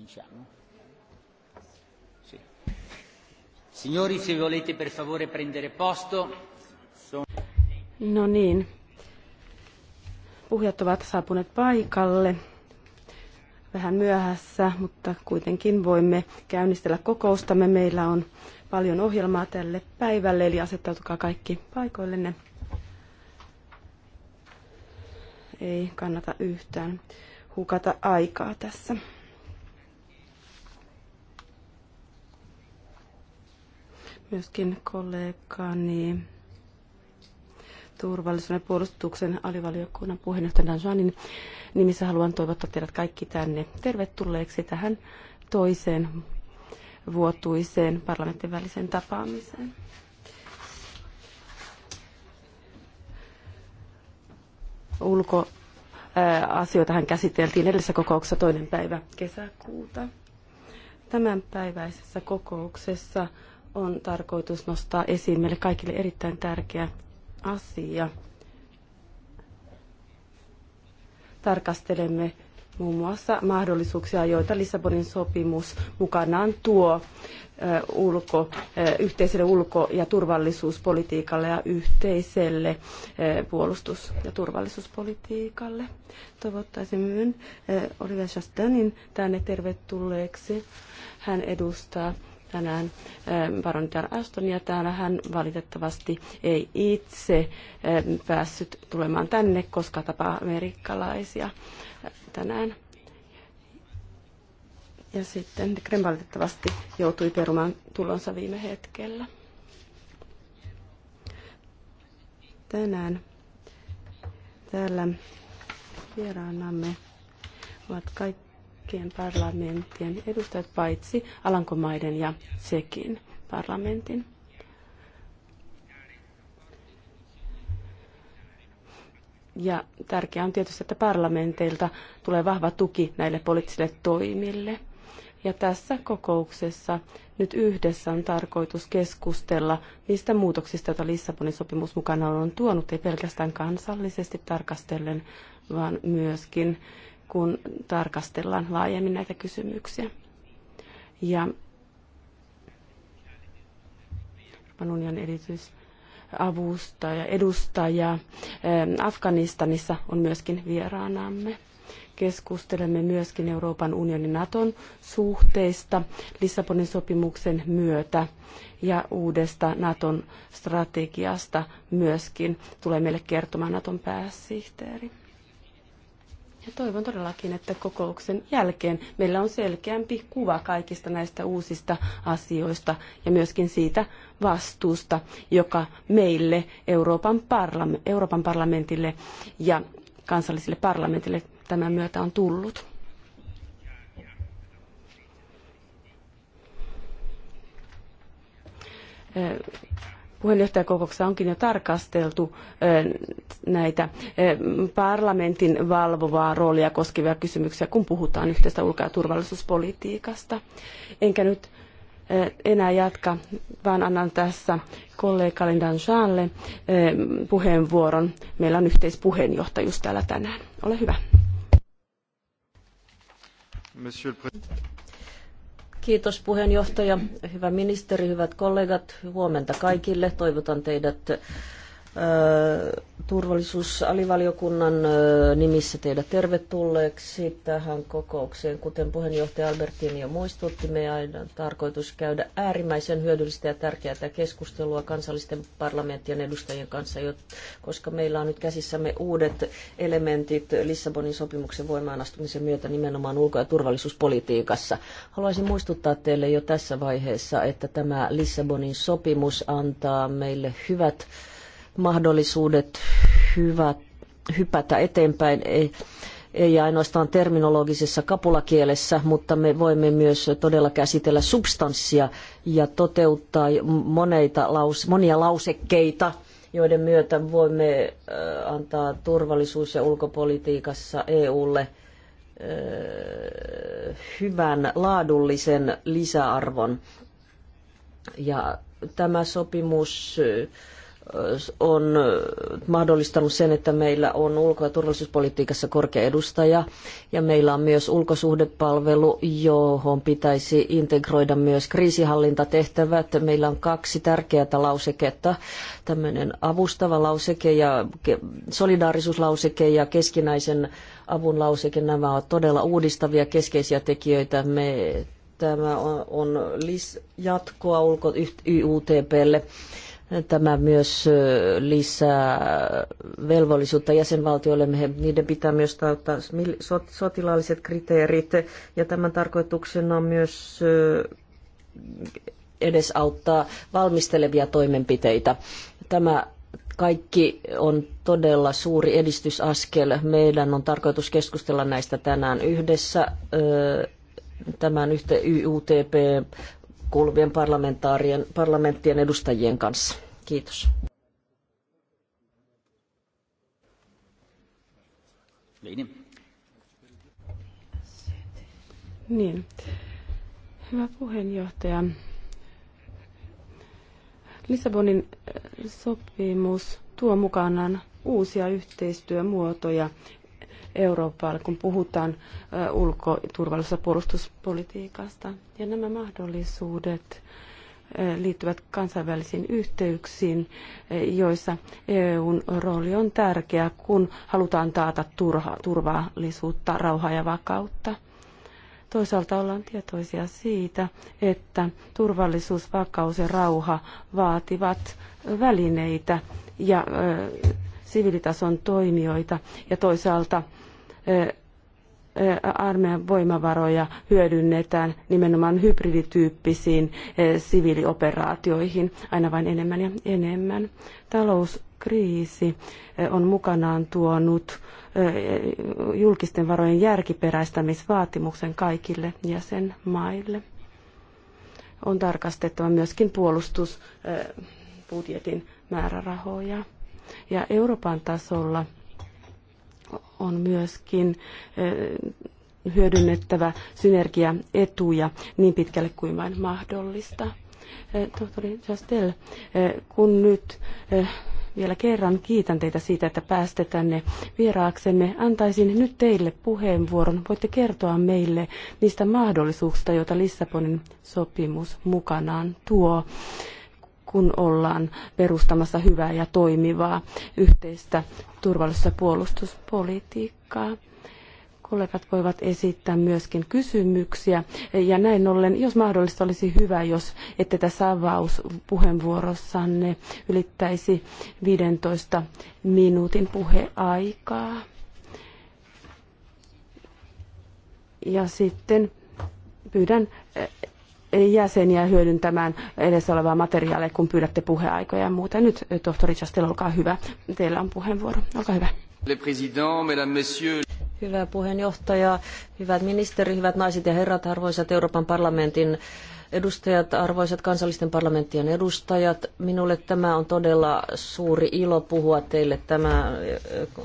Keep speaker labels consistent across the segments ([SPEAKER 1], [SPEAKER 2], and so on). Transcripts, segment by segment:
[SPEAKER 1] diciamo. se volete per favore prendere posto. Son...
[SPEAKER 2] No niin. Puhujat ovat saapuneet paikalle vähän myöhässä, mutta kuitenkin voimme käynnistellä kokoustamme. Meillä on paljon ohjelmaa tälle päivälle, eli asettautukaa kaikki paikoillenne. Ei kannata yhtään hukata aikaa tässä. myöskin kollegani turvallisuuden ja puolustuksen alivaliokunnan puheenjohtajan Danjanin nimissä haluan toivottaa teidät kaikki tänne tervetulleeksi tähän toiseen vuotuiseen parlamentin väliseen tapaamiseen. ulkoasioita hän käsiteltiin edellisessä kokouksessa toinen päivä kesäkuuta. Tämänpäiväisessä kokouksessa on tarkoitus nostaa esiin meille kaikille erittäin tärkeä asia. Tarkastelemme muun muassa mahdollisuuksia, joita Lissabonin sopimus mukanaan tuo ulko, yhteiselle ulko- ja turvallisuuspolitiikalle ja yhteiselle puolustus- ja turvallisuuspolitiikalle. Toivottaisimme Oliver Chastanin tänne tervetulleeksi. Hän edustaa tänään eh, baronitar Aston ja täällä hän valitettavasti ei itse eh, päässyt tulemaan tänne, koska tapaa amerikkalaisia eh, tänään. Ja sitten Krem valitettavasti joutui perumaan tulonsa viime hetkellä. Tänään täällä vieraanamme ovat kaikki kaikkien parlamenttien edustajat, paitsi Alankomaiden ja Sekin parlamentin. Ja tärkeää on tietysti, että parlamenteilta tulee vahva tuki näille poliittisille toimille. Ja tässä kokouksessa nyt yhdessä on tarkoitus keskustella niistä muutoksista, joita Lissabonin sopimus mukana on tuonut, ei pelkästään kansallisesti tarkastellen, vaan myöskin kun tarkastellaan laajemmin näitä kysymyksiä. Ja Euroopan unionin erityisavustaja, edustaja eh, Afganistanissa on myöskin vieraanamme. Keskustelemme myöskin Euroopan unionin Naton suhteista Lissabonin sopimuksen myötä ja uudesta Naton strategiasta myöskin tulee meille kertomaan Naton pääsihteeri. Ja toivon todellakin, että kokouksen jälkeen meillä on selkeämpi kuva kaikista näistä uusista asioista ja myöskin siitä vastuusta, joka meille Euroopan, parlament, Euroopan parlamentille ja kansallisille parlamentille tämän myötä on tullut puheenjohtajakokouksessa onkin jo tarkasteltu näitä parlamentin valvovaa roolia koskevia kysymyksiä, kun puhutaan yhteistä ulko- ja turvallisuuspolitiikasta. Enkä nyt enää jatka, vaan annan tässä kollegalle Danjanlle puheenvuoron. Meillä on yhteispuheenjohtajuus täällä tänään. Ole hyvä.
[SPEAKER 3] Kiitos puheenjohtaja, hyvä ministeri, hyvät kollegat, huomenta kaikille. Toivotan teidät turvallisuusalivaliokunnan nimissä teidät tervetulleeksi tähän kokoukseen. Kuten puheenjohtaja Albertini jo muistutti, meidän on tarkoitus käydä äärimmäisen hyödyllistä ja tärkeää keskustelua kansallisten parlamenttien edustajien kanssa, koska meillä on nyt käsissämme uudet elementit Lissabonin sopimuksen voimaanastumisen myötä nimenomaan ulko- ja turvallisuuspolitiikassa. Haluaisin muistuttaa teille jo tässä vaiheessa, että tämä Lissabonin sopimus antaa meille hyvät mahdollisuudet hyvät, hypätä eteenpäin. Ei, ei ainoastaan terminologisessa kapulakielessä, mutta me voimme myös todella käsitellä substanssia ja toteuttaa moneita, laus, monia lausekkeita, joiden myötä voimme antaa turvallisuus- ja ulkopolitiikassa EUlle hyvän laadullisen lisäarvon. Ja tämä sopimus on mahdollistanut sen, että meillä on ulko- ja turvallisuuspolitiikassa korkea edustaja ja meillä on myös ulkosuhdepalvelu, johon pitäisi integroida myös kriisihallintatehtävät. Meillä on kaksi tärkeää lauseketta, tämmöinen avustava lauseke ja solidaarisuuslauseke ja keskinäisen avun lauseke. Nämä ovat todella uudistavia keskeisiä tekijöitä. Me, tämä on, on jatkoa ulko YUTPlle. Tämä myös lisää velvollisuutta jäsenvaltioille. Niiden pitää myös täyttää sotilaalliset kriteerit. Ja tämän tarkoituksena on myös edesauttaa valmistelevia toimenpiteitä. Tämä kaikki on todella suuri edistysaskel. Meidän on tarkoitus keskustella näistä tänään yhdessä tämän yhte, YUTP kuuluvien parlamentaarien, parlamenttien edustajien kanssa. Kiitos.
[SPEAKER 1] Niin.
[SPEAKER 2] niin. Hyvä puheenjohtaja. Lissabonin eh, sopimus tuo mukanaan uusia yhteistyömuotoja Eurooppaan, kun puhutaan ulko-, turvallisuus- ja puolustuspolitiikasta. Ja nämä mahdollisuudet liittyvät kansainvälisiin yhteyksiin, joissa EUn rooli on tärkeä, kun halutaan taata turha, turvallisuutta, rauhaa ja vakautta. Toisaalta ollaan tietoisia siitä, että turvallisuus, vakaus ja rauha vaativat välineitä ja sivilitason toimijoita ja toisaalta armeijan voimavaroja hyödynnetään nimenomaan hybridityyppisiin siviilioperaatioihin aina vain enemmän ja enemmän. Talouskriisi on mukanaan tuonut julkisten varojen järkiperäistämisvaatimuksen kaikille jäsenmaille. On tarkastettava myöskin puolustusbudjetin määrärahoja. Ja Euroopan tasolla – on myöskin eh, hyödynnettävä synergiaetuja niin pitkälle kuin vain mahdollista. Eh, tohtori Chastel, eh, kun nyt vielä kerran kiitän teitä siitä, että pääsitte tänne vieraaksemme. Antaisin nyt teille puheenvuoron. Voitte kertoa meille niistä mahdollisuuksista, joita Lissabonin sopimus mukanaan tuo kun ollaan perustamassa hyvää ja toimivaa yhteistä turvallisuus- ja puolustuspolitiikkaa. Kollegat voivat esittää myöskin kysymyksiä ja näin ollen, jos mahdollista, olisi hyvä, jos ette tässä avauspuheenvuorossanne ylittäisi 15 minuutin puheaikaa. Ja sitten pyydän jäseniä hyödyntämään edessä olevaa materiaalia, kun pyydätte puheaikoja ja muuta. Nyt eh, tohtori Chastel, olkaa hyvä.
[SPEAKER 3] Teillä on puheenvuoro. Olkaa hyvä. Hyvä puheenjohtaja, hyvät ministeri, hyvät naiset ja herrat, arvoisat Euroopan parlamentin edustajat, arvoisat kansallisten parlamenttien edustajat. Minulle tämä on todella suuri ilo puhua teille tämä eh,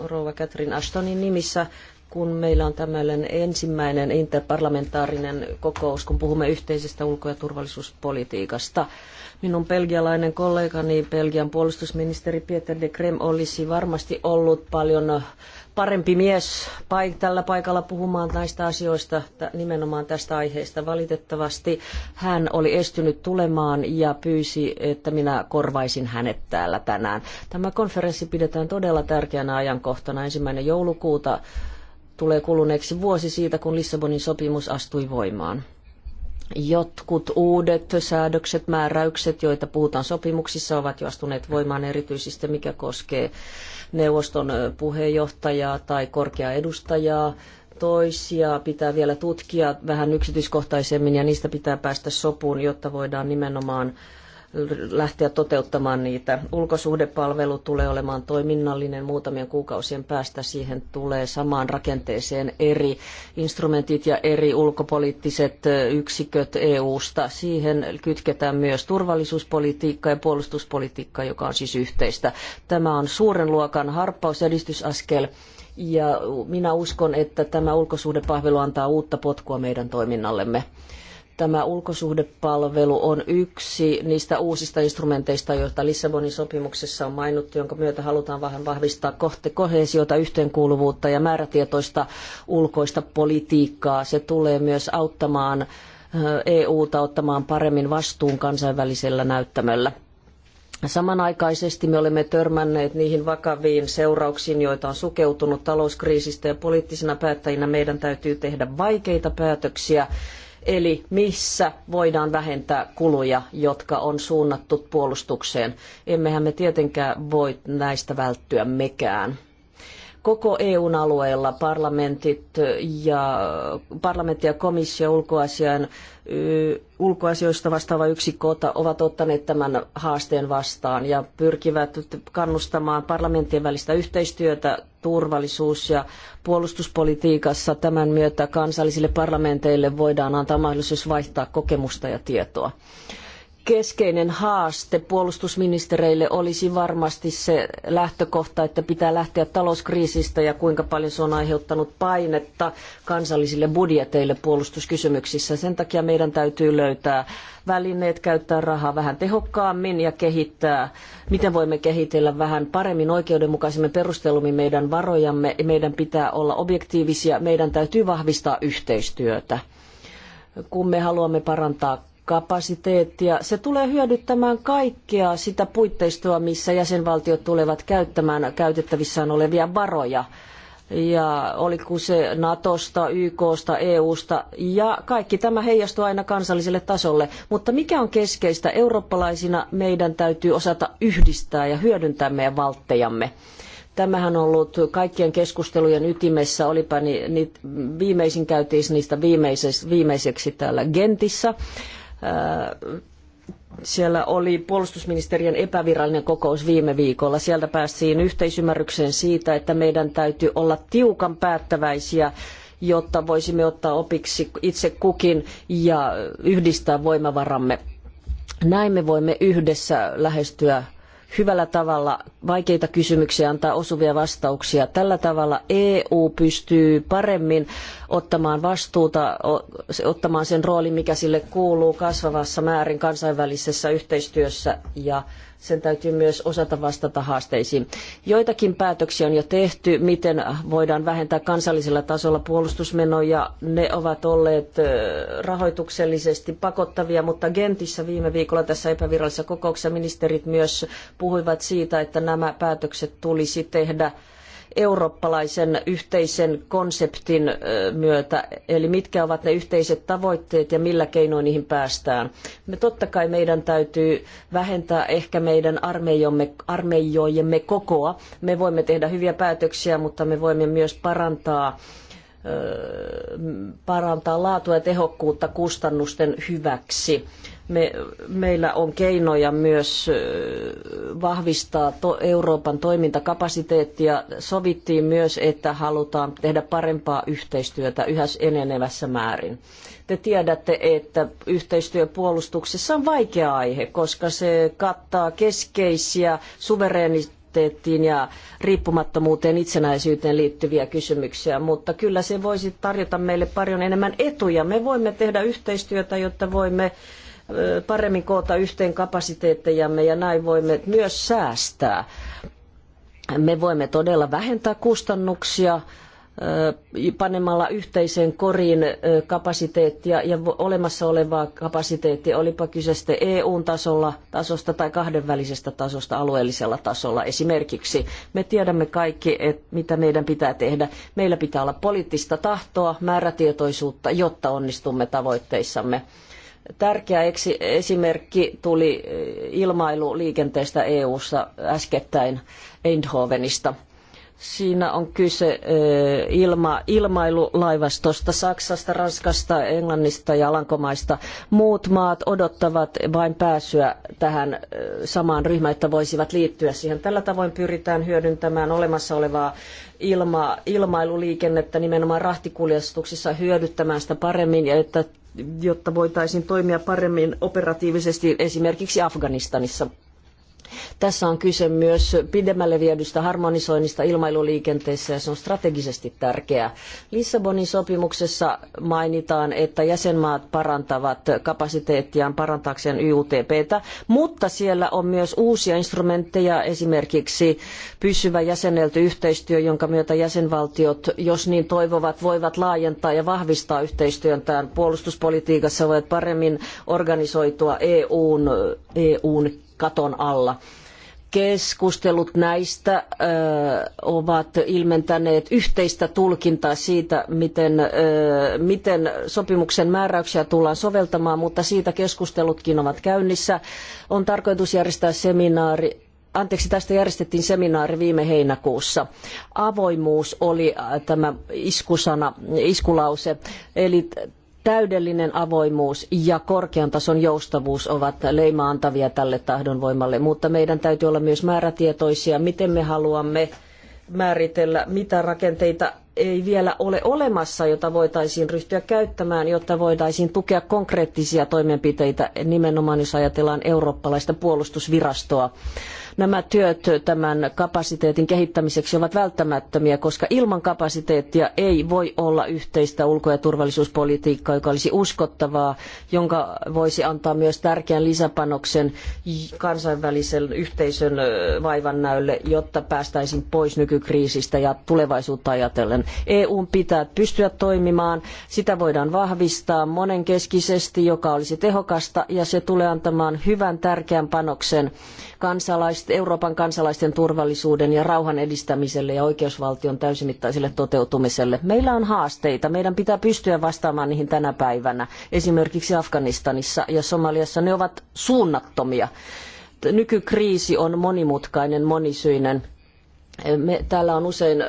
[SPEAKER 3] rouva Catherine Ashtonin nimissä kun meillä on tämmöinen ensimmäinen interparlamentaarinen kokous, kun puhumme yhteisestä ulko- ja turvallisuuspolitiikasta. Minun belgialainen kollegani, Belgian puolustusministeri Pieter de Krem, olisi varmasti ollut paljon parempi mies paik- tällä paikalla puhumaan näistä asioista, nimenomaan tästä aiheesta. Valitettavasti hän oli estynyt tulemaan ja pyysi, että minä korvaisin hänet täällä tänään. Tämä konferenssi pidetään todella tärkeänä ajankohtana ensimmäinen joulukuuta tulee kuluneeksi vuosi siitä, kun Lissabonin sopimus astui voimaan. Jotkut uudet säädökset, määräykset, joita puhutaan sopimuksissa, ovat jo astuneet voimaan erityisesti, mikä koskee neuvoston puheenjohtajaa tai korkeaa edustajaa. Toisia pitää vielä tutkia vähän yksityiskohtaisemmin ja niistä pitää päästä sopuun, jotta voidaan nimenomaan lähteä toteuttamaan niitä. Ulkosuhdepalvelu tulee olemaan toiminnallinen muutamien kuukausien päästä. Siihen tulee samaan rakenteeseen eri instrumentit ja eri ulkopoliittiset yksiköt EU-sta. Siihen kytketään myös turvallisuuspolitiikka ja puolustuspolitiikka, joka on siis yhteistä. Tämä on suuren luokan harppaus ja edistysaskel. Ja minä uskon, että tämä ulkosuhdepalvelu antaa uutta potkua meidän toiminnallemme. Tämä ulkosuhdepalvelu on yksi niistä uusista instrumenteista, joita Lissabonin sopimuksessa on mainittu, jonka myötä halutaan vähän vahvistaa kohte kohesiota, yhteenkuuluvuutta ja määrätietoista ulkoista politiikkaa. Se tulee myös auttamaan EUta ottamaan paremmin vastuun kansainvälisellä näyttämöllä. Samanaikaisesti me olemme törmänneet niihin vakaviin seurauksiin, joita on sukeutunut talouskriisistä ja poliittisina päättäjinä meidän täytyy tehdä vaikeita päätöksiä eli missä voidaan vähentää kuluja, jotka on suunnattu puolustukseen. Emmehän me tietenkään voi näistä välttyä mekään koko EUn alueella parlamentit ja, parlamentti ja komissio ulkoasian, ulkoasioista vastaava yksikkö ovat ottaneet tämän haasteen vastaan ja pyrkivät kannustamaan parlamenttien välistä yhteistyötä turvallisuus- ja puolustuspolitiikassa. Tämän myötä kansallisille parlamenteille voidaan antaa mahdollisuus vaihtaa kokemusta ja tietoa keskeinen haaste puolustusministereille olisi varmasti se lähtökohta, että pitää lähteä talouskriisistä ja kuinka paljon se on aiheuttanut painetta kansallisille budjeteille puolustuskysymyksissä. Sen takia meidän täytyy löytää välineet käyttää rahaa vähän tehokkaammin ja kehittää, miten voimme kehitellä vähän paremmin oikeudenmukaisemmin perustelummin meidän varojamme. Meidän pitää olla objektiivisia, meidän täytyy vahvistaa yhteistyötä kun me haluamme parantaa kapasiteettia. Se tulee hyödyttämään kaikkea sitä puitteistoa, missä jäsenvaltiot tulevat käyttämään käytettävissään olevia varoja. Ja oli se Natosta, YKsta, EUsta ja kaikki tämä heijastuu aina kansalliselle tasolle. Mutta mikä on keskeistä? Eurooppalaisina meidän täytyy osata yhdistää ja hyödyntää meidän valttejamme. Tämähän on ollut kaikkien keskustelujen ytimessä, olipa ni, ni, viimeisin käytiin niistä viimeiseksi, viimeiseksi täällä Gentissä. Äh, siellä oli puolustusministerien epävirallinen kokous viime viikolla. Sieltä päästiin yhteisymmärrykseen siitä, että meidän täytyy olla tiukan päättäväisiä, jotta voisimme ottaa opiksi itse kukin ja yhdistää voimavaramme. Näin me voimme yhdessä lähestyä hyvällä tavalla vaikeita kysymyksiä, antaa osuvia vastauksia. Tällä tavalla EU pystyy paremmin ottamaan vastuuta, ottamaan sen roolin, mikä sille kuuluu kasvavassa määrin kansainvälisessä yhteistyössä ja sen täytyy myös osata vastata haasteisiin. Joitakin päätöksiä on jo tehty, miten voidaan vähentää kansallisella tasolla puolustusmenoja. Ne ovat olleet rahoituksellisesti pakottavia, mutta Gentissä viime viikolla tässä epävirallisessa kokouksessa ministerit myös puhuivat siitä, että nämä päätökset tulisi tehdä eurooppalaisen yhteisen konseptin myötä, eli mitkä ovat ne yhteiset tavoitteet ja millä keinoin niihin päästään. Me totta kai meidän täytyy vähentää ehkä meidän armeijojemme kokoa. Me voimme tehdä hyviä päätöksiä, mutta me voimme myös parantaa parantaa laatua ja tehokkuutta kustannusten hyväksi. Me, meillä on keinoja myös vahvistaa to, Euroopan toimintakapasiteettia. Sovittiin myös, että halutaan tehdä parempaa yhteistyötä yhä enenevässä määrin. Te tiedätte, että yhteistyö puolustuksessa on vaikea aihe, koska se kattaa keskeisiä suvereniteettiin ja riippumattomuuteen itsenäisyyteen liittyviä kysymyksiä, mutta kyllä se voisi tarjota meille paljon enemmän etuja. Me voimme tehdä yhteistyötä, jotta voimme paremmin koota yhteen kapasiteettejamme ja näin voimme myös säästää. Me voimme todella vähentää kustannuksia panemalla yhteiseen koriin kapasiteettia ja olemassa olevaa kapasiteettia, olipa kyse sitten EU-tasolla tasosta tai kahdenvälisestä tasosta alueellisella tasolla esimerkiksi. Me tiedämme kaikki, että mitä meidän pitää tehdä. Meillä pitää olla poliittista tahtoa, määrätietoisuutta, jotta onnistumme tavoitteissamme. Tärkeä esimerkki tuli eh, ilmailuliikenteestä EU-ssa äskettäin Eindhovenista – Siinä on kyse eh, ilma, ilmailulaivastosta Saksasta, Ranskasta, Englannista ja Alankomaista. Muut maat odottavat vain pääsyä tähän eh, samaan ryhmään, että voisivat liittyä siihen. Tällä tavoin pyritään hyödyntämään olemassa olevaa ilma, ilmailuliikennettä nimenomaan rahtikuljetuksissa hyödyttämään sitä paremmin ja että, jotta voitaisiin toimia paremmin operatiivisesti esimerkiksi Afganistanissa. Tässä on kyse myös pidemmälle viedystä harmonisoinnista ilmailuliikenteessä ja se on strategisesti tärkeää. Lissabonin sopimuksessa mainitaan, että jäsenmaat parantavat kapasiteettiaan parantaakseen YUTPtä, mutta siellä on myös uusia instrumentteja, esimerkiksi pysyvä jäsenelty yhteistyö, jonka myötä jäsenvaltiot, jos niin toivovat, voivat laajentaa ja vahvistaa yhteistyötään puolustuspolitiikassa, voivat paremmin organisoitua EUn, EUn katon alla keskustelut näistä ovat ilmentäneet yhteistä tulkintaa siitä, miten, miten sopimuksen määräyksiä tullaan soveltamaan, mutta siitä keskustelutkin ovat käynnissä. On tarkoitus järjestää seminaari anteeksi, tästä järjestettiin seminaari viime heinäkuussa. Avoimuus oli tämä iskusana, iskulause. Eli täydellinen avoimuus ja korkean tason joustavuus ovat leimaantavia tälle tahdonvoimalle, mutta meidän täytyy olla myös määrätietoisia, miten me haluamme määritellä, mitä rakenteita ei vielä ole olemassa, jota voitaisiin ryhtyä käyttämään, jotta voitaisiin tukea konkreettisia toimenpiteitä, nimenomaan jos ajatellaan eurooppalaista puolustusvirastoa. Nämä työt tämän kapasiteetin kehittämiseksi ovat välttämättömiä, koska ilman kapasiteettia ei voi olla yhteistä ulko- ja turvallisuuspolitiikkaa, joka olisi uskottavaa, jonka voisi antaa myös tärkeän lisäpanoksen kansainvälisen yhteisön vaivannäölle, jotta päästäisiin pois nykykriisistä ja tulevaisuutta ajatellen. EUn pitää pystyä toimimaan, sitä voidaan vahvistaa monenkeskisesti, joka olisi tehokasta ja se tulee antamaan hyvän tärkeän panoksen kansalaiset, Euroopan kansalaisten turvallisuuden ja rauhan edistämiselle ja oikeusvaltion täysimittaiselle toteutumiselle. Meillä on haasteita. Meidän pitää pystyä vastaamaan niihin tänä päivänä. Esimerkiksi Afganistanissa ja Somaliassa ne ovat suunnattomia. Nykykriisi on monimutkainen, monisyinen me, täällä on usein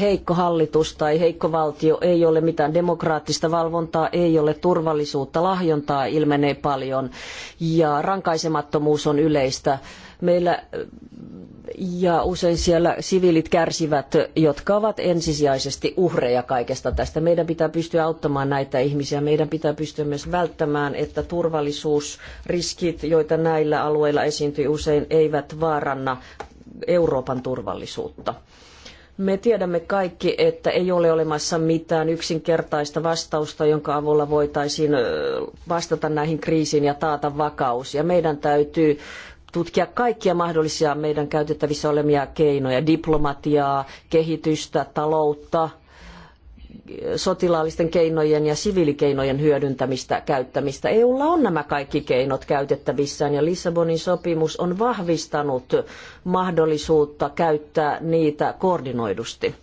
[SPEAKER 3] heikko hallitus tai heikko valtio, ei ole mitään demokraattista valvontaa, ei ole turvallisuutta, lahjontaa ilmenee paljon ja rankaisemattomuus on yleistä meillä ja usein siellä siviilit kärsivät, jotka ovat ensisijaisesti uhreja kaikesta tästä. Meidän pitää pystyä auttamaan näitä ihmisiä. Meidän pitää pystyä myös välttämään, että turvallisuusriskit, joita näillä alueilla esiintyy usein, eivät vaaranna Euroopan turvallisuutta. Me tiedämme kaikki, että ei ole olemassa mitään yksinkertaista vastausta, jonka avulla voitaisiin vastata näihin kriisiin ja taata vakaus. Ja meidän täytyy tutkia kaikkia mahdollisia meidän käytettävissä olemia keinoja, diplomatiaa, kehitystä, taloutta, sotilaallisten keinojen ja siviilikeinojen hyödyntämistä, käyttämistä. EUlla on nämä kaikki keinot käytettävissään ja Lissabonin sopimus on vahvistanut mahdollisuutta käyttää niitä koordinoidusti.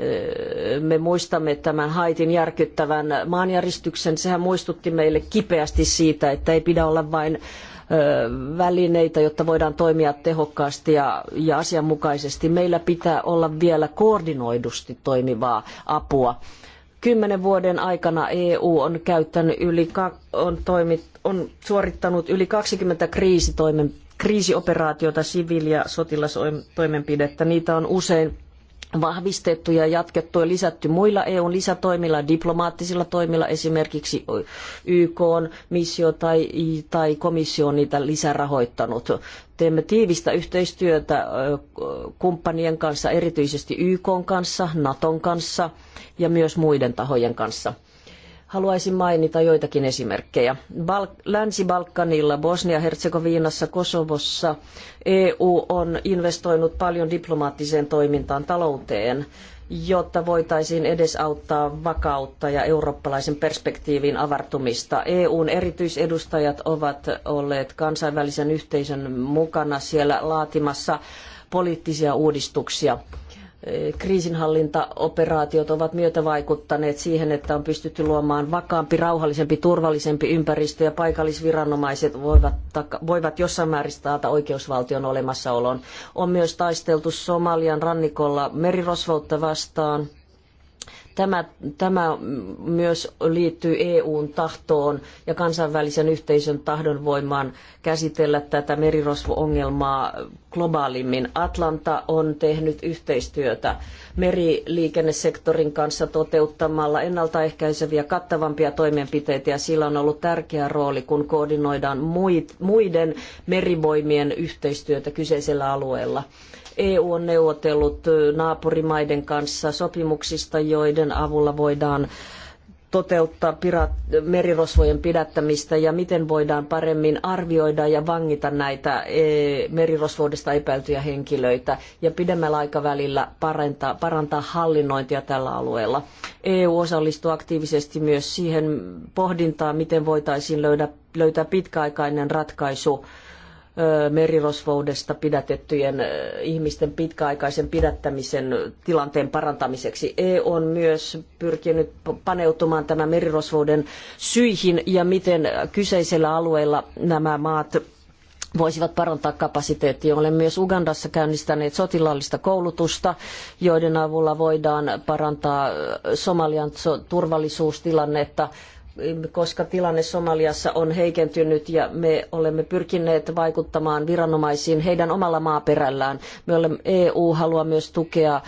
[SPEAKER 3] Öö, me muistamme tämän Haitin järkyttävän maanjäristyksen. Sehän muistutti meille kipeästi siitä, että ei pidä olla vain välineitä, jotta voidaan toimia tehokkaasti ja, ja asianmukaisesti. Meillä pitää olla vielä koordinoidusti toimivaa apua kymmenen vuoden aikana EU on käyttänyt yli, on, toimit, on suorittanut yli 20 kriisitoimen, kriisioperaatiota, siviili- ja sotilastoimenpidettä. Niitä on usein vahvistettu ja jatkettu ja lisätty muilla EUn lisätoimilla, diplomaattisilla toimilla, esimerkiksi YK missio tai, tai komissio on niitä lisärahoittanut. Teemme tiivistä yhteistyötä kumppanien kanssa, erityisesti YK kanssa, Naton kanssa ja myös muiden tahojen kanssa. Haluaisin mainita joitakin esimerkkejä. Bal- Länsi-Balkanilla, Bosnia-Herzegovinassa, Kosovossa EU on investoinut paljon diplomaattiseen toimintaan talouteen, jotta voitaisiin edesauttaa vakautta ja eurooppalaisen perspektiivin avartumista. EUn erityisedustajat ovat olleet kansainvälisen yhteisön mukana siellä laatimassa poliittisia uudistuksia kriisinhallintaoperaatiot ovat myötävaikuttaneet siihen, että on pystytty luomaan vakaampi, rauhallisempi, turvallisempi ympäristö ja paikallisviranomaiset voivat, voivat jossain määrin taata oikeusvaltion olemassaolon. On myös taisteltu Somalian rannikolla merirosvoutta vastaan – Tämä, tämä myös liittyy EUn tahtoon ja kansainvälisen yhteisön tahdon voimaan käsitellä tätä merirosvo-ongelmaa globaalimmin. Atlanta on tehnyt yhteistyötä meriliikennesektorin kanssa toteuttamalla ennaltaehkäiseviä kattavampia toimenpiteitä ja sillä on ollut tärkeä rooli, kun koordinoidaan muiden merivoimien yhteistyötä kyseisellä alueella. EU on neuvotellut naapurimaiden kanssa sopimuksista, joiden avulla voidaan toteuttaa pirat- merirosvojen pidättämistä ja miten voidaan paremmin arvioida ja vangita näitä e, merirosvoudesta epäiltyjä henkilöitä ja pidemmällä aikavälillä parantaa, parantaa hallinnointia tällä alueella. EU osallistuu aktiivisesti myös siihen pohdintaan, miten voitaisiin löydä, löytää pitkäaikainen ratkaisu merirosvoudesta pidätettyjen ihmisten pitkäaikaisen pidättämisen tilanteen parantamiseksi. EU on myös pyrkinyt paneutumaan tämän merirosvouden syihin ja miten kyseisellä alueella nämä maat voisivat parantaa kapasiteettia. Olen myös Ugandassa käynnistäneet sotilaallista koulutusta, joiden avulla voidaan parantaa Somalian turvallisuustilannetta koska tilanne Somaliassa on heikentynyt ja me olemme pyrkineet vaikuttamaan viranomaisiin heidän omalla maaperällään. Me olemme, EU haluaa myös tukea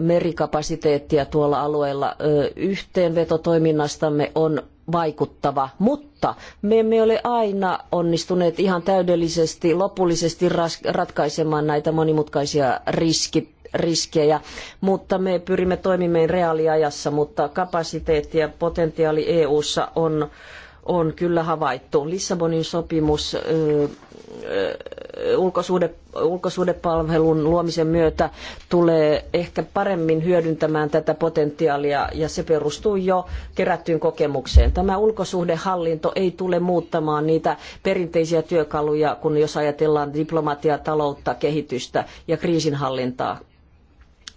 [SPEAKER 3] merikapasiteettia tuolla alueella. Yhteenveto toiminnastamme on vaikuttava, mutta me emme ole aina onnistuneet ihan täydellisesti, lopullisesti ratkaisemaan näitä monimutkaisia riskit riskejä, mutta me pyrimme toimimaan reaaliajassa, mutta kapasiteetti ja potentiaali EU:ssa on on kyllä havaittu. Lissabonin sopimus ulkosuhde, ulkosuhdepalvelun luomisen myötä tulee ehkä paremmin hyödyntämään tätä potentiaalia ja se perustuu jo kerättyyn kokemukseen. Tämä ulkosuhdehallinto ei tule muuttamaan niitä perinteisiä työkaluja, kun jos ajatellaan diplomatiaa, taloutta, kehitystä ja kriisinhallintaa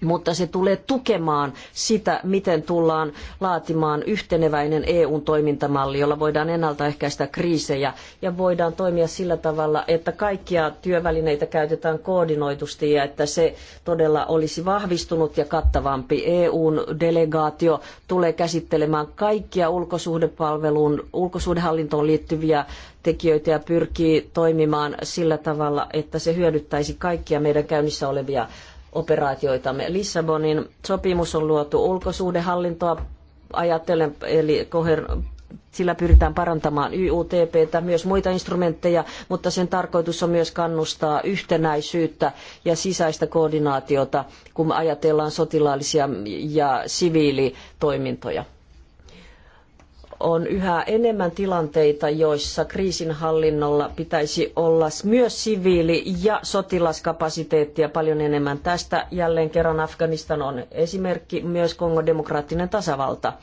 [SPEAKER 3] mutta se tulee tukemaan sitä, miten tullaan laatimaan yhteneväinen EU-toimintamalli, jolla voidaan ennaltaehkäistä kriisejä ja voidaan toimia sillä tavalla, että kaikkia työvälineitä käytetään koordinoidusti ja että se todella olisi vahvistunut ja kattavampi. EU-delegaatio tulee käsittelemään kaikkia ulkosuhdepalveluun, ulkosuhdehallintoon liittyviä tekijöitä ja pyrkii toimimaan sillä tavalla, että se hyödyttäisi kaikkia meidän käynnissä olevia operaatioitamme. Lissabonin sopimus on luotu ulkosuhdehallintoa ajatellen, eli koher, sillä pyritään parantamaan ja myös muita instrumentteja, mutta sen tarkoitus on myös kannustaa yhtenäisyyttä ja sisäistä koordinaatiota, kun ajatellaan sotilaallisia ja siviilitoimintoja on yhä enemmän tilanteita, joissa kriisinhallinnolla pitäisi olla myös siviili- ja sotilaskapasiteettia paljon enemmän. Tästä jälleen kerran Afganistan on esimerkki, myös Kongon demokraattinen tasavalta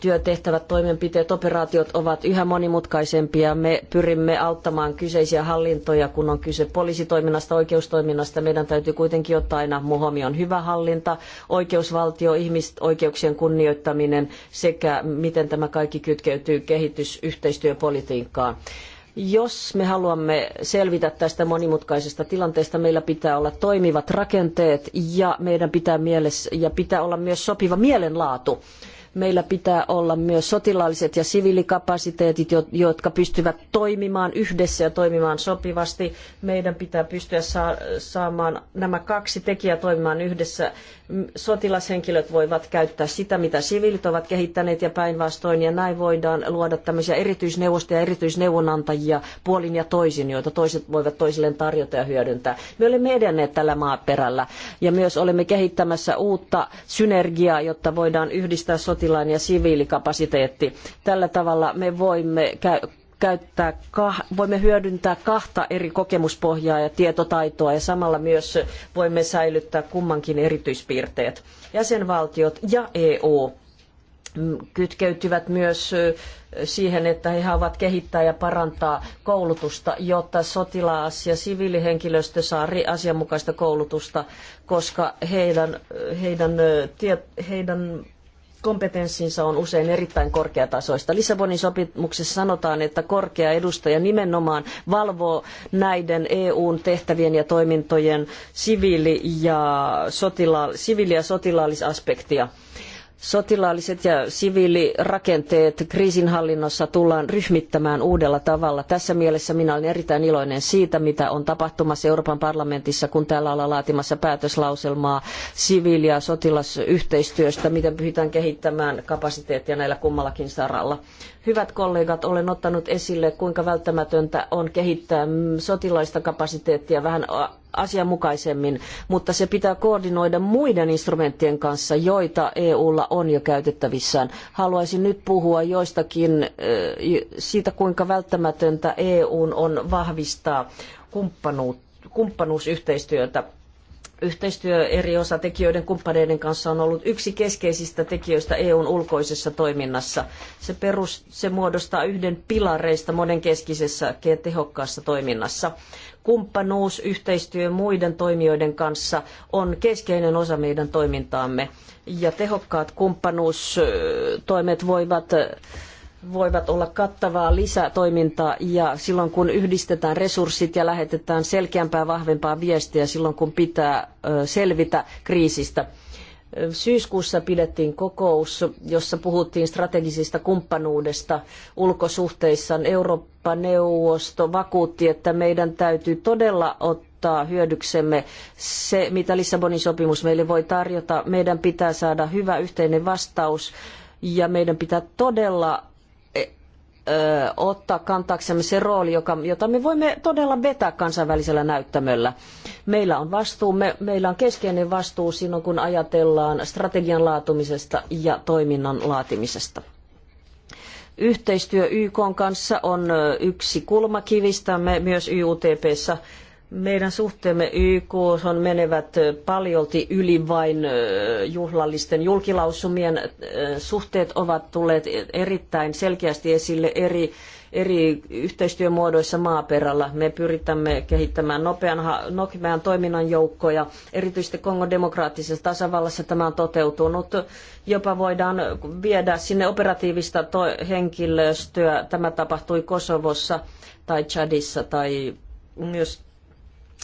[SPEAKER 3] työtehtävät, toimenpiteet, operaatiot ovat yhä monimutkaisempia. Me pyrimme auttamaan kyseisiä hallintoja, kun on kyse poliisitoiminnasta, oikeustoiminnasta. Meidän täytyy kuitenkin ottaa aina huomioon hyvä hallinta, oikeusvaltio, ihmisoikeuksien kunnioittaminen sekä miten tämä kaikki kytkeytyy kehitysyhteistyöpolitiikkaan. Jos me haluamme selvitä tästä monimutkaisesta tilanteesta, meillä pitää olla toimivat rakenteet ja meidän pitää, mielessä, ja pitää olla myös sopiva mielenlaatu Meillä pitää olla myös sotilaalliset ja siviilikapasiteetit, jotka pystyvät toimimaan yhdessä ja toimimaan sopivasti. Meidän pitää pystyä saamaan nämä kaksi tekijää toimimaan yhdessä sotilashenkilöt voivat käyttää sitä, mitä siviilit ovat kehittäneet ja päinvastoin, ja näin voidaan luoda tämmöisiä erityisneuvostoja, erityisneuvonantajia puolin ja toisin, joita toiset voivat toisilleen tarjota ja hyödyntää. Me olemme edenneet tällä maaperällä, ja myös olemme kehittämässä uutta synergiaa, jotta voidaan yhdistää sotilaan ja siviilikapasiteetti. Tällä tavalla me voimme käy käyttää, voimme hyödyntää kahta eri kokemuspohjaa ja tietotaitoa ja samalla myös voimme säilyttää kummankin erityispiirteet. Jäsenvaltiot ja EU kytkeytyvät myös siihen, että he ovat kehittää ja parantaa koulutusta, jotta sotilaas- ja siviilihenkilöstö saa asianmukaista koulutusta, koska heidän, heidän, heidän kompetenssinsa on usein erittäin korkeatasoista. Lissabonin sopimuksessa sanotaan, että korkea edustaja nimenomaan valvoo näiden EUn tehtävien ja toimintojen siviili- ja, sotila- siviili- ja sotilaalliset ja siviilirakenteet kriisinhallinnassa tullaan ryhmittämään uudella tavalla. Tässä mielessä minä olen erittäin iloinen siitä, mitä on tapahtumassa Euroopan parlamentissa, kun täällä ollaan laatimassa päätöslauselmaa siviili- ja sotilasyhteistyöstä, miten pyritään kehittämään kapasiteettia näillä kummallakin saralla. Hyvät kollegat, olen ottanut esille, kuinka välttämätöntä on kehittää sotilaista kapasiteettia vähän asianmukaisemmin, mutta se pitää koordinoida muiden instrumenttien kanssa, joita EUlla on jo käytettävissään. Haluaisin nyt puhua joistakin siitä, kuinka välttämätöntä EUn on vahvistaa kumppanuusyhteistyötä Yhteistyö eri osatekijöiden kumppaneiden kanssa on ollut yksi keskeisistä tekijöistä EUn ulkoisessa toiminnassa. Se, perus, se muodostaa yhden pilareista monenkeskisessä ja tehokkaassa toiminnassa. Kumppanuus, yhteistyö muiden toimijoiden kanssa on keskeinen osa meidän toimintaamme. Ja tehokkaat kumppanuustoimet voivat voivat olla kattavaa lisätoimintaa ja silloin kun yhdistetään resurssit ja lähetetään selkeämpää vahvempaa viestiä silloin kun pitää selvitä kriisistä. Syyskuussa pidettiin kokous, jossa puhuttiin strategisista kumppanuudesta ulkosuhteissa. Eurooppa-neuvosto vakuutti, että meidän täytyy todella ottaa hyödyksemme se, mitä Lissabonin sopimus meille voi tarjota. Meidän pitää saada hyvä yhteinen vastaus ja meidän pitää todella ottaa kantaaksemme se rooli, joka, jota me voimme todella vetää kansainvälisellä näyttämöllä. Meillä on vastuu, me, meillä on keskeinen vastuu silloin, kun ajatellaan strategian laatumisesta ja toiminnan laatimisesta. Yhteistyö YK kanssa on yksi kulmakivistämme me myös YUTPssä meidän suhteemme YK on menevät paljolti yli vain juhlallisten julkilausumien. Suhteet ovat tulleet erittäin selkeästi esille eri, eri yhteistyömuodoissa maaperällä. Me pyritämme kehittämään nopean, nopean toiminnan joukkoja. Erityisesti Kongon demokraattisessa tasavallassa tämä on toteutunut. Jopa voidaan viedä sinne operatiivista henkilöstöä. Tämä tapahtui Kosovossa tai Chadissa tai myös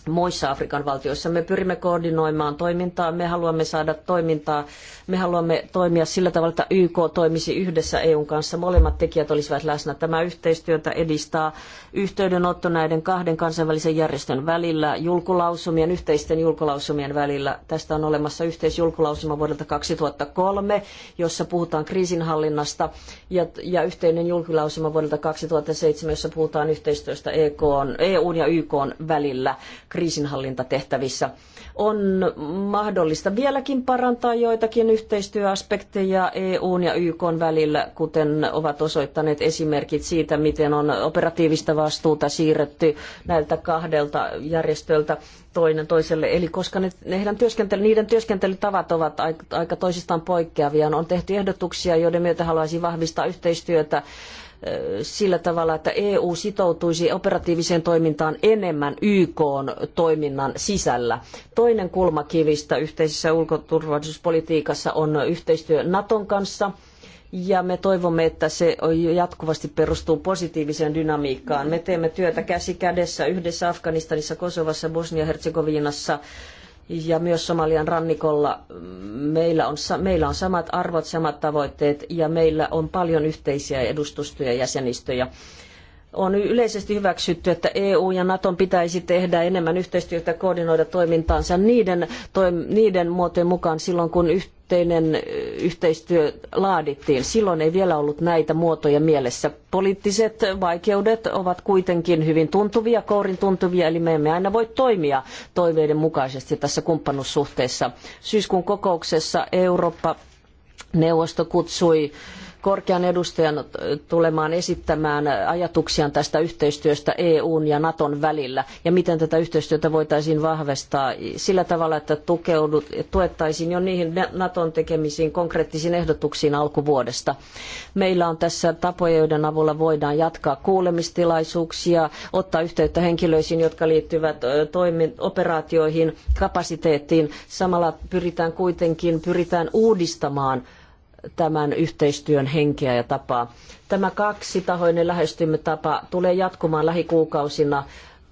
[SPEAKER 3] muissa Afrikan valtioissa. Me pyrimme koordinoimaan toimintaa, me haluamme saada toimintaa, me haluamme toimia sillä tavalla, että YK toimisi yhdessä EUn kanssa, molemmat tekijät olisivat läsnä. Tämä yhteistyötä edistää yhteydenotto näiden kahden kansainvälisen järjestön välillä, julkulausumien, yhteisten julkulausumien välillä. Tästä on olemassa yhteisjulkulausuma vuodelta 2003, jossa puhutaan kriisinhallinnasta, ja, ja yhteinen julkilausuma vuodelta 2007, jossa puhutaan yhteistyöstä EK, EUn ja YK välillä kriisinhallintatehtävissä. On mahdollista vieläkin parantaa joitakin yhteistyöaspekteja EUn ja YKn välillä, kuten ovat osoittaneet esimerkit siitä, miten on operatiivista vastuuta siirretty näiltä kahdelta järjestöltä toinen toiselle. Eli koska ne, heidän työskentely, niiden työskentelytavat ovat aika, aika toisistaan poikkeavia, niin on tehty ehdotuksia, joiden myötä haluaisin vahvistaa yhteistyötä sillä tavalla, että EU sitoutuisi operatiiviseen toimintaan enemmän YK toiminnan sisällä. Toinen kulmakivistä yhteisessä ulkoturvallisuuspolitiikassa on yhteistyö Naton kanssa. Ja me toivomme, että se jatkuvasti perustuu positiiviseen dynamiikkaan. Me teemme työtä käsi kädessä yhdessä Afganistanissa, Kosovassa, Bosnia-Herzegovinassa, ja myös Somalian rannikolla meillä on, meillä on samat arvot, samat tavoitteet ja meillä on paljon yhteisiä edustustoja, jäsenistöjä on yleisesti hyväksytty, että EU ja Naton pitäisi tehdä enemmän yhteistyötä koordinoida toimintaansa niiden, toim, niiden muotojen mukaan silloin, kun yhteinen yhteistyö laadittiin. Silloin ei vielä ollut näitä muotoja mielessä. Poliittiset vaikeudet ovat kuitenkin hyvin tuntuvia, kourin tuntuvia, eli me emme aina voi toimia toiveiden mukaisesti tässä kumppanuussuhteessa. Syyskuun kokouksessa Eurooppa-neuvosto kutsui korkean edustajan äh, tulemaan esittämään ajatuksiaan tästä yhteistyöstä EUn ja Naton välillä ja miten tätä yhteistyötä voitaisiin vahvistaa sillä tavalla, että tukeudut, tuettaisiin jo niihin Naton tekemisiin konkreettisiin ehdotuksiin alkuvuodesta. Meillä on tässä tapoja, joiden avulla voidaan jatkaa kuulemistilaisuuksia, ottaa yhteyttä henkilöisiin, jotka liittyvät toimin, operaatioihin, kapasiteettiin. Samalla pyritään kuitenkin pyritään uudistamaan tämän yhteistyön henkeä ja tapaa. Tämä kaksitahoinen lähestymistapa tulee jatkumaan lähikuukausina.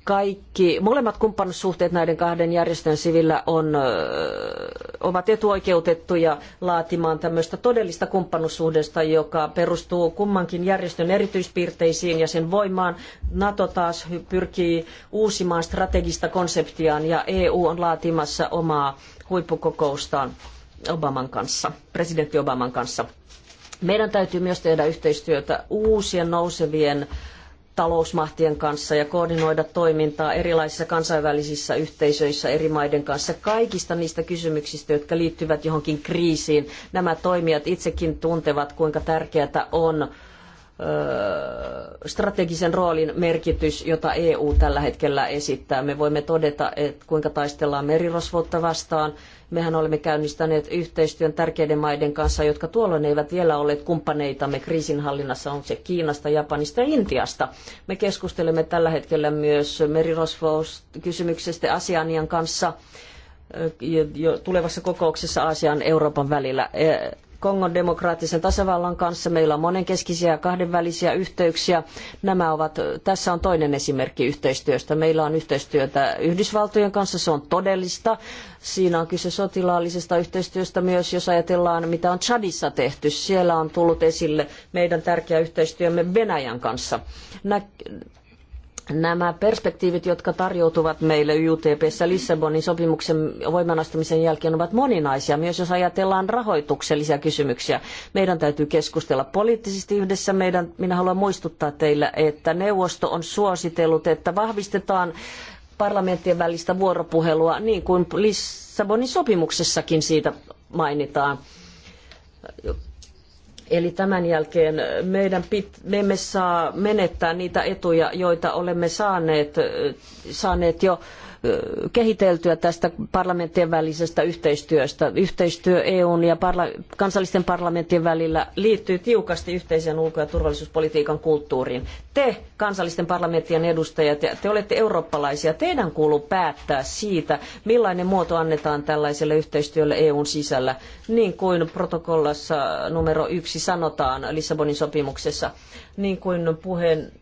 [SPEAKER 3] Kaikki, molemmat kumppanussuhteet näiden kahden järjestön sivillä on, ovat etuoikeutettuja laatimaan tämmöistä todellista kumppanussuhdesta, joka perustuu kummankin järjestön erityispiirteisiin ja sen voimaan. NATO taas pyrkii uusimaan strategista konseptiaan ja EU on laatimassa omaa huippukokoustaan Obaman kanssa, presidentti Obaman kanssa. Meidän täytyy myös tehdä yhteistyötä uusien nousevien talousmahtien kanssa ja koordinoida toimintaa erilaisissa kansainvälisissä yhteisöissä eri maiden kanssa kaikista niistä kysymyksistä, jotka liittyvät johonkin kriisiin. Nämä toimijat itsekin tuntevat, kuinka tärkeää on strategisen roolin merkitys, jota EU tällä hetkellä esittää. Me voimme todeta, että kuinka taistellaan merirosvoutta vastaan. Mehän olemme käynnistäneet yhteistyön tärkeiden maiden kanssa, jotka tuolloin eivät vielä olleet kumppaneitamme kriisinhallinnassa, on se Kiinasta, Japanista ja Intiasta. Me keskustelemme tällä hetkellä myös merirosvouskysymyksestä Asianian kanssa tulevassa kokouksessa Aasian Euroopan välillä Kongon demokraattisen tasavallan kanssa. Meillä on monenkeskisiä ja kahdenvälisiä yhteyksiä. Nämä ovat, tässä on toinen esimerkki yhteistyöstä. Meillä on yhteistyötä Yhdysvaltojen kanssa, se on todellista. Siinä on kyse sotilaallisesta yhteistyöstä myös, jos ajatellaan, mitä on Chadissa tehty. Siellä on tullut esille meidän tärkeä yhteistyömme Venäjän kanssa. Nämä perspektiivit, jotka tarjoutuvat meille YTPssä Lissabonin sopimuksen voimanastumisen jälkeen, ovat moninaisia, myös jos ajatellaan rahoituksellisia kysymyksiä. Meidän täytyy keskustella poliittisesti yhdessä. Meidän, minä haluan muistuttaa teille, että neuvosto on suositellut, että vahvistetaan parlamenttien välistä vuoropuhelua, niin kuin Lissabonin sopimuksessakin siitä mainitaan Eli tämän jälkeen meidän pit, me emme saa menettää niitä etuja, joita olemme saaneet, saaneet jo kehiteltyä tästä parlamenttien välisestä yhteistyöstä. Yhteistyö EUn ja parla- kansallisten parlamenttien välillä liittyy tiukasti yhteiseen ulko- ja turvallisuuspolitiikan kulttuuriin. Te, kansallisten parlamenttien edustajat, te olette eurooppalaisia. Teidän kuuluu päättää siitä, millainen muoto annetaan tällaiselle yhteistyölle EUn sisällä, niin kuin protokollassa numero yksi sanotaan Lissabonin sopimuksessa, niin kuin puheen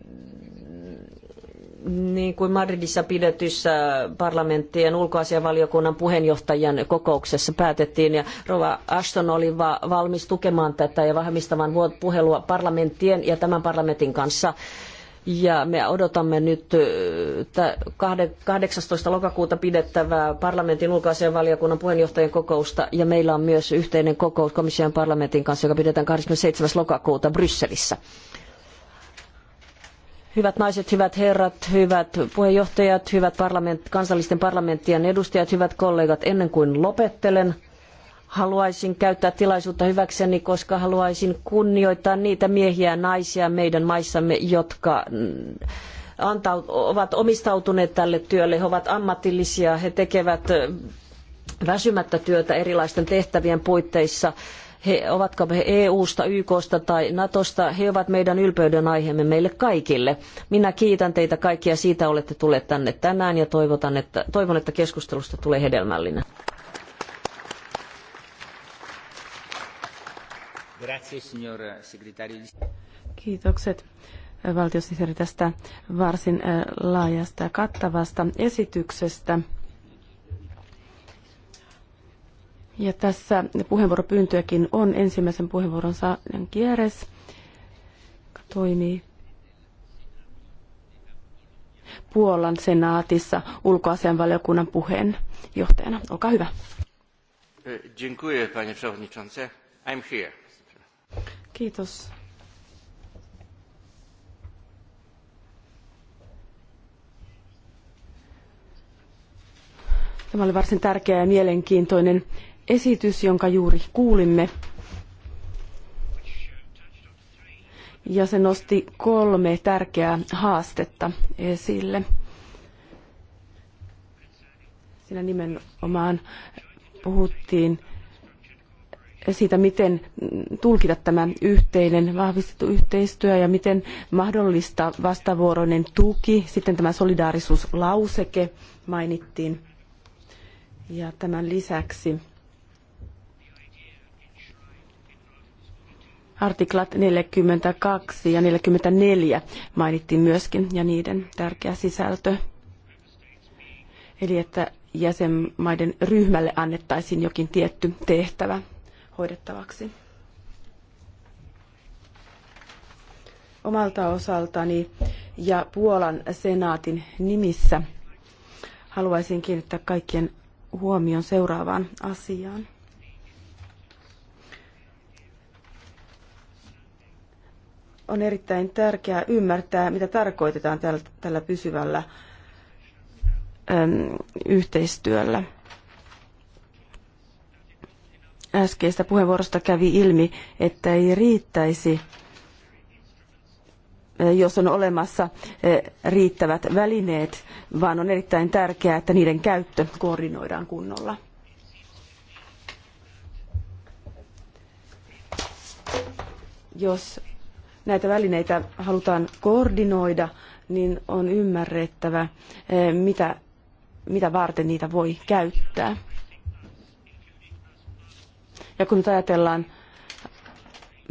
[SPEAKER 3] niin kuin Madridissa pidetyssä parlamenttien ulkoasianvaliokunnan puheenjohtajien kokouksessa päätettiin. Ja Rova Ashton oli valmis tukemaan tätä ja vahvistamaan puhelua parlamenttien ja tämän parlamentin kanssa. Ja me odotamme nyt 18. lokakuuta pidettävää parlamentin ulkoasianvaliokunnan puheenjohtajien kokousta. Ja meillä on myös yhteinen kokous komission parlamentin kanssa, joka pidetään 27. lokakuuta Brysselissä. Hyvät naiset, hyvät herrat, hyvät puheenjohtajat, hyvät parlament, kansallisten parlamenttien edustajat, hyvät kollegat, ennen kuin lopettelen, haluaisin käyttää tilaisuutta hyväkseni, koska haluaisin kunnioittaa niitä miehiä ja naisia meidän maissamme, jotka mm, ovat omistautuneet tälle työlle. He ovat ammatillisia, he tekevät mm, väsymättä työtä erilaisten tehtävien puitteissa he, ovatko he EU-sta, YK-sta tai NATOsta, he ovat meidän ylpeyden aiheemme meille kaikille. Minä kiitän teitä kaikkia siitä, olette tulleet tänne tänään ja toivotan, että, toivon, että keskustelusta tulee hedelmällinen.
[SPEAKER 2] Kiitokset valtiosihteeri tästä varsin eh, laajasta ja kattavasta esityksestä. Ja tässä puheenvuoropyyntöjäkin on. Ensimmäisen puheenvuoron saa Kieres, joka toimii Puolan senaatissa ulkoasianvaliokunnan puheenjohtajana. Olkaa hyvä.
[SPEAKER 1] Dziękuję, panie przewodniczący. I'm here.
[SPEAKER 2] Kiitos. Tämä oli varsin tärkeä ja mielenkiintoinen esitys, jonka juuri kuulimme, ja se nosti kolme tärkeää haastetta esille. Siinä nimenomaan puhuttiin siitä, miten tulkita tämä yhteinen vahvistettu yhteistyö ja miten mahdollista vastavuoroinen tuki. Sitten tämä solidaarisuuslauseke mainittiin. Ja tämän lisäksi Artiklat 42 ja 44 mainittiin myöskin ja niiden tärkeä sisältö. Eli että jäsenmaiden ryhmälle annettaisiin jokin tietty tehtävä hoidettavaksi. Omalta osaltani ja Puolan senaatin nimissä haluaisin kiinnittää kaikkien huomion seuraavaan asiaan. on erittäin tärkeää ymmärtää, mitä tarkoitetaan tällä, tällä pysyvällä äm, yhteistyöllä. Äskeistä puheenvuorosta kävi ilmi, että ei riittäisi, jos on olemassa riittävät välineet, vaan on erittäin tärkeää, että niiden käyttö koordinoidaan kunnolla. Jos näitä välineitä halutaan koordinoida, niin on ymmärrettävä, eh, mitä, mitä varten niitä voi käyttää. Ja kun nyt ajatellaan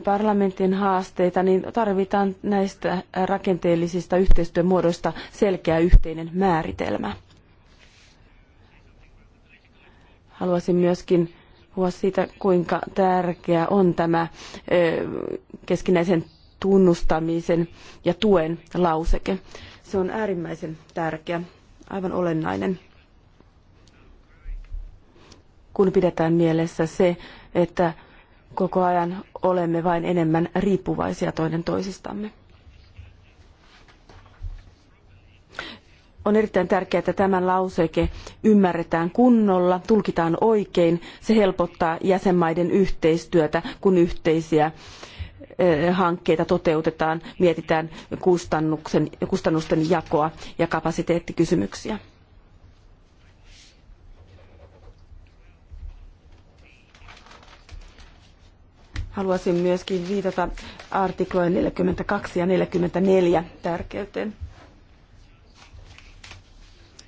[SPEAKER 2] parlamentin haasteita, niin tarvitaan näistä rakenteellisista yhteistyömuodoista selkeä yhteinen määritelmä. Haluaisin myöskin puhua siitä, kuinka tärkeä on tämä eh, keskinäisen tunnustamisen ja tuen lauseke. Se on äärimmäisen tärkeä, aivan olennainen, kun pidetään mielessä se, että koko ajan olemme vain enemmän riippuvaisia toinen toisistamme. on erittäin tärkeää, että tämä lauseke ymmärretään kunnolla, tulkitaan oikein. Se helpottaa jäsenmaiden yhteistyötä, kun yhteisiä hankkeita toteutetaan, mietitään kustannuksen, kustannusten jakoa ja kapasiteettikysymyksiä. Haluaisin myöskin viitata artiklojen 42 ja 44 tärkeyteen.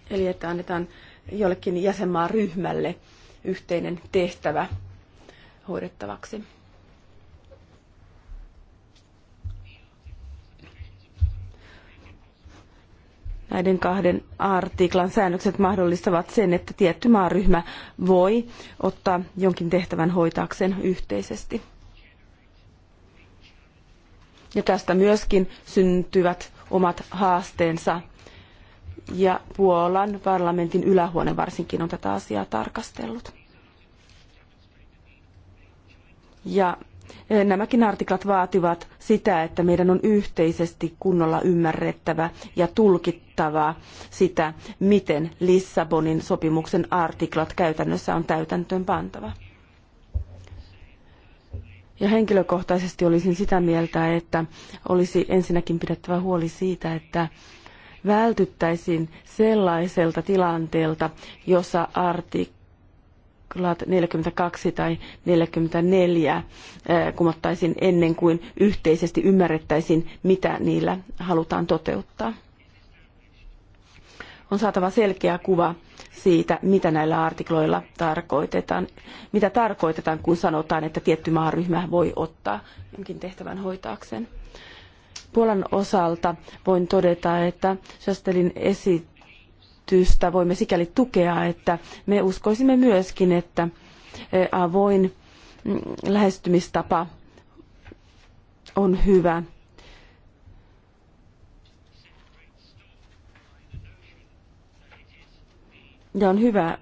[SPEAKER 2] Eli että annetaan jollekin jäsenmaan ryhmälle yhteinen tehtävä hoidettavaksi. näiden kahden artiklan säännökset mahdollistavat sen, että tietty maaryhmä voi ottaa jonkin tehtävän hoitaakseen yhteisesti. Ja tästä myöskin syntyvät omat haasteensa. Ja Puolan parlamentin ylähuone varsinkin on tätä asiaa tarkastellut. Ja Eh, nämäkin artiklat vaativat sitä, että meidän on yhteisesti kunnolla ymmärrettävä ja tulkittava sitä, miten Lissabonin sopimuksen artiklat käytännössä on täytäntöön pantava. Ja henkilökohtaisesti olisin sitä mieltä, että olisi ensinnäkin pidettävä huoli siitä, että vältyttäisiin sellaiselta tilanteelta, jossa artik artiklat 42 tai 44 eh, kumottaisiin ennen kuin yhteisesti ymmärrettäisiin, mitä niillä halutaan toteuttaa. On saatava selkeä kuva siitä, mitä näillä artikloilla tarkoitetaan. Mitä tarkoitetaan, kun sanotaan, että tietty maaryhmä voi ottaa jonkin tehtävän hoitaakseen. Puolan osalta voin todeta, että Sjöstelin esitys kehitystä voimme sikäli tukea, että me uskoisimme myöskin, että e, avoin mm, lähestymistapa on hyvä. Ja on hyvä,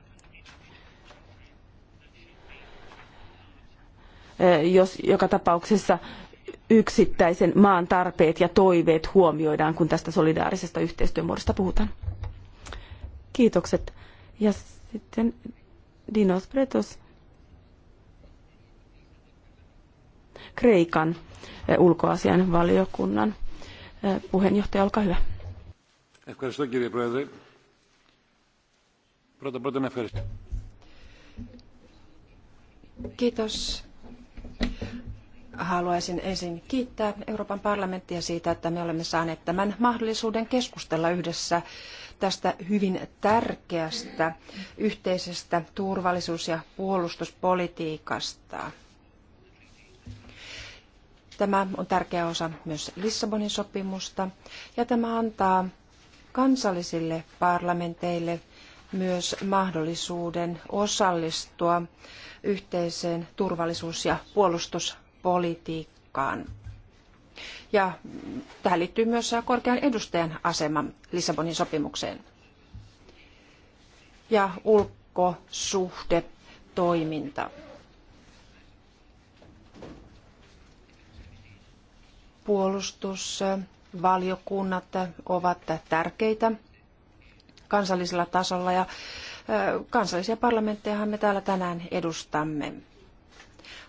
[SPEAKER 2] e, jos joka tapauksessa yksittäisen maan tarpeet ja toiveet huomioidaan, kun tästä solidaarisesta yhteistyömuodosta puhutaan. Kiitokset. Ja sitten Dinos Pretos Kreikan eh, ulkoasian valiokunnan eh, puheenjohtaja, olkaa hyvä.
[SPEAKER 4] Kiitos. Haluaisin ensin kiittää Euroopan parlamenttia siitä, että me olemme saaneet tämän mahdollisuuden keskustella yhdessä tästä hyvin tärkeästä yhteisestä turvallisuus- ja puolustuspolitiikasta. Tämä on tärkeä osa myös Lissabonin sopimusta ja tämä antaa kansallisille parlamenteille myös mahdollisuuden osallistua yhteiseen turvallisuus- ja puolustuspolitiikkaan. Ja tähän liittyy myös korkean edustajan asema Lissabonin sopimukseen. Ja ulkosuhde toiminta. Puolustusvaliokunnat ovat tärkeitä kansallisella tasolla ja kansallisia parlamenttejahan me täällä tänään edustamme.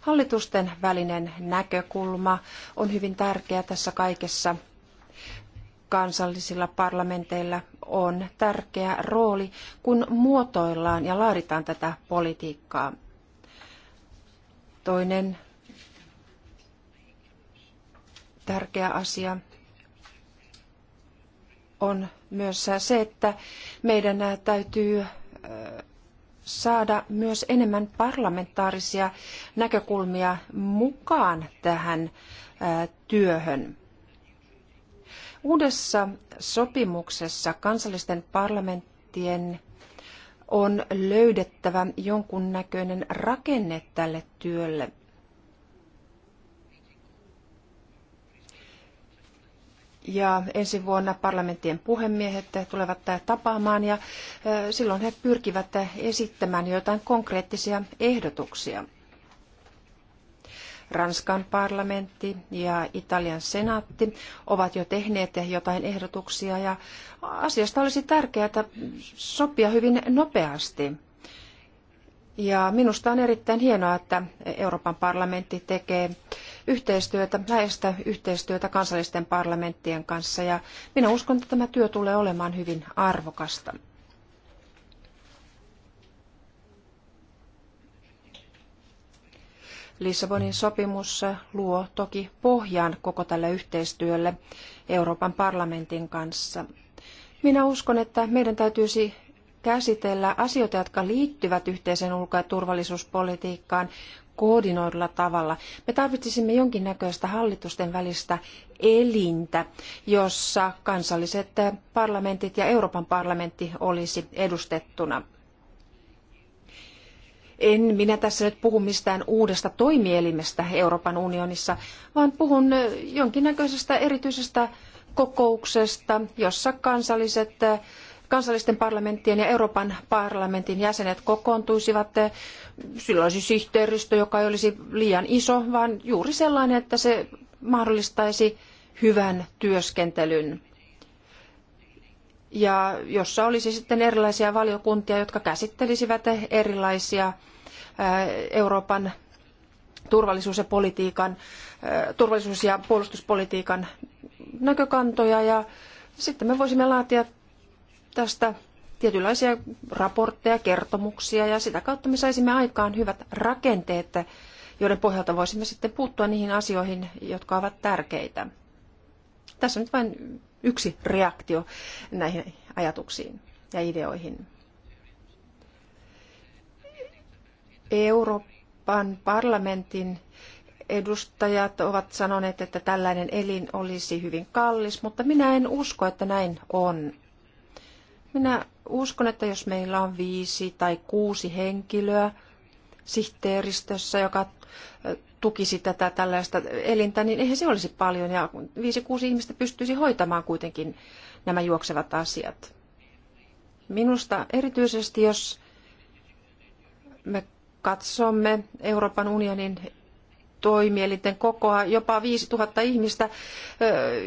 [SPEAKER 4] Hallitusten välinen näkökulma on hyvin tärkeä tässä kaikessa. Kansallisilla parlamenteilla on tärkeä rooli, kun muotoillaan ja laaditaan tätä politiikkaa. Toinen tärkeä asia on myös se, että meidän täytyy saada myös enemmän parlamentaarisia näkökulmia mukaan tähän työhön. Uudessa sopimuksessa kansallisten parlamenttien on löydettävä jonkunnäköinen rakenne tälle työlle – ja ensi vuonna parlamenttien puhemiehet tulevat tapaamaan ja silloin he pyrkivät esittämään joitain konkreettisia ehdotuksia. Ranskan parlamentti ja Italian senaatti ovat jo tehneet jotain ehdotuksia ja asiasta olisi tärkeää sopia hyvin nopeasti. Ja minusta on erittäin hienoa, että Euroopan parlamentti tekee yhteistyötä, läheistä yhteistyötä kansallisten parlamenttien kanssa ja minä uskon, että tämä työ tulee olemaan hyvin arvokasta. Lissabonin sopimus luo toki pohjan koko tälle yhteistyölle Euroopan parlamentin kanssa. Minä uskon, että meidän täytyisi käsitellä asioita, jotka liittyvät yhteiseen ulko- ja turvallisuuspolitiikkaan koordinoidulla tavalla. Me tarvitsisimme jonkinnäköistä hallitusten välistä elintä, jossa kansalliset parlamentit ja Euroopan parlamentti olisi edustettuna. En minä tässä nyt puhu mistään uudesta toimielimestä Euroopan unionissa, vaan puhun jonkinnäköisestä erityisestä kokouksesta, jossa kansalliset kansallisten parlamenttien ja Euroopan parlamentin jäsenet kokoontuisivat. Eh, Sillä olisi siis sihteeristö, joka ei olisi liian iso, vaan juuri sellainen, että se mahdollistaisi hyvän työskentelyn ja jossa olisi sitten erilaisia valiokuntia, jotka käsittelisivät erilaisia eh, Euroopan turvallisuus- ja, politiikan, eh, turvallisuus- ja puolustuspolitiikan näkökantoja. Ja sitten me voisimme laatia tästä tietynlaisia raportteja, kertomuksia ja sitä kautta me saisimme aikaan hyvät rakenteet, joiden pohjalta voisimme sitten puuttua niihin asioihin, jotka ovat tärkeitä. Tässä on nyt vain yksi reaktio näihin ajatuksiin ja ideoihin. Euroopan parlamentin edustajat ovat sanoneet, että tällainen elin olisi hyvin kallis, mutta minä en usko, että näin on. Minä uskon, että jos meillä on viisi tai kuusi henkilöä sihteeristössä, joka äh, tukisi tätä tällaista elintä, niin eihän se olisi paljon. Ja viisi, kuusi ihmistä pystyisi hoitamaan kuitenkin nämä juoksevat asiat. Minusta erityisesti, jos me katsomme Euroopan unionin toimielinten kokoa jopa 5000 ihmistä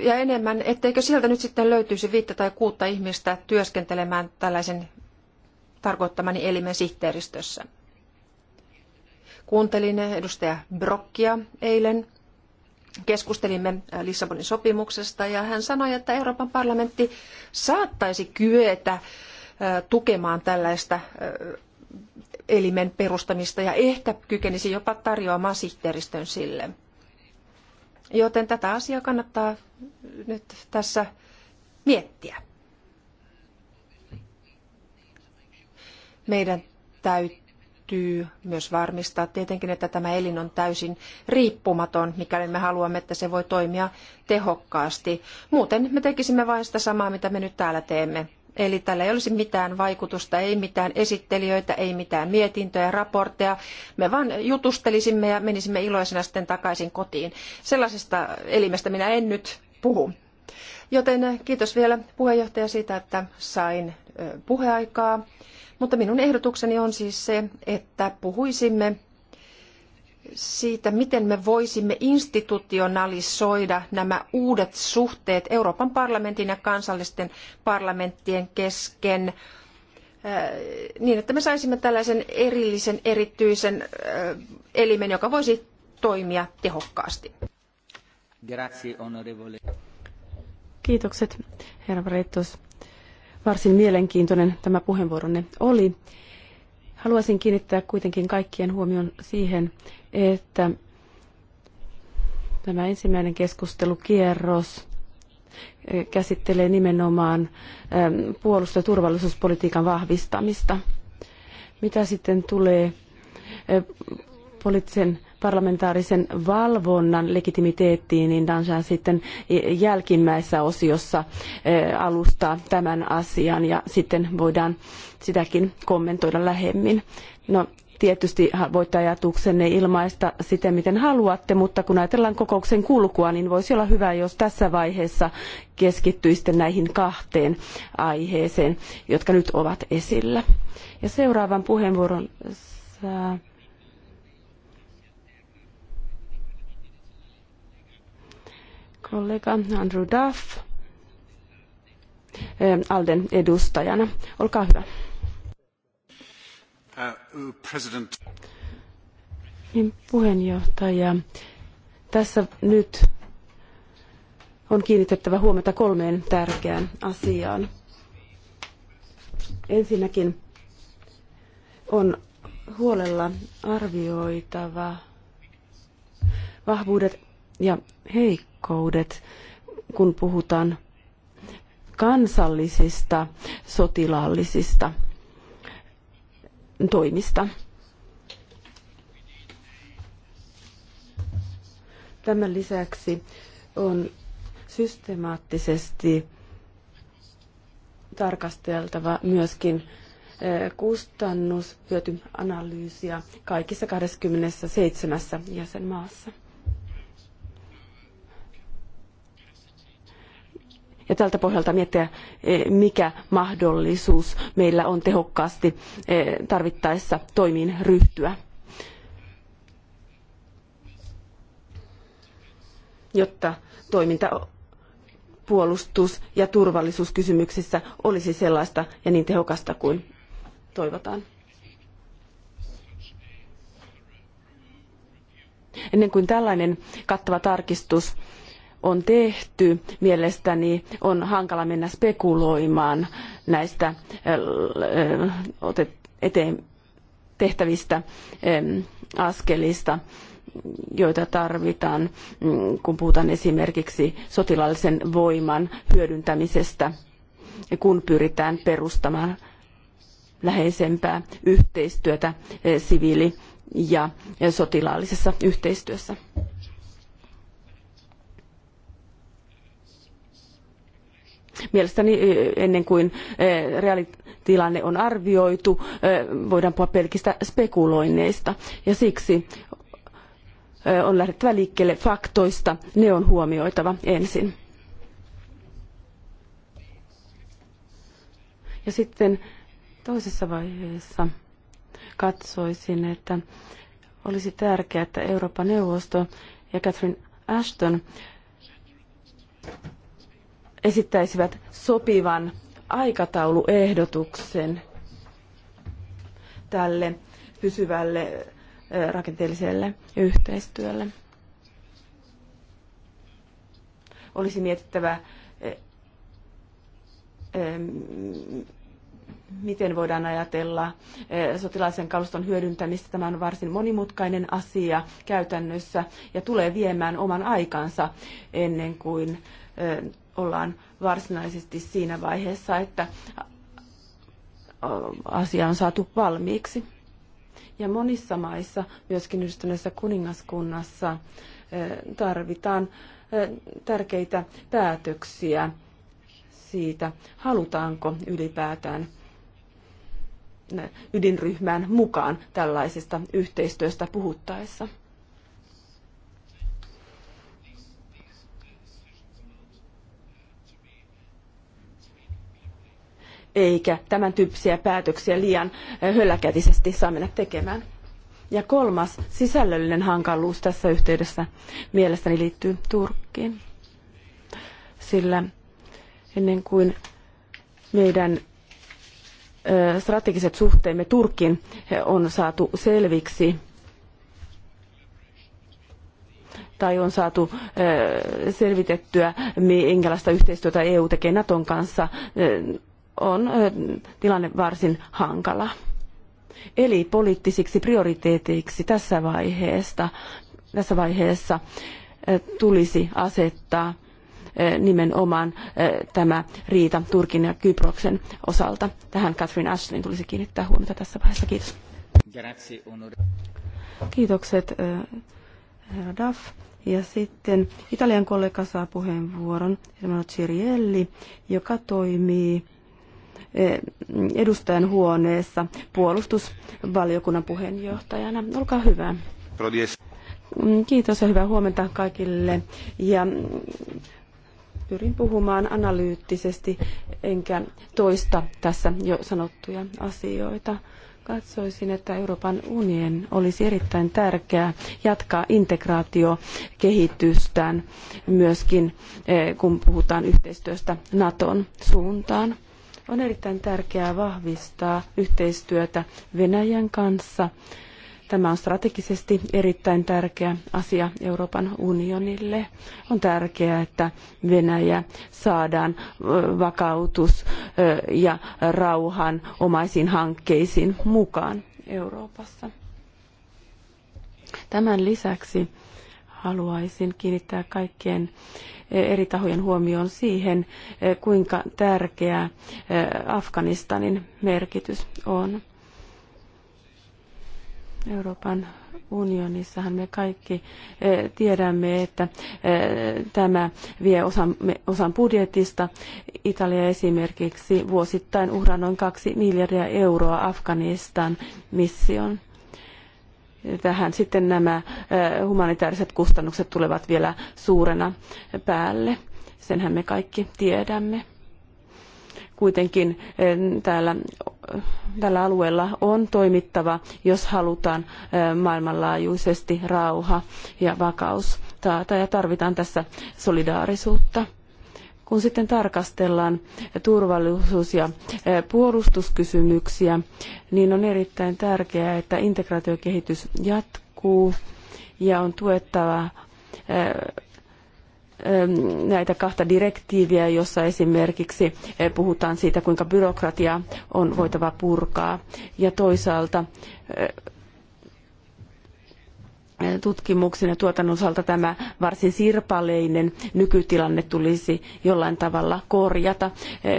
[SPEAKER 4] ja enemmän, etteikö sieltä nyt sitten löytyisi viittä tai kuutta ihmistä työskentelemään tällaisen tarkoittamani elimen sihteeristössä. Kuuntelin edustaja Brokkia eilen. Keskustelimme Lissabonin sopimuksesta ja hän sanoi, että Euroopan parlamentti saattaisi kyetä tukemaan tällaista elimen perustamista ja ehkä kykenisi jopa tarjoamaan sihteeristön sille. Joten tätä asiaa kannattaa nyt tässä miettiä. Meidän täytyy myös varmistaa tietenkin, että tämä elin on täysin riippumaton, mikäli me haluamme, että se voi toimia tehokkaasti. Muuten me tekisimme vain sitä samaa, mitä me nyt täällä teemme. Eli tällä ei olisi mitään vaikutusta, ei mitään esittelijöitä, ei mitään mietintöjä, raportteja. Me vain jutustelisimme ja menisimme iloisena sitten takaisin kotiin. Sellaisesta elimestä minä en nyt puhu. Joten kiitos vielä puheenjohtaja siitä, että sain puheaikaa. Mutta minun ehdotukseni on siis se, että puhuisimme siitä, miten me voisimme institutionalisoida nämä uudet suhteet Euroopan parlamentin ja kansallisten parlamenttien kesken äh, niin, että me saisimme tällaisen erillisen, erityisen äh, elimen, joka voisi toimia tehokkaasti.
[SPEAKER 2] Kiitokset, herra Brettos. Varsin mielenkiintoinen tämä puheenvuoronne oli. Haluaisin kiinnittää kuitenkin kaikkien huomion siihen, että tämä ensimmäinen keskustelukierros eh, käsittelee nimenomaan eh, puolustus- ja turvallisuuspolitiikan vahvistamista. Mitä sitten tulee eh, poliittisen parlamentaarisen valvonnan legitimiteettiin, niin Danjan sitten jälkimmäisessä osiossa alustaa tämän asian ja sitten voidaan sitäkin kommentoida lähemmin. No, Tietysti voitte ajatuksenne ilmaista siten, miten haluatte, mutta kun ajatellaan kokouksen kulkua, niin voisi olla hyvä, jos tässä vaiheessa keskittyisitte näihin kahteen aiheeseen, jotka nyt ovat esillä. Ja seuraavan puheenvuoron saa... kollega Andrew Duff Alden edustajana. Olkaa hyvä. President. Niin, puheenjohtaja, tässä nyt on kiinnitettävä huomiota kolmeen tärkeään asiaan. Ensinnäkin on huolella arvioitava vahvuudet ja heikkoudet, kun puhutaan kansallisista sotilaallisista toimista. Tämän lisäksi on systemaattisesti tarkasteltava myöskin eh, kustannushyötyanalyysiä kaikissa 27 jäsenmaassa. ja tältä pohjalta miettiä, e, mikä mahdollisuus meillä on tehokkaasti e, tarvittaessa toimiin ryhtyä. Jotta toiminta puolustus- ja turvallisuuskysymyksissä olisi sellaista ja niin tehokasta kuin toivotaan. Ennen kuin tällainen kattava tarkistus on tehty, mielestäni on hankala mennä spekuloimaan näistä äh, äh, eteen tehtävistä ähm, askelista joita tarvitaan, mm, kun puhutaan esimerkiksi sotilaallisen voiman hyödyntämisestä, kun pyritään perustamaan läheisempää yhteistyötä äh, siviili- ja sotilaallisessa yhteistyössä. Mielestäni ennen kuin reaalitilanne on arvioitu, voidaan puhua pelkistä spekuloinneista. Ja siksi on lähdettävä liikkeelle faktoista, ne on huomioitava ensin. Ja sitten toisessa vaiheessa katsoisin, että olisi tärkeää, että Euroopan neuvosto ja Catherine Ashton esittäisivät sopivan aikatauluehdotuksen tälle pysyvälle rakenteelliselle yhteistyölle. Olisi mietittävä, miten voidaan ajatella sotilaisen kaluston hyödyntämistä. Tämä on varsin monimutkainen asia käytännössä ja tulee viemään oman aikansa ennen kuin ollaan varsinaisesti siinä vaiheessa, että asia on saatu valmiiksi. Ja monissa maissa, myöskin yhdistyneessä kuningaskunnassa, tarvitaan tärkeitä päätöksiä siitä, halutaanko ylipäätään ydinryhmään mukaan tällaisesta yhteistyöstä puhuttaessa. eikä tämän tyyppisiä päätöksiä liian hölläkätisesti saa mennä tekemään. Ja kolmas sisällöllinen hankaluus tässä yhteydessä mielestäni liittyy Turkkiin. Sillä ennen kuin meidän strategiset suhteemme Turkkiin on saatu selviksi tai on saatu selvitettyä, minkälaista yhteistyötä EU tekee Naton kanssa on tilanne varsin hankala. Eli poliittisiksi prioriteeteiksi tässä, vaiheesta, tässä vaiheessa tulisi asettaa nimenomaan tämä riita Turkin ja Kyproksen osalta. Tähän Catherine Ashtonin tulisi kiinnittää huomiota tässä vaiheessa. Kiitos. Kiitokset, herra Duff. Ja sitten Italian kollega saa puheenvuoron, Hermano Cirielli, joka toimii Eh, edustajan huoneessa puolustusvaliokunnan puheenjohtajana. Olkaa hyvä. Kiitos ja hyvää huomenta kaikille. Ja pyrin puhumaan analyyttisesti, enkä toista tässä jo sanottuja asioita. Katsoisin, että Euroopan unionin olisi erittäin tärkeää jatkaa integraatiokehitystään myöskin, eh, kun puhutaan yhteistyöstä Naton suuntaan on erittäin tärkeää vahvistaa yhteistyötä Venäjän kanssa. Tämä on strategisesti erittäin tärkeä asia Euroopan unionille. On tärkeää, että Venäjä saadaan vakautus- ja rauhan omaisiin hankkeisiin mukaan Euroopassa. Tämän lisäksi haluaisin kiinnittää kaikkien eh, eri tahojen huomioon siihen, eh, kuinka tärkeä eh, Afganistanin merkitys on. Euroopan unionissahan me kaikki tiedämme, että tämä vie osan, osan budjetista. Italia esimerkiksi vuosittain uhraa noin kaksi miljardia euroa Afganistan mission tähän sitten nämä humanitaariset kustannukset tulevat vielä suurena päälle. Senhän me kaikki tiedämme. Kuitenkin täällä, tällä alueella on toimittava, jos halutaan maailmanlaajuisesti rauha ja vakaus taata ja tarvitaan tässä solidaarisuutta. Kun sitten tarkastellaan turvallisuus- ja eh, puolustuskysymyksiä, niin on erittäin tärkeää, että integraatiokehitys jatkuu ja on tuettava eh, eh, näitä kahta direktiiviä, jossa esimerkiksi puhutaan siitä, kuinka byrokratiaa on voitava purkaa ja toisaalta tutkimuksen ja tuotannon osalta tämä varsin sirpaleinen nykytilanne tulisi jollain tavalla korjata.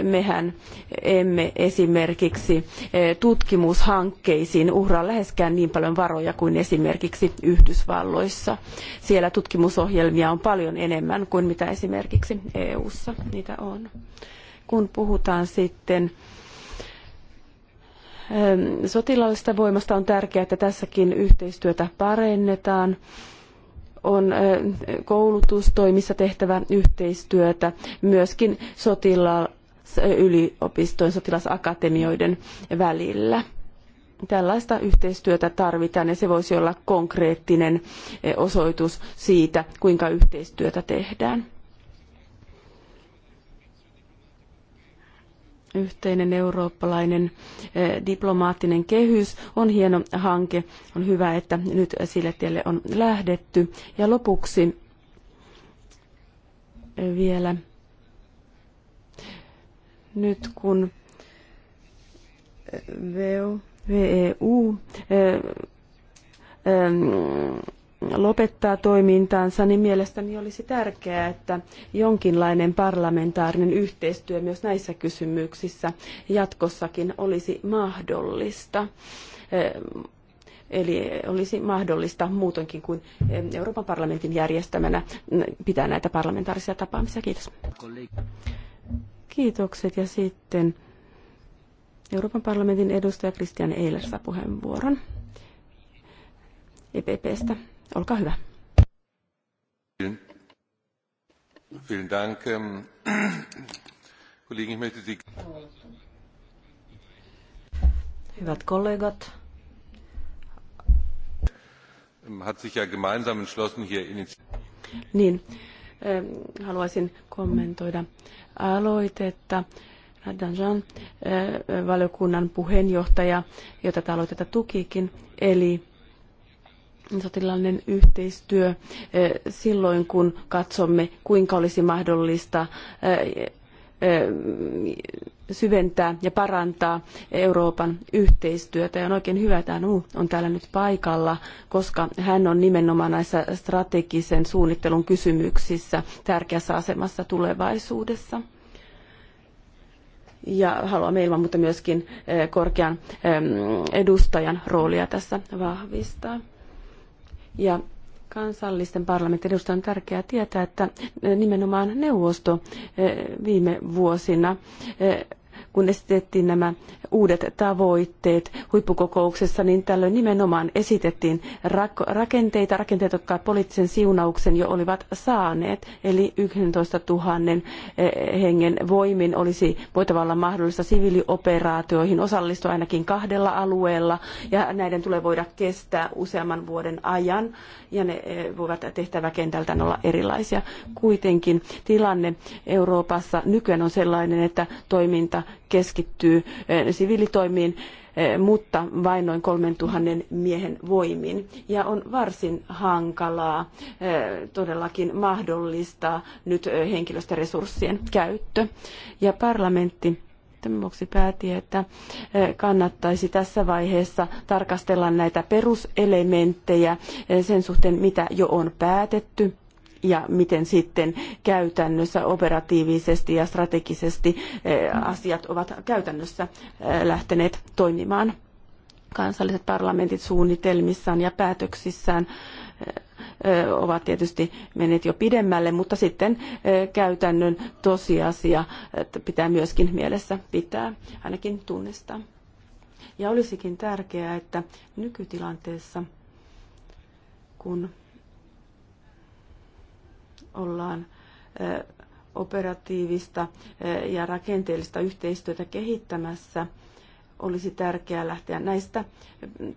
[SPEAKER 2] Mehän emme esimerkiksi eh, tutkimushankkeisiin uhraa läheskään niin paljon varoja kuin esimerkiksi Yhdysvalloissa. Siellä tutkimusohjelmia on paljon enemmän kuin mitä esimerkiksi EU:ssa niitä on. Kun puhutaan sitten sotilaallisesta voimasta on tärkeää, että tässäkin yhteistyötä parennetaan. On koulutustoimissa tehtävä yhteistyötä, myöskin sotilasyliopistojen, sotilasakatemioiden välillä. Tällaista yhteistyötä tarvitaan ja se voisi olla konkreettinen osoitus siitä, kuinka yhteistyötä tehdään. yhteinen eurooppalainen eh, diplomaattinen kehys on hieno hanke. On hyvä, että nyt sille tielle on lähdetty. Ja lopuksi eh, vielä nyt kun eh, VEU lopettaa toimintaansa, niin mielestäni olisi tärkeää, että jonkinlainen parlamentaarinen yhteistyö myös näissä kysymyksissä jatkossakin olisi mahdollista. Eh, eli olisi mahdollista muutoinkin kuin eh, Euroopan parlamentin järjestämänä pitää näitä parlamentaarisia tapaamisia. Kiitos. Kiitokset ja sitten Euroopan parlamentin edustaja Christian Eiler puheenvuoro. puheenvuoron EPPstä. Olkaa hyvä.
[SPEAKER 1] Ähm,
[SPEAKER 3] Hyvät kollegat,
[SPEAKER 1] ähm, hat sich ja gemeinsam entschlossen hier
[SPEAKER 2] Niin, ähm, haluaisin kommentoida aloitetta. Danjan äh, valiokunnan puheenjohtaja, jota tätä aloitetta tukikin, eli sotilaallinen yhteistyö eh, silloin, kun katsomme, kuinka olisi mahdollista eh, eh, syventää ja parantaa Euroopan yhteistyötä. Ja on oikein hyvä, että Anu on täällä nyt paikalla, koska hän on nimenomaan näissä strategisen suunnittelun kysymyksissä tärkeässä asemassa tulevaisuudessa. Ja haluamme ilman muuta myöskin korkean edustajan roolia tässä vahvistaa. Ja kansallisten parlamentin edustajien on tärkeää tietää, että nimenomaan neuvosto eh, viime vuosina eh, kun esitettiin nämä uudet tavoitteet huippukokouksessa, niin tällöin nimenomaan esitettiin rakenteita, rakenteita, jotka poliittisen siunauksen jo olivat saaneet, eli 11 000 eh, hengen voimin olisi voitava olla mahdollista siviilioperaatioihin osallistua ainakin kahdella alueella, ja näiden tulee voida kestää useamman vuoden ajan, ja ne eh, voivat tehtäväkentältään olla erilaisia. Kuitenkin tilanne Euroopassa nykyään on sellainen, että toiminta keskittyy eh, siviilitoimiin, eh, mutta vain noin 3000 miehen voimin. Ja on varsin hankalaa eh, todellakin mahdollistaa nyt henkilöstöresurssien käyttö. Ja parlamentti tämän vuoksi päätin, että kannattaisi tässä vaiheessa tarkastella näitä peruselementtejä sen suhteen, mitä jo on päätetty ja miten sitten käytännössä operatiivisesti ja strategisesti eh, asiat ovat käytännössä eh, lähteneet toimimaan. Kansalliset parlamentit suunnitelmissaan ja päätöksissään eh, ovat tietysti menneet jo pidemmälle, mutta sitten käytännön tosiasia pitää myöskin mielessä pitää, ainakin tunnistaa. Ja olisikin tärkeää, että nykytilanteessa, kun ollaan operatiivista ja rakenteellista yhteistyötä kehittämässä, olisi tärkeää lähteä näistä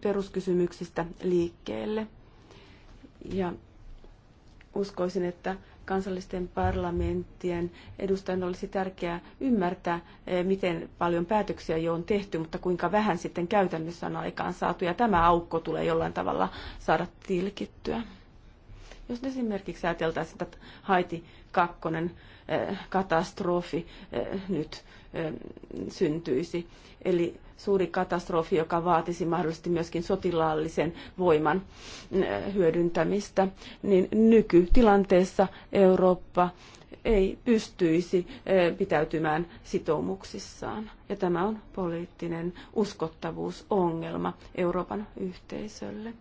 [SPEAKER 2] peruskysymyksistä liikkeelle. Ja uskoisin, että kansallisten parlamenttien edustajan olisi tärkeää ymmärtää, miten paljon päätöksiä jo on tehty, mutta kuinka vähän sitten käytännössä on aikaan saatu. Ja tämä aukko tulee jollain tavalla saada tilkittyä. Jos esimerkiksi ajateltaisiin, että Haiti kakkonen eh, katastrofi eh, nyt eh, syntyisi, eli suuri katastrofi, joka vaatisi mahdollisesti myöskin sotilaallisen voiman hyödyntämistä, niin nykytilanteessa Eurooppa ei pystyisi pitäytymään sitoumuksissaan. Ja tämä on poliittinen uskottavuusongelma Euroopan yhteisölle.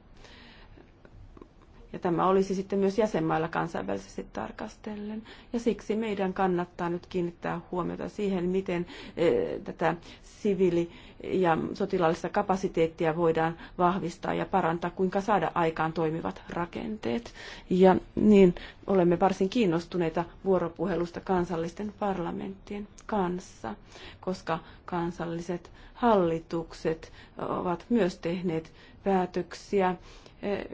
[SPEAKER 2] Ja tämä olisi sitten myös jäsenmailla kansainvälisesti tarkastellen. Ja siksi meidän kannattaa nyt kiinnittää huomiota siihen, miten eh, tätä siviili- ja sotilaallista kapasiteettia voidaan vahvistaa ja parantaa, kuinka saada aikaan toimivat rakenteet. Ja niin olemme varsin kiinnostuneita vuoropuhelusta kansallisten parlamenttien kanssa, koska kansalliset hallitukset ovat myös tehneet päätöksiä Eh,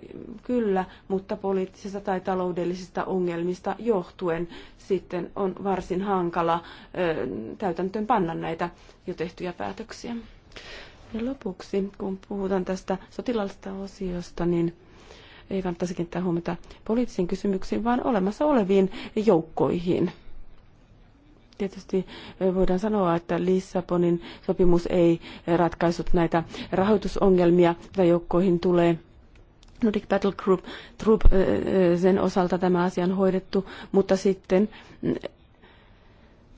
[SPEAKER 2] kyllä, mutta poliittisista tai taloudellisista ongelmista johtuen sitten on varsin hankala eh, täytäntöön panna näitä jo tehtyjä päätöksiä. Ja lopuksi, kun puhutaan tästä sotilaallisesta osiosta, niin ei kannattaisi kiinnittää huomiota poliittisiin kysymyksiin, vaan olemassa oleviin joukkoihin. Tietysti eh, voidaan sanoa, että Lissabonin sopimus ei ratkaisut näitä rahoitusongelmia, joita joukkoihin tulee – Nordic Battle Group Troop, sen osalta tämä asia on hoidettu, mutta sitten mm,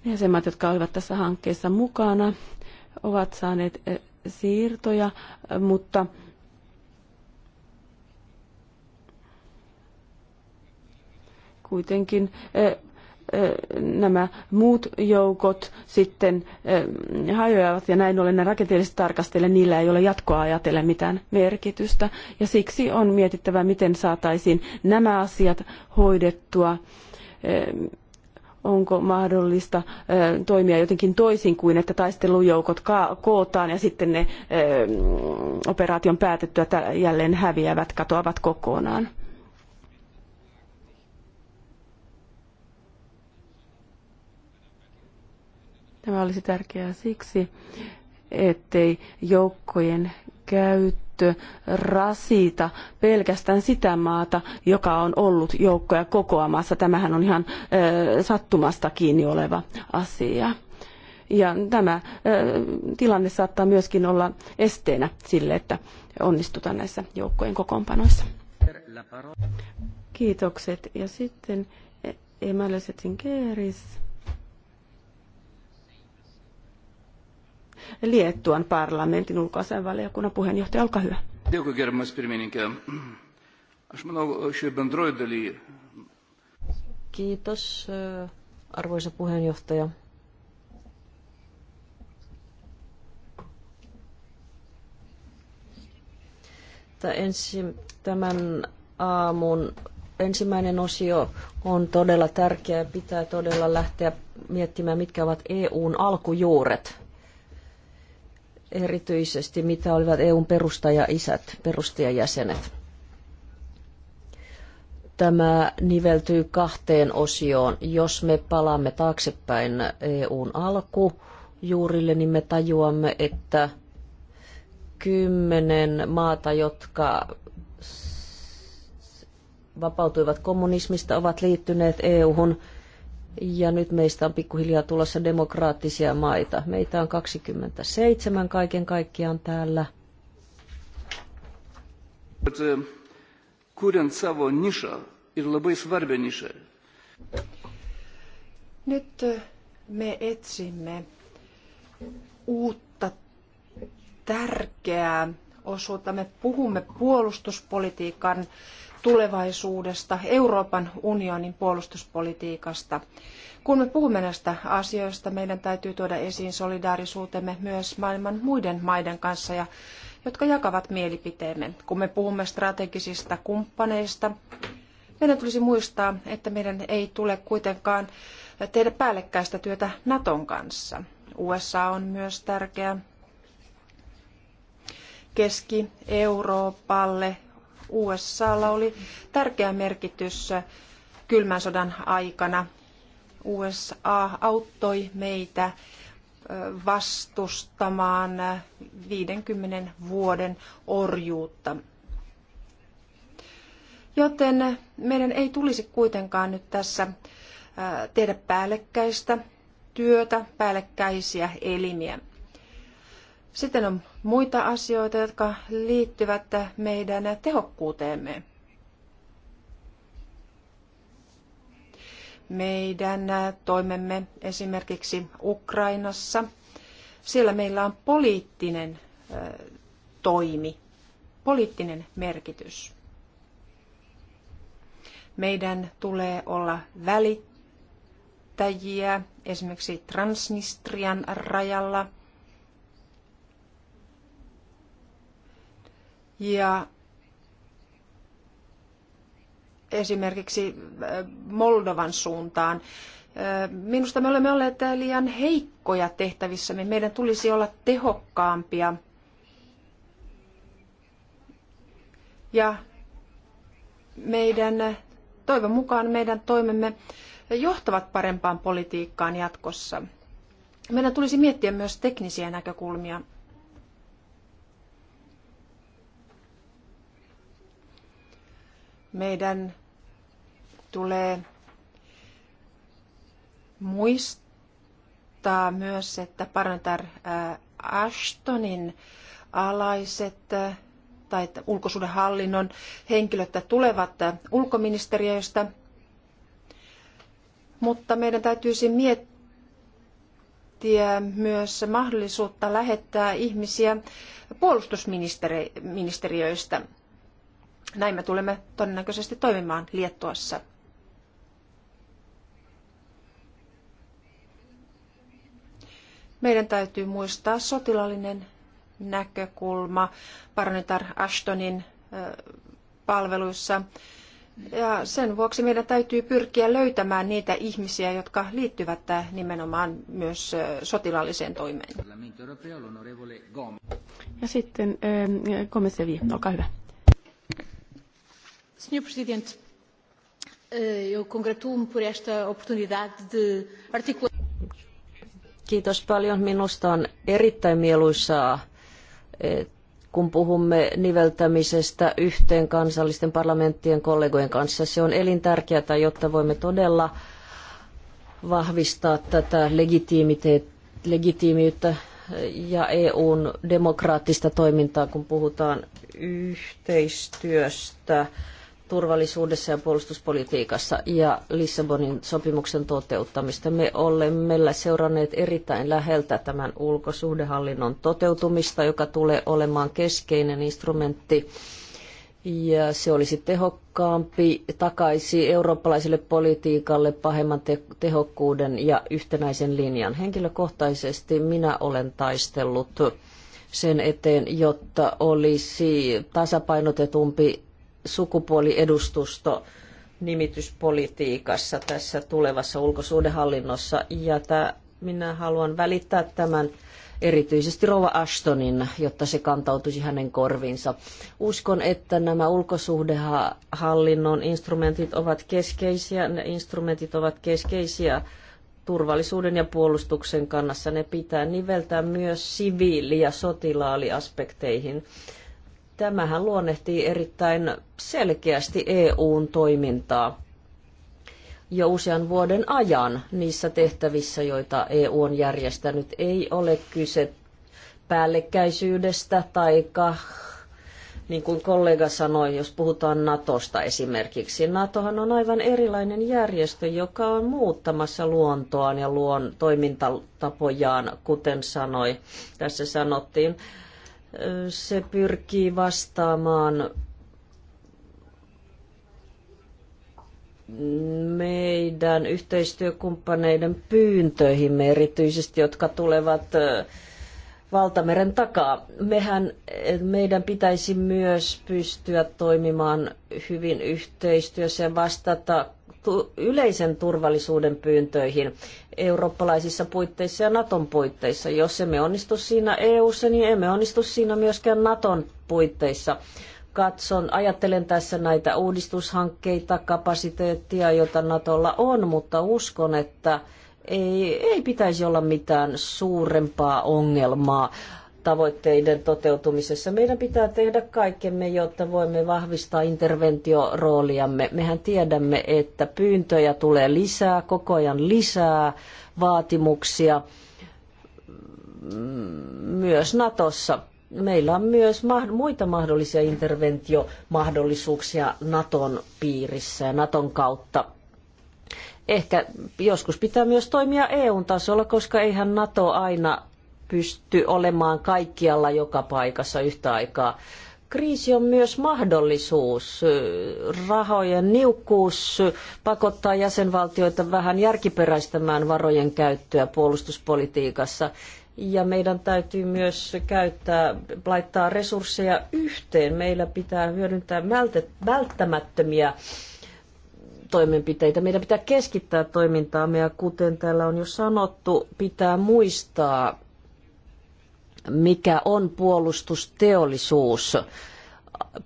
[SPEAKER 2] jäsenmaat, jotka olivat tässä hankkeessa mukana, ovat saaneet siirtoja, mutta kuitenkin nämä muut joukot sitten hajoavat ja näin ollen rakenteellisesti tarkastellen niillä ei ole jatkoa ajatellen mitään merkitystä. Ja siksi on mietittävä, miten saataisiin nämä asiat hoidettua onko mahdollista toimia jotenkin toisin kuin, että taistelujoukot kootaan ja sitten ne operaation päätettyä jälleen häviävät, katoavat kokonaan. Tämä olisi tärkeää siksi, ettei joukkojen käyttö rasita pelkästään sitä maata, joka on ollut joukkoja kokoamassa. Tämähän on ihan ö, sattumasta kiinni oleva asia. Ja tämä ö, tilanne saattaa myöskin olla esteenä sille, että onnistutaan näissä joukkojen kokoonpanoissa. Kiitokset. Ja sitten Emmanuel Keeris. Liettuan parlamentin ulkoasianvaliokunnan puheenjohtaja, olkaa hyvä.
[SPEAKER 1] Dėkui, gerbiamas pirmininkė. Aš manau, šioje bendroje dalyje.
[SPEAKER 3] Kiitos, arvoisa puheenjohtaja. Ensi, tämän aamun ensimmäinen osio on todella tärkeä. Pitää todella lähteä miettimään, mitkä ovat EUn alkujuuret erityisesti mitä olivat EUn perustajaisät, perustajajäsenet. Tämä niveltyy kahteen osioon. Jos me palaamme taaksepäin EUn alkujuurille, niin me tajuamme, että kymmenen maata, jotka vapautuivat kommunismista, ovat liittyneet EU-hun – ja nyt meistä on pikkuhiljaa tulossa demokraattisia maita. Meitä on 27 kaiken kaikkiaan täällä.
[SPEAKER 1] Um, Kuriant savo nišą ir labai svarbią
[SPEAKER 4] Nyt me etsimme uutta tärkeää osuutta. Me puhumme puolustuspolitiikan tulevaisuudesta, Euroopan unionin puolustuspolitiikasta. Kun me puhumme näistä asioista, meidän täytyy tuoda esiin solidaarisuutemme myös maailman muiden maiden kanssa, ja, jotka jakavat mielipiteemme. Kun me puhumme strategisista kumppaneista, meidän tulisi muistaa, että meidän ei tule kuitenkaan tehdä päällekkäistä työtä Naton kanssa. USA on myös tärkeä Keski-Euroopalle USAlla oli tärkeä merkitys kylmän sodan aikana. USA auttoi meitä vastustamaan 50 vuoden orjuutta. Joten meidän ei tulisi kuitenkaan nyt tässä tehdä päällekkäistä työtä, päällekkäisiä elimiä. Sitten on muita asioita, jotka liittyvät meidän tehokkuuteemme. Meidän toimemme esimerkiksi Ukrainassa. Siellä meillä on poliittinen toimi, poliittinen merkitys. Meidän tulee olla välittäjiä esimerkiksi Transnistrian rajalla – Ja esimerkiksi äh, Moldovan suuntaan. Äh, minusta me olemme olleet liian heikkoja tehtävissämme. Meidän tulisi olla tehokkaampia. Ja meidän, toivon mukaan meidän toimemme johtavat parempaan politiikkaan jatkossa. Meidän tulisi miettiä myös teknisiä näkökulmia meidän tulee muistaa myös, että parantar äh, Ashtonin alaiset äh, tai ulkosuudenhallinnon henkilöt tulevat äh, ulkoministeriöstä, mutta meidän täytyisi miettiä myös mahdollisuutta lähettää ihmisiä puolustusministeriöistä. Näin me tulemme todennäköisesti toimimaan Liettuassa. Meidän täytyy muistaa sotilallinen näkökulma Parnitar Ashtonin palveluissa. Ja sen vuoksi meidän täytyy pyrkiä löytämään niitä ihmisiä, jotka liittyvät nimenomaan myös sotilaalliseen toimeen.
[SPEAKER 2] Ja sitten Gomesevi, olkaa hyvä. Senhor Presidente, eh, eu congratulo-me por
[SPEAKER 3] esta oportunidade de articular... Kiitos paljon. Minusta on erittäin mieluisaa, eh, kun puhumme niveltämisestä yhteen kansallisten parlamenttien kollegojen kanssa. Se on elintärkeää, jotta voimme todella vahvistaa tätä legitiimiyttä eh, ja EUn demokraattista toimintaa, kun puhutaan yhteistyöstä turvallisuudessa ja puolustuspolitiikassa ja Lissabonin sopimuksen toteuttamista. Me olemme seuranneet erittäin läheltä tämän ulkosuhdehallinnon toteutumista, joka tulee olemaan keskeinen instrumentti ja se olisi tehokkaampi takaisi eurooppalaiselle politiikalle pahemman te- tehokkuuden ja yhtenäisen linjan. Henkilökohtaisesti minä olen taistellut sen eteen, jotta olisi tasapainotetumpi sukupuoliedustusto nimityspolitiikassa tässä tulevassa ulkosuudenhallinnossa. Ja tää, minä haluan välittää tämän erityisesti Rova Ashtonin, jotta se kantautuisi hänen korviinsa. Uskon, että nämä ulkosuhdehallinnon instrumentit ovat keskeisiä. Ne instrumentit ovat keskeisiä turvallisuuden ja puolustuksen kannassa. Ne pitää niveltää myös siviili- ja sotilaaliaspekteihin. aspekteihin Tämähän luonnehtii erittäin selkeästi EUn toimintaa jo usean vuoden ajan niissä tehtävissä, joita EU on järjestänyt. Ei ole kyse päällekkäisyydestä tai niin kuin kollega sanoi, jos puhutaan Natosta esimerkiksi. Natohan on aivan erilainen järjestö, joka on muuttamassa luontoaan ja luon toimintatapojaan, kuten sanoi, tässä sanottiin. Se pyrkii vastaamaan meidän yhteistyökumppaneiden pyyntöihin erityisesti, jotka tulevat Valtameren takaa. Mehän, meidän pitäisi myös pystyä toimimaan hyvin yhteistyössä ja vastata yleisen turvallisuuden pyyntöihin eurooppalaisissa puitteissa ja Naton puitteissa. Jos emme onnistu siinä EU:ssa, niin emme onnistu siinä myöskään Naton puitteissa. Katson, ajattelen tässä näitä uudistushankkeita, kapasiteettia, jota Natolla on, mutta uskon, että ei, ei pitäisi olla mitään suurempaa ongelmaa tavoitteiden toteutumisessa. Meidän pitää tehdä kaikkemme, jotta voimme vahvistaa interventioroolijamme. Mehän tiedämme, että pyyntöjä tulee lisää, koko ajan lisää vaatimuksia mm, myös Natossa. Meillä on myös muita mahdollisia interventiomahdollisuuksia Naton piirissä ja Naton kautta ehkä joskus pitää myös toimia EU-tasolla, koska eihän NATO aina pysty olemaan kaikkialla joka paikassa yhtä aikaa. Kriisi on myös mahdollisuus. Rahojen niukkuus pakottaa jäsenvaltioita vähän järkiperäistämään varojen käyttöä puolustuspolitiikassa. Ja meidän täytyy myös käyttää, laittaa resursseja yhteen. Meillä pitää hyödyntää välttämättömiä toimenpiteitä. Meidän pitää keskittää toimintaamme ja kuten täällä on jo sanottu, pitää muistaa mikä on puolustusteollisuus.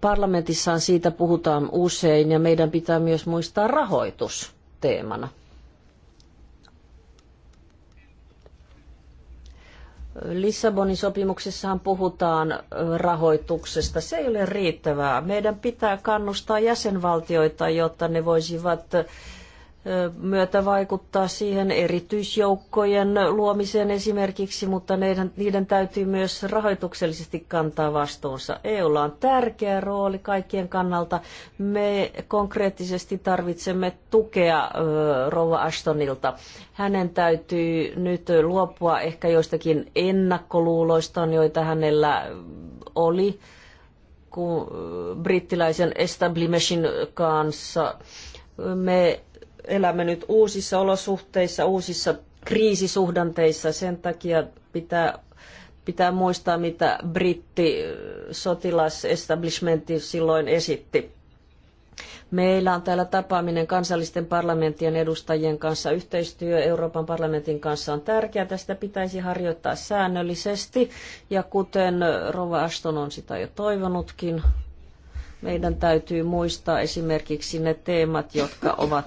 [SPEAKER 3] Parlamentissaan siitä puhutaan usein ja meidän pitää myös muistaa rahoitus teemana. Lissabonin sopimuksessahan puhutaan rahoituksesta. Se ei ole riittävää. Meidän pitää kannustaa jäsenvaltioita, jotta ne voisivat myötä vaikuttaa siihen erityisjoukkojen luomiseen esimerkiksi, mutta niiden, niiden täytyy myös rahoituksellisesti kantaa vastuunsa. EUlla on tärkeä rooli kaikkien kannalta. Me konkreettisesti tarvitsemme tukea Rova Ashtonilta. Hänen täytyy nyt luopua ehkä joistakin ennakkoluuloistaan, joita hänellä oli kun brittiläisen establishmentin kanssa me elämme nyt uusissa olosuhteissa, uusissa kriisisuhdanteissa. Sen takia pitää, pitää muistaa, mitä britti sotilasestablishmentti silloin esitti. Meillä on täällä tapaaminen kansallisten parlamenttien edustajien kanssa. Yhteistyö Euroopan parlamentin kanssa on tärkeää. Tästä pitäisi harjoittaa säännöllisesti. Ja kuten Rova Aston on sitä jo toivonutkin, meidän täytyy muistaa esimerkiksi ne teemat, jotka ovat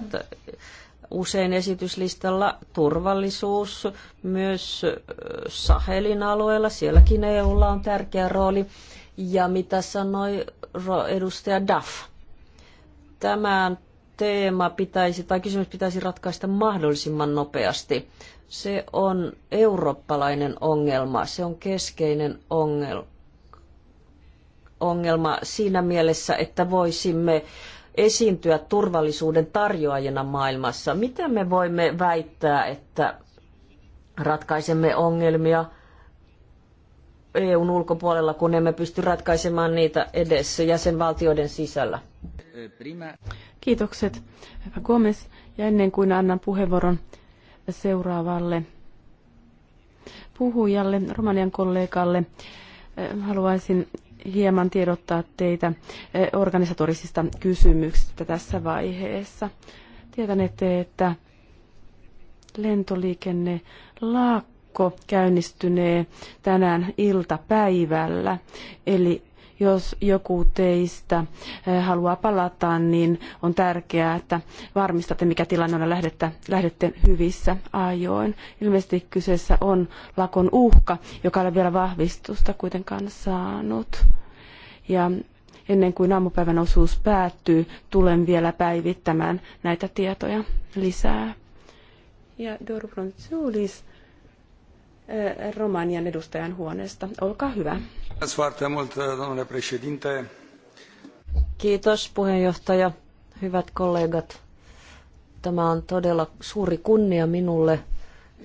[SPEAKER 3] usein esityslistalla turvallisuus, myös Sahelin alueella, sielläkin EUlla on tärkeä rooli. Ja mitä sanoi edustaja Duff? Tämä teema pitäisi, tai kysymys pitäisi ratkaista mahdollisimman nopeasti. Se on eurooppalainen ongelma, se on keskeinen ongelma ongelma siinä mielessä, että voisimme esiintyä turvallisuuden tarjoajana maailmassa. Miten me voimme väittää, että ratkaisemme ongelmia EUn ulkopuolella, kun emme pysty ratkaisemaan niitä edes jäsenvaltioiden sisällä? Kiitokset, hyvä Gomez. Ja ennen kuin
[SPEAKER 2] annan puheenvuoron seuraavalle puhujalle, romanian kollegalle, haluaisin hieman tiedottaa teitä eh, organisatorisista kysymyksistä tässä vaiheessa. Tietänette, että lentoliikenne laakko käynnistynee tänään iltapäivällä, eli jos joku teistä eh, haluaa palata, niin on tärkeää, että varmistatte, mikä tilanne on ja lähdette, lähdette hyvissä ajoin. Ilmeisesti kyseessä on lakon uhka, joka ei ole vielä vahvistusta kuitenkaan saanut. Ja ennen kuin aamupäivän osuus päättyy, tulen vielä päivittämään näitä tietoja lisää. Ja Dorfron Zulis Eh, Romanian
[SPEAKER 3] edustajan huoneesta. Olkaa hyvä. Kiitos puheenjohtaja. Hyvät kollegat, tämä on todella suuri kunnia minulle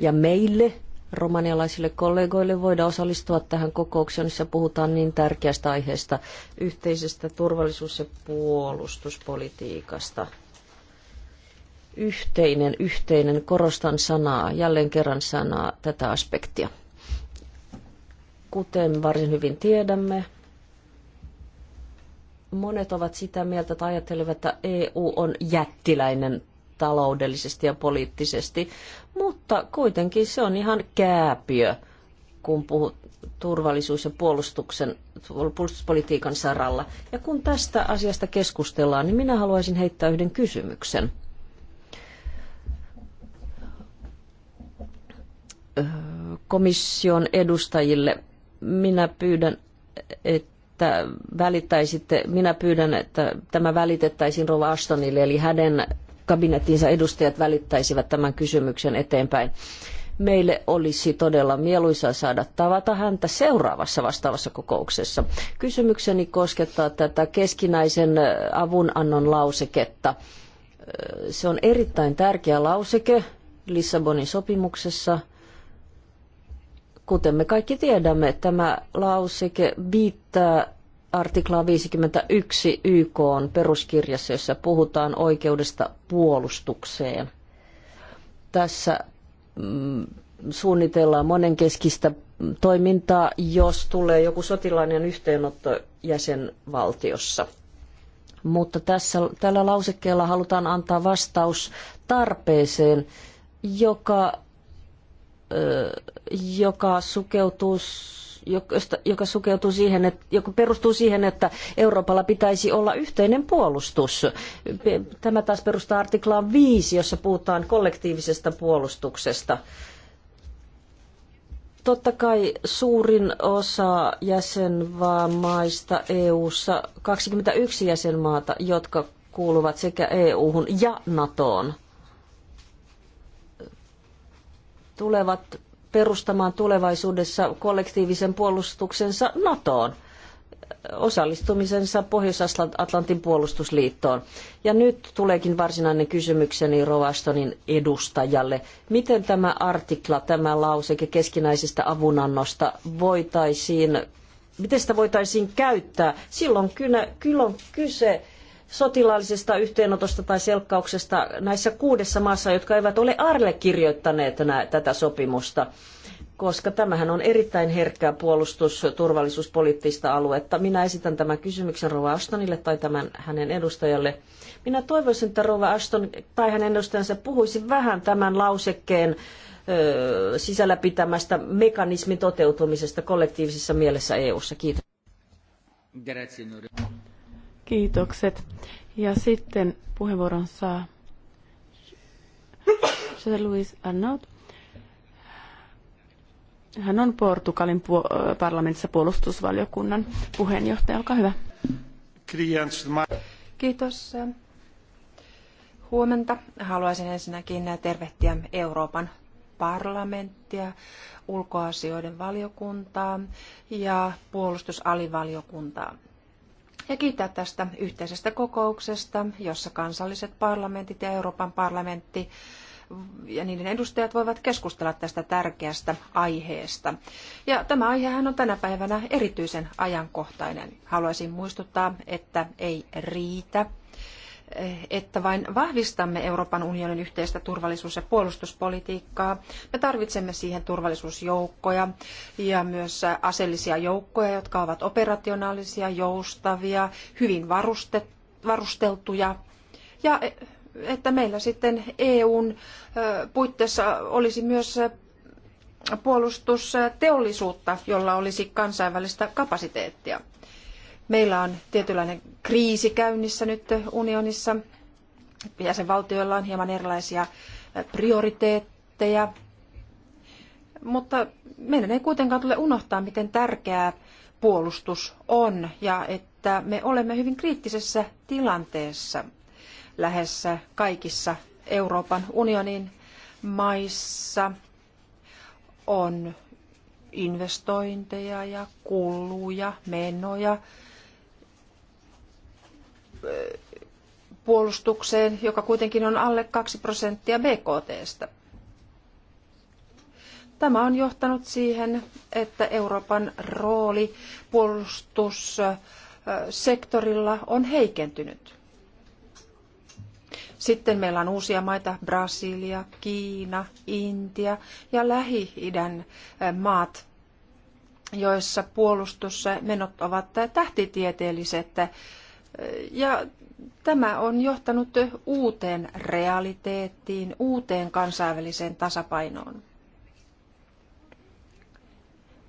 [SPEAKER 3] ja meille romanialaisille kollegoille voida osallistua tähän kokoukseen, jossa puhutaan niin tärkeästä aiheesta yhteisestä turvallisuus- ja puolustuspolitiikasta – yhteinen, yhteinen, korostan sanaa, jälleen kerran sanaa tätä aspektia. Kuten varsin hyvin tiedämme, monet ovat sitä mieltä tai ajattelevat, että EU on jättiläinen taloudellisesti ja poliittisesti, mutta kuitenkin se on ihan kääpiö, kun puhut turvallisuus- ja puolustuksen, puolustuspolitiikan saralla. Ja kun tästä asiasta keskustellaan, niin minä haluaisin heittää yhden kysymyksen – komission edustajille. Minä pyydän, että välittäisitte, minä pyydän, että tämä välitettäisiin Rova Astonille, eli hänen kabinettinsa edustajat välittäisivät tämän kysymyksen eteenpäin. Meille olisi todella mieluisaa saada tavata häntä seuraavassa vastaavassa kokouksessa. Kysymykseni koskettaa tätä keskinäisen avunannon lauseketta. Se on erittäin tärkeä lauseke Lissabonin sopimuksessa – Kuten me kaikki tiedämme, tämä lauseke viittaa artiklaa 51 YK on peruskirjassa, jossa puhutaan oikeudesta puolustukseen. Tässä mm, suunnitellaan monenkeskistä toimintaa, jos tulee joku sotilainen yhteenotto jäsenvaltiossa. Mutta tässä, tällä lausekkeella halutaan antaa vastaus tarpeeseen, joka joka sukeutuu joka sukeutuu siihen, että, joka perustuu siihen, että Euroopalla pitäisi olla yhteinen puolustus. Tämä taas perustaa artiklaan 5, jossa puhutaan kollektiivisesta puolustuksesta. Totta kai suurin osa jäsenmaista EU-ssa, 21 jäsenmaata, jotka kuuluvat sekä EU-hun ja NATOon tulevat perustamaan tulevaisuudessa kollektiivisen puolustuksensa NATOon osallistumisensa Pohjois-Atlantin puolustusliittoon. Ja nyt tuleekin varsinainen kysymykseni Rovastonin edustajalle. Miten tämä artikla, tämä lauseke keskinäisestä avunannosta voitaisiin, miten sitä voitaisiin käyttää silloin, kynä, kyse sotilaallisesta yhteenotosta tai selkkauksesta näissä kuudessa maassa, jotka eivät ole allekirjoittaneet tätä sopimusta koska tämähän on erittäin herkkää puolustus- turvallisuuspoliittista aluetta. Minä esitän tämän kysymyksen Rova Ashtonille tai tämän hänen edustajalle. Minä toivoisin, että Rova Ashton tai hänen edustajansa puhuisi vähän tämän lausekkeen ö, sisällä pitämästä mekanismin toteutumisesta kollektiivisessa mielessä EU-ssa. Kiitos.
[SPEAKER 2] Kiitokset. Ja sitten puheenvuoron saa José Luis Arnaut. Hän on Portugalin puol- äh, parlamentissa puolustusvaliokunnan puheenjohtaja. Olkaa hyvä. Kiitos. Huomenta. Haluaisin ensinnäkin
[SPEAKER 4] tervehtiä Euroopan parlamenttia, ulkoasioiden valiokuntaa ja puolustusalivaliokuntaa ja kiittää tästä yhteisestä kokouksesta, jossa kansalliset parlamentit ja Euroopan parlamentti ja niiden edustajat voivat keskustella tästä tärkeästä aiheesta. Ja tämä aihehan on tänä päivänä erityisen ajankohtainen. Haluaisin muistuttaa, että ei riitä että vain vahvistamme Euroopan unionin yhteistä turvallisuus- ja puolustuspolitiikkaa. Me tarvitsemme siihen turvallisuusjoukkoja ja myös aseellisia joukkoja, jotka ovat operationaalisia, joustavia, hyvin varusteltuja ja e, että meillä sitten EUn puitteissa olisi myös puolustusteollisuutta, jolla olisi kansainvälistä kapasiteettia. Meillä on tietynlainen kriisi käynnissä nyt unionissa. Jäsenvaltioilla on hieman erilaisia prioriteetteja. Mutta meidän ei kuitenkaan tule unohtaa, miten tärkeää puolustus on ja että me olemme hyvin kriittisessä tilanteessa lähes kaikissa Euroopan unionin maissa on investointeja ja kuluja, menoja, puolustukseen, joka kuitenkin on alle 2 prosenttia BKTstä. Tämä on johtanut siihen, että Euroopan rooli puolustussektorilla on heikentynyt. Sitten meillä on uusia maita, Brasilia, Kiina, Intia ja Lähi-idän eh, maat, joissa puolustusmenot ovat tähtitieteelliset ja tämä on johtanut uuteen realiteettiin, uuteen kansainväliseen tasapainoon.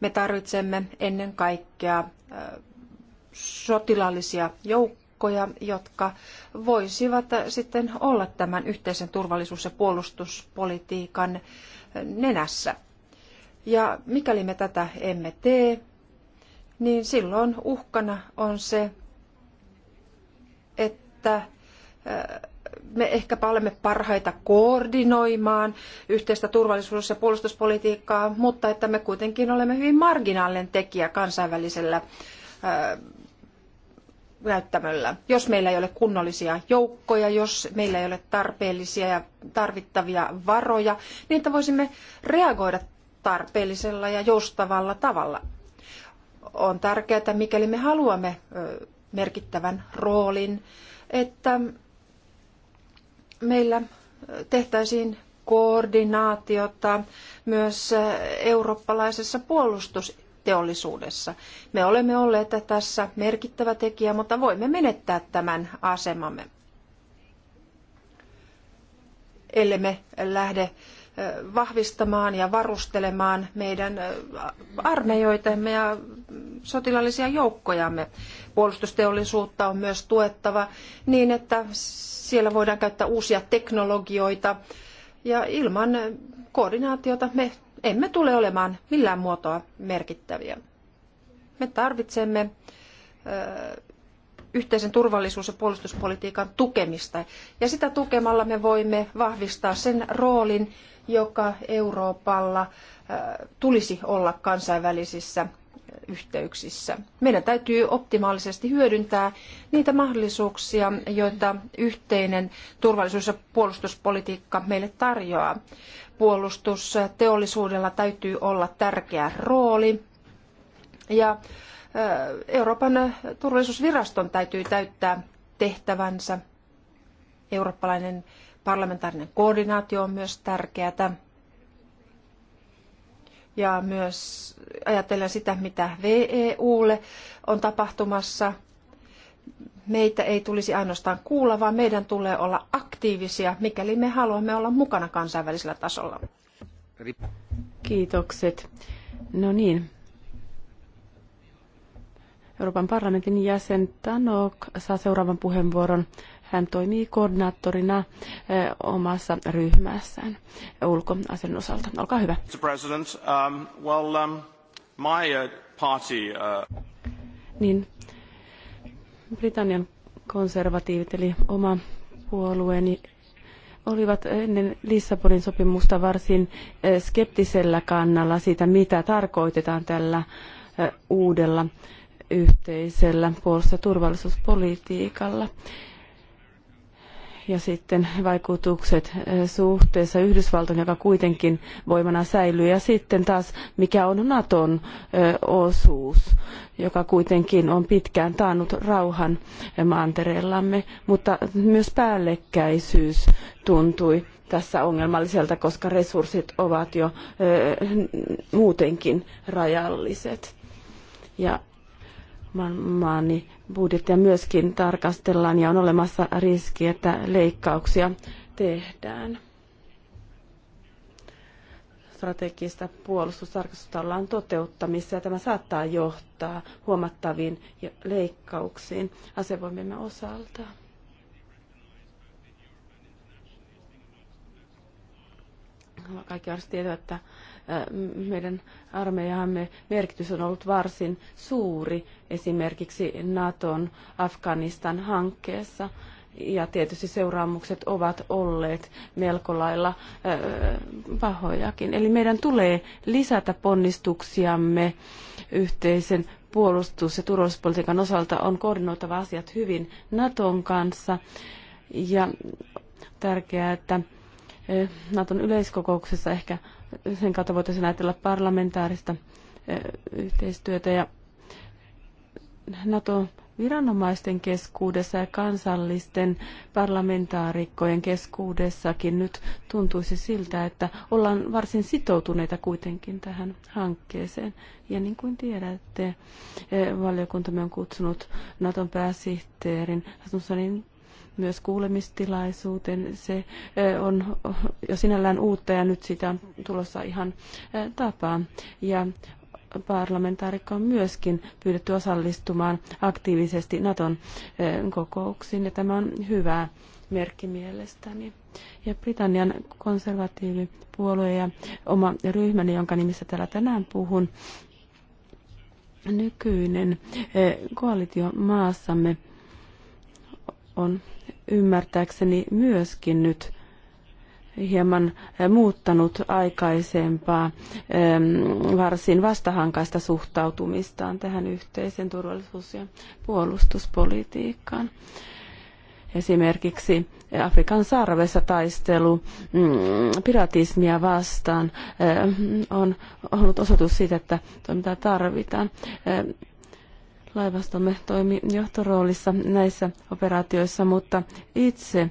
[SPEAKER 4] Me tarvitsemme ennen kaikkea sotilaallisia joukkoja, jotka voisivat sitten olla tämän yhteisen turvallisuus- ja puolustuspolitiikan nenässä. Ja mikäli me tätä emme tee, niin silloin uhkana on se, että me ehkäpä olemme parhaita koordinoimaan yhteistä turvallisuus- ja puolustuspolitiikkaa, mutta että me kuitenkin olemme hyvin marginaalinen tekijä kansainvälisellä näyttämöllä. Jos meillä ei ole kunnollisia joukkoja, jos meillä ei ole tarpeellisia ja tarvittavia varoja, niin että voisimme reagoida tarpeellisella ja joustavalla tavalla. On tärkeää, että mikäli me haluamme merkittävän roolin, että meillä tehtäisiin koordinaatiota myös eurooppalaisessa puolustusteollisuudessa. Me olemme olleet tässä merkittävä tekijä, mutta voimme menettää tämän asemamme, me lähde vahvistamaan ja varustelemaan meidän armeijoitamme ja sotilaallisia joukkojamme puolustusteollisuutta on myös tuettava niin, että siellä voidaan käyttää uusia teknologioita. Ja ilman koordinaatiota me emme tule olemaan millään muotoa merkittäviä. Me tarvitsemme yhteisen turvallisuus- ja puolustuspolitiikan tukemista. Ja sitä tukemalla me voimme vahvistaa sen roolin, joka Euroopalla tulisi olla kansainvälisissä yhteyksissä. Meidän täytyy optimaalisesti hyödyntää niitä mahdollisuuksia, joita yhteinen turvallisuus- ja puolustuspolitiikka meille tarjoaa. Puolustusteollisuudella täytyy olla tärkeä rooli ja Euroopan turvallisuusviraston täytyy täyttää tehtävänsä. Eurooppalainen parlamentaarinen koordinaatio on myös tärkeää ja myös ajatellen sitä, mitä VEUlle on tapahtumassa. Meitä ei tulisi ainoastaan kuulla, vaan meidän tulee olla aktiivisia, mikäli me haluamme olla mukana kansainvälisellä tasolla.
[SPEAKER 2] Kiitokset. No niin. Euroopan parlamentin jäsen Tanok saa seuraavan puheenvuoron. Hän toimii koordinaattorina eh, omassa ryhmässään ulkoasioiden osalta. Olkaa hyvä.
[SPEAKER 4] Um, um, uh, uh,
[SPEAKER 2] niin, Britannian konservatiivit, eli oma puolueeni, olivat ennen Lissabonin sopimusta varsin eh, skeptisellä kannalla siitä, mitä tarkoitetaan tällä eh, uudella yhteisellä puolustus- ja turvallisuuspolitiikalla ja sitten vaikutukset suhteessa Yhdysvaltoihin, joka kuitenkin voimana säilyy. Ja sitten taas, mikä on Naton osuus, joka kuitenkin on pitkään taannut rauhan mantereellamme, mutta myös päällekkäisyys tuntui tässä ongelmalliselta, koska resurssit ovat jo muutenkin rajalliset. Ja oman maani budjettia myöskin tarkastellaan ja on olemassa riski, että leikkauksia tehdään. Strategista puolustustarkastusta ollaan toteuttamissa ja tämä saattaa johtaa huomattaviin leikkauksiin asevoimiemme osalta. Kaikki varmasti tietävät, että meidän armeijamme merkitys on ollut varsin suuri esimerkiksi Naton Afganistan-hankkeessa. Ja tietysti seuraamukset ovat olleet melko lailla pahojakin. Eli meidän tulee lisätä ponnistuksiamme yhteisen puolustus- ja turvallisuuspolitiikan osalta on koordinoitava asiat hyvin Naton kanssa. Ja tärkeää, että Naton yleiskokouksessa ehkä sen kautta voitaisiin ajatella parlamentaarista yhteistyötä ja Nato viranomaisten keskuudessa ja kansallisten parlamentaarikkojen keskuudessakin nyt tuntuisi siltä, että ollaan varsin sitoutuneita kuitenkin tähän hankkeeseen. Ja niin kuin tiedätte, valiokuntamme on kutsunut Naton pääsihteerin Rasmussenin myös kuulemistilaisuuteen. Se on jo sinällään uutta ja nyt sitä on tulossa ihan tapaa. Ja parlamentaarikko on myöskin pyydetty osallistumaan aktiivisesti Naton kokouksiin ja tämä on hyvä merkki mielestäni. Ja Britannian konservatiivipuolue ja oma ryhmäni, jonka nimissä täällä tänään puhun, nykyinen koalitio maassamme on ymmärtääkseni myöskin nyt hieman eh, muuttanut aikaisempaa varsin vastahankaista suhtautumistaan tähän yhteisen turvallisuus- ja puolustuspolitiikkaan. Esimerkiksi Afrikan sarvessa taistelu mm, piratismia vastaan eh, on ollut osoitus siitä, että toimintaa tarvitaan. Eh, laivastomme toimi johtoroolissa näissä operaatioissa, mutta itse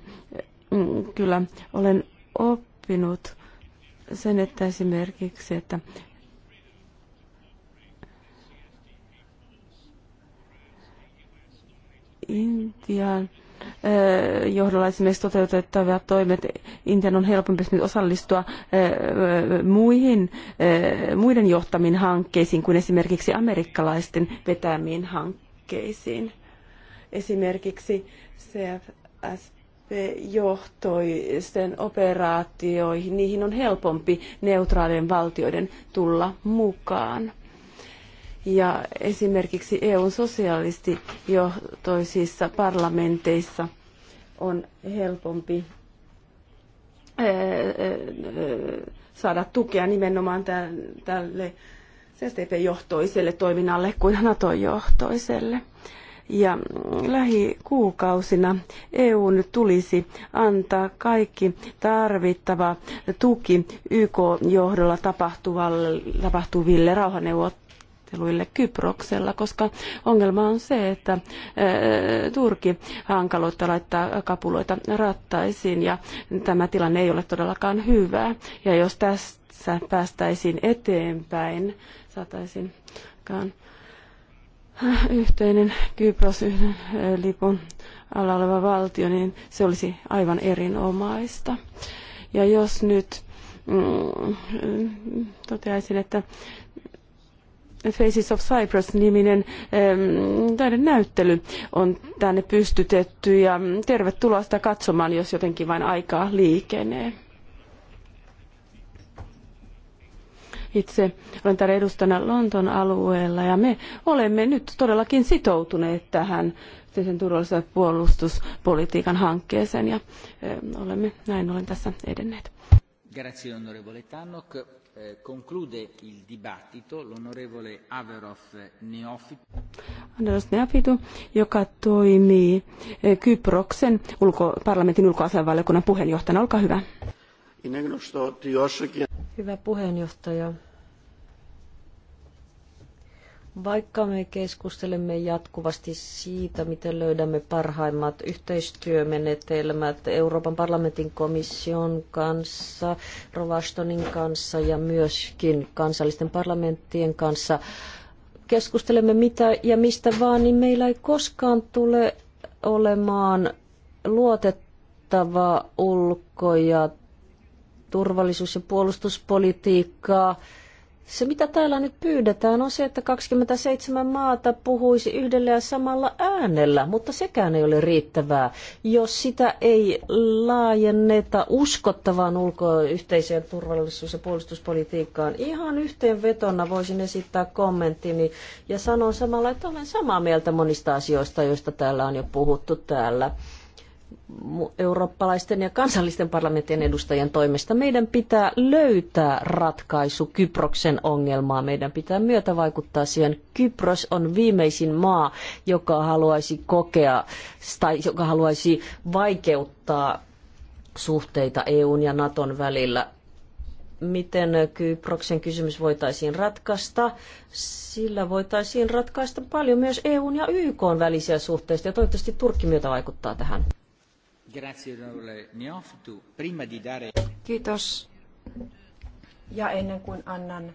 [SPEAKER 2] mm, kyllä olen oppinut sen, että esimerkiksi, että Intian johdolla esimerkiksi toteutettavat toimet, Intian on helpompi osallistua muihin, muiden johtamiin hankkeisiin kuin esimerkiksi amerikkalaisten vetämiin hankkeisiin. Esimerkiksi CFS johtoisten operaatioihin, niihin on helpompi neutraalien valtioiden tulla mukaan. Ja esimerkiksi EUn sosialistijohtoisissa parlamenteissa on helpompi saada tukea nimenomaan tälle CSTP-johtoiselle toiminnalle kuin NATO-johtoiselle. Ja lähikuukausina EU nyt tulisi antaa kaikki tarvittava tuki YK-johdolla tapahtuville rauhanneuvotteluille neuvotteluille Kyproksella, koska ongelma on se, että Turki hankaloittaa laittaa kapuloita rattaisiin ja tämä tilanne ei ole todellakaan hyvä. Ja jos tässä päästäisiin eteenpäin, saataisiin äh, yhteinen Kypros yhden lipun alla oleva valtio, niin se olisi aivan erinomaista. Ja jos nyt mm, toteaisin, että Faces of Cyprus-niminen näyttely on tänne pystytetty ja tervetuloa sitä katsomaan, jos jotenkin vain aikaa liikenee. Itse olen täällä edustana Lontoon alueella ja me olemme nyt todellakin sitoutuneet tähän sen turvallisuus- ja puolustuspolitiikan hankkeeseen ja olemme näin ollen tässä edenneet.
[SPEAKER 1] Grazie, onorevole Tannock. Eh, conclude il dibattito l'onorevole Averov Neofitu.
[SPEAKER 2] Anders Neofitu, joka toimii eh, Kyproksen ulko, parlamentin ulkoasianvaliokunnan puheenjohtajana. Olkaa hyvä.
[SPEAKER 3] Hyvä puheenjohtaja. Vaikka me keskustelemme jatkuvasti siitä, miten löydämme parhaimmat yhteistyömenetelmät Euroopan parlamentin komission kanssa, Rovastonin kanssa ja myöskin kansallisten parlamenttien kanssa, keskustelemme mitä ja mistä vaan, niin meillä ei koskaan tule olemaan luotettavaa ulko- ja turvallisuus- ja puolustuspolitiikkaa – se, mitä täällä nyt pyydetään, on se, että 27 maata puhuisi yhdellä ja samalla äänellä, mutta sekään ei ole riittävää, jos sitä ei laajenneta uskottavaan ulkoyhteiseen turvallisuus- ja puolustuspolitiikkaan. Ihan yhteenvetona voisin esittää kommenttini ja sanon samalla, että olen samaa mieltä monista asioista, joista täällä on jo puhuttu täällä eurooppalaisten ja kansallisten parlamenttien edustajien toimesta. Meidän pitää löytää ratkaisu Kyproksen ongelmaan. Meidän pitää myötä vaikuttaa siihen. Kypros on viimeisin maa, joka haluaisi kokea tai joka haluaisi vaikeuttaa suhteita EUn ja Naton välillä miten Kyproksen kysymys voitaisiin ratkaista. Sillä voitaisiin ratkaista paljon myös EUn ja YK välisiä suhteista ja toivottavasti Turkki myötä vaikuttaa tähän. Kiitos.
[SPEAKER 4] Ja ennen kuin annan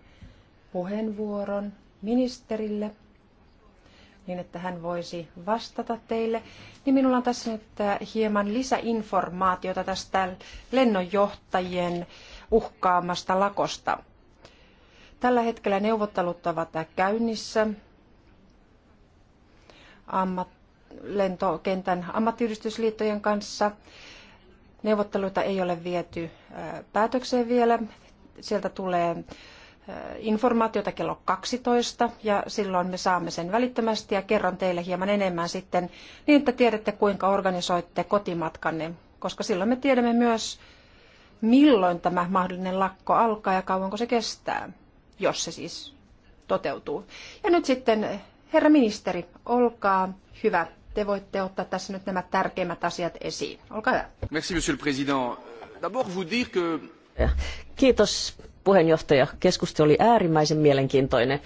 [SPEAKER 4] puheenvuoron ministerille, niin että hän voisi vastata teille, niin minulla on tässä nyt äh, hieman lisäinformaatiota tästä lennonjohtajien uhkaamasta lakosta. Tällä hetkellä neuvottelut ovat käynnissä ammat lentokentän ammattiyhdistysliittojen kanssa. Neuvotteluita ei ole viety päätökseen vielä. Sieltä tulee informaatiota kello 12 ja silloin me saamme sen välittömästi ja kerron teille hieman enemmän sitten niin, että tiedätte kuinka organisoitte kotimatkanne, koska silloin me tiedämme myös milloin tämä mahdollinen lakko alkaa ja kauanko se kestää, jos se siis toteutuu. Ja nyt sitten, herra ministeri, olkaa hyvä te voitte ottaa tässä nyt nämä tärkeimmät
[SPEAKER 3] asiat esiin. Olkaa hyvä.
[SPEAKER 1] Merci, monsieur le président. D'abord vous dire que...
[SPEAKER 3] Kiitos puheenjohtaja. Keskustelu oli äärimmäisen mielenkiintoinen.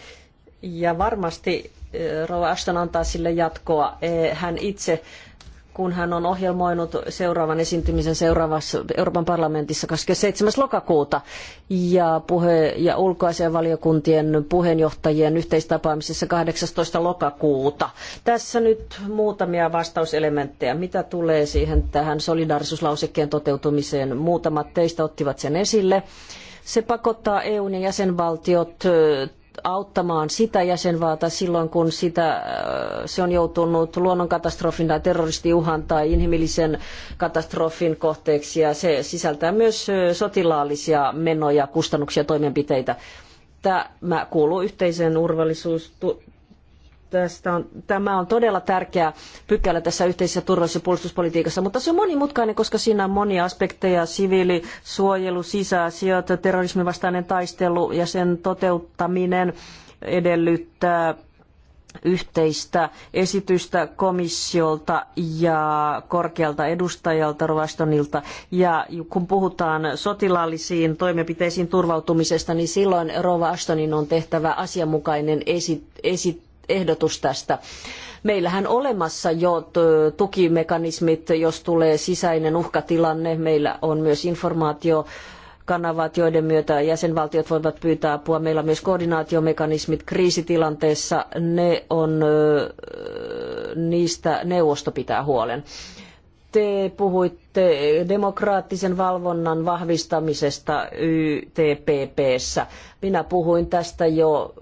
[SPEAKER 3] Ja varmasti eh, Rova Ashton antaa sille jatkoa. Eh, hän itse kun hän on ohjelmoinut seuraavan esiintymisen seuraavassa Euroopan parlamentissa 27. lokakuuta ja, puhe- ja ulkoasianvaliokuntien puheenjohtajien yhteistapaamisessa 18. lokakuuta. Tässä nyt muutamia vastauselementtejä, mitä tulee siihen tähän solidaarisuuslausekkeen toteutumiseen. Muutamat teistä ottivat sen esille. Se pakottaa EUn ja jäsenvaltiot auttamaan sitä jäsenvaata silloin, kun sitä, äh, se on joutunut luonnonkatastrofin tai terroristiuhan tai inhimillisen katastrofin kohteeksi. Ja se sisältää myös äh, sotilaallisia menoja, kustannuksia ja toimenpiteitä. Tämä kuuluu yhteiseen tästä on, tämä on todella tärkeä pykälä tässä yhteisessä turvallisuus- ja puolustuspolitiikassa, mutta se on monimutkainen, koska siinä on monia aspekteja, siviili, suojelu, sisäasiat, terrorismin vastainen taistelu ja sen toteuttaminen edellyttää yhteistä esitystä komissiolta ja korkealta edustajalta Rovastonilta. Ja kun puhutaan sotilaallisiin toimenpiteisiin turvautumisesta, niin silloin Rova Ashtonin on tehtävä asianmukainen esi- ehdotus tästä. Meillähän olemassa jo tukimekanismit, jos tulee sisäinen uhkatilanne. Meillä on myös informaatio kanavat, joiden myötä jäsenvaltiot voivat pyytää apua. Meillä on myös koordinaatiomekanismit kriisitilanteessa. Ne on, niistä neuvosto pitää huolen. Te puhuitte demokraattisen valvonnan vahvistamisesta YTPPssä. Minä puhuin tästä jo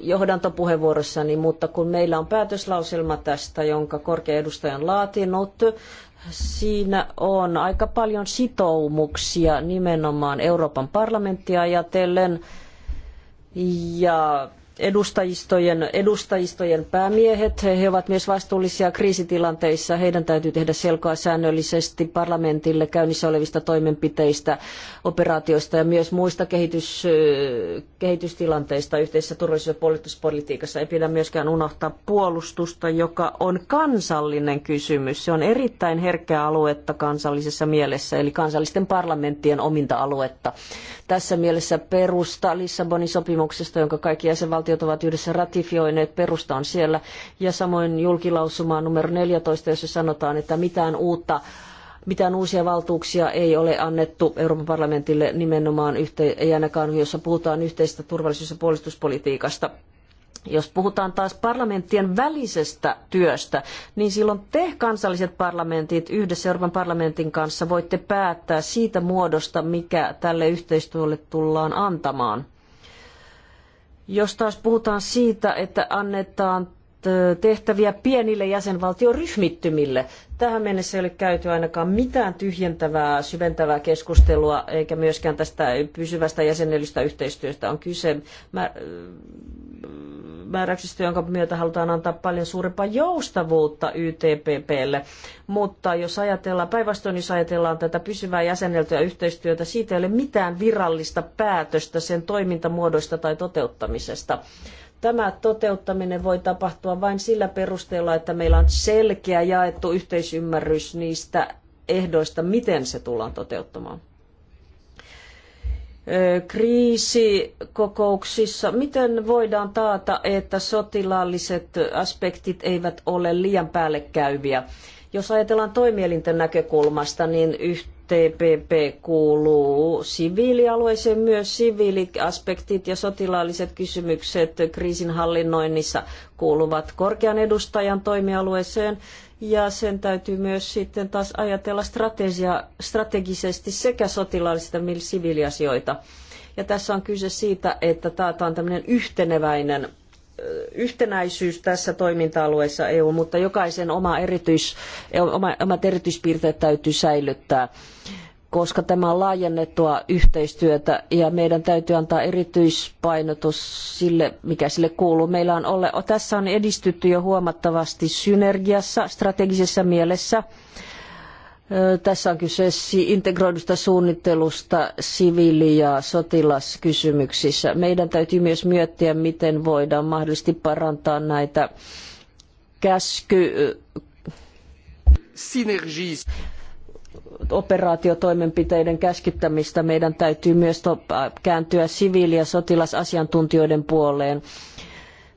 [SPEAKER 3] johdantopuheenvuorossani, mutta kun meillä on päätöslauselma tästä, jonka korkea edustaja on laatinut, siinä on aika paljon sitoumuksia nimenomaan Euroopan parlamenttia ajatellen ja edustajistojen, edustajistojen päämiehet. He ovat myös vastuullisia kriisitilanteissa. Heidän täytyy tehdä selkoa säännöllisesti parlamentille käynnissä olevista toimenpiteistä, operaatioista ja myös muista kehitys, kehitystilanteista yhteisessä turvallisuus- ja puolustuspolitiikassa. Ei pidä myöskään unohtaa puolustusta, joka on kansallinen kysymys. Se on erittäin herkkää aluetta kansallisessa mielessä, eli kansallisten parlamenttien ominta aluetta. Tässä mielessä perusta Lissabonin sopimuksesta, jonka kaikki jäsenvaltiot valtiot ovat yhdessä ratifioineet perustaan siellä. Ja samoin julkilausumaan numero 14, jossa sanotaan, että mitään uutta mitään uusia valtuuksia ei ole annettu Euroopan parlamentille nimenomaan, yhte, ei ainakaan, jossa puhutaan yhteisestä turvallisuus- ja puolustuspolitiikasta. Jos puhutaan taas parlamenttien välisestä työstä, niin silloin te kansalliset parlamentit yhdessä Euroopan parlamentin kanssa voitte päättää siitä muodosta, mikä tälle yhteistyölle tullaan antamaan. Jos taas puhutaan siitä, että annetaan tehtäviä pienille jäsenvaltioryhmittymille. Tähän mennessä ei ole käyty ainakaan mitään tyhjentävää, syventävää keskustelua, eikä myöskään tästä pysyvästä jäsenellistä yhteistyöstä on kyse. Mä, määräyksistä, jonka myötä halutaan antaa paljon suurempaa joustavuutta YTPPlle. Mutta jos ajatellaan, päinvastoin jos ajatellaan tätä pysyvää jäseneltyä yhteistyötä, siitä ei ole mitään virallista päätöstä sen toimintamuodoista tai toteuttamisesta tämä toteuttaminen voi tapahtua vain sillä perusteella, että meillä on selkeä jaettu yhteisymmärrys niistä ehdoista, miten se tullaan toteuttamaan kriisikokouksissa, miten voidaan taata, että sotilaalliset aspektit eivät ole liian päällekkäyviä? Jos ajatellaan toimielinten näkökulmasta, niin TPP kuuluu siviilialueeseen myös siviiliaspektit ja sotilaalliset kysymykset kriisinhallinnoinnissa kuuluvat korkean edustajan toimialueeseen ja sen täytyy myös sitten taas ajatella strategia, strategisesti sekä sotilaallista että siviiliasioita. Ja tässä on kyse siitä, että taataan tämmöinen yhteneväinen yhtenäisyys tässä toiminta-alueessa EU, mutta jokaisen oma erityis, omat erityispiirteet täytyy säilyttää koska tämä on laajennettua yhteistyötä ja meidän täytyy antaa erityispainotus sille, mikä sille kuuluu. Meillä on ole, tässä on edistytty jo huomattavasti synergiassa, strategisessa mielessä. Tässä on kyse integroidusta suunnittelusta siviili- ja sotilaskysymyksissä. Meidän täytyy myös miettiä, miten voidaan mahdollisesti parantaa näitä käsky...
[SPEAKER 1] Synergies
[SPEAKER 3] operaatiotoimenpiteiden käskyttämistä, meidän täytyy myös kääntyä siviili- ja sotilasasiantuntijoiden puoleen.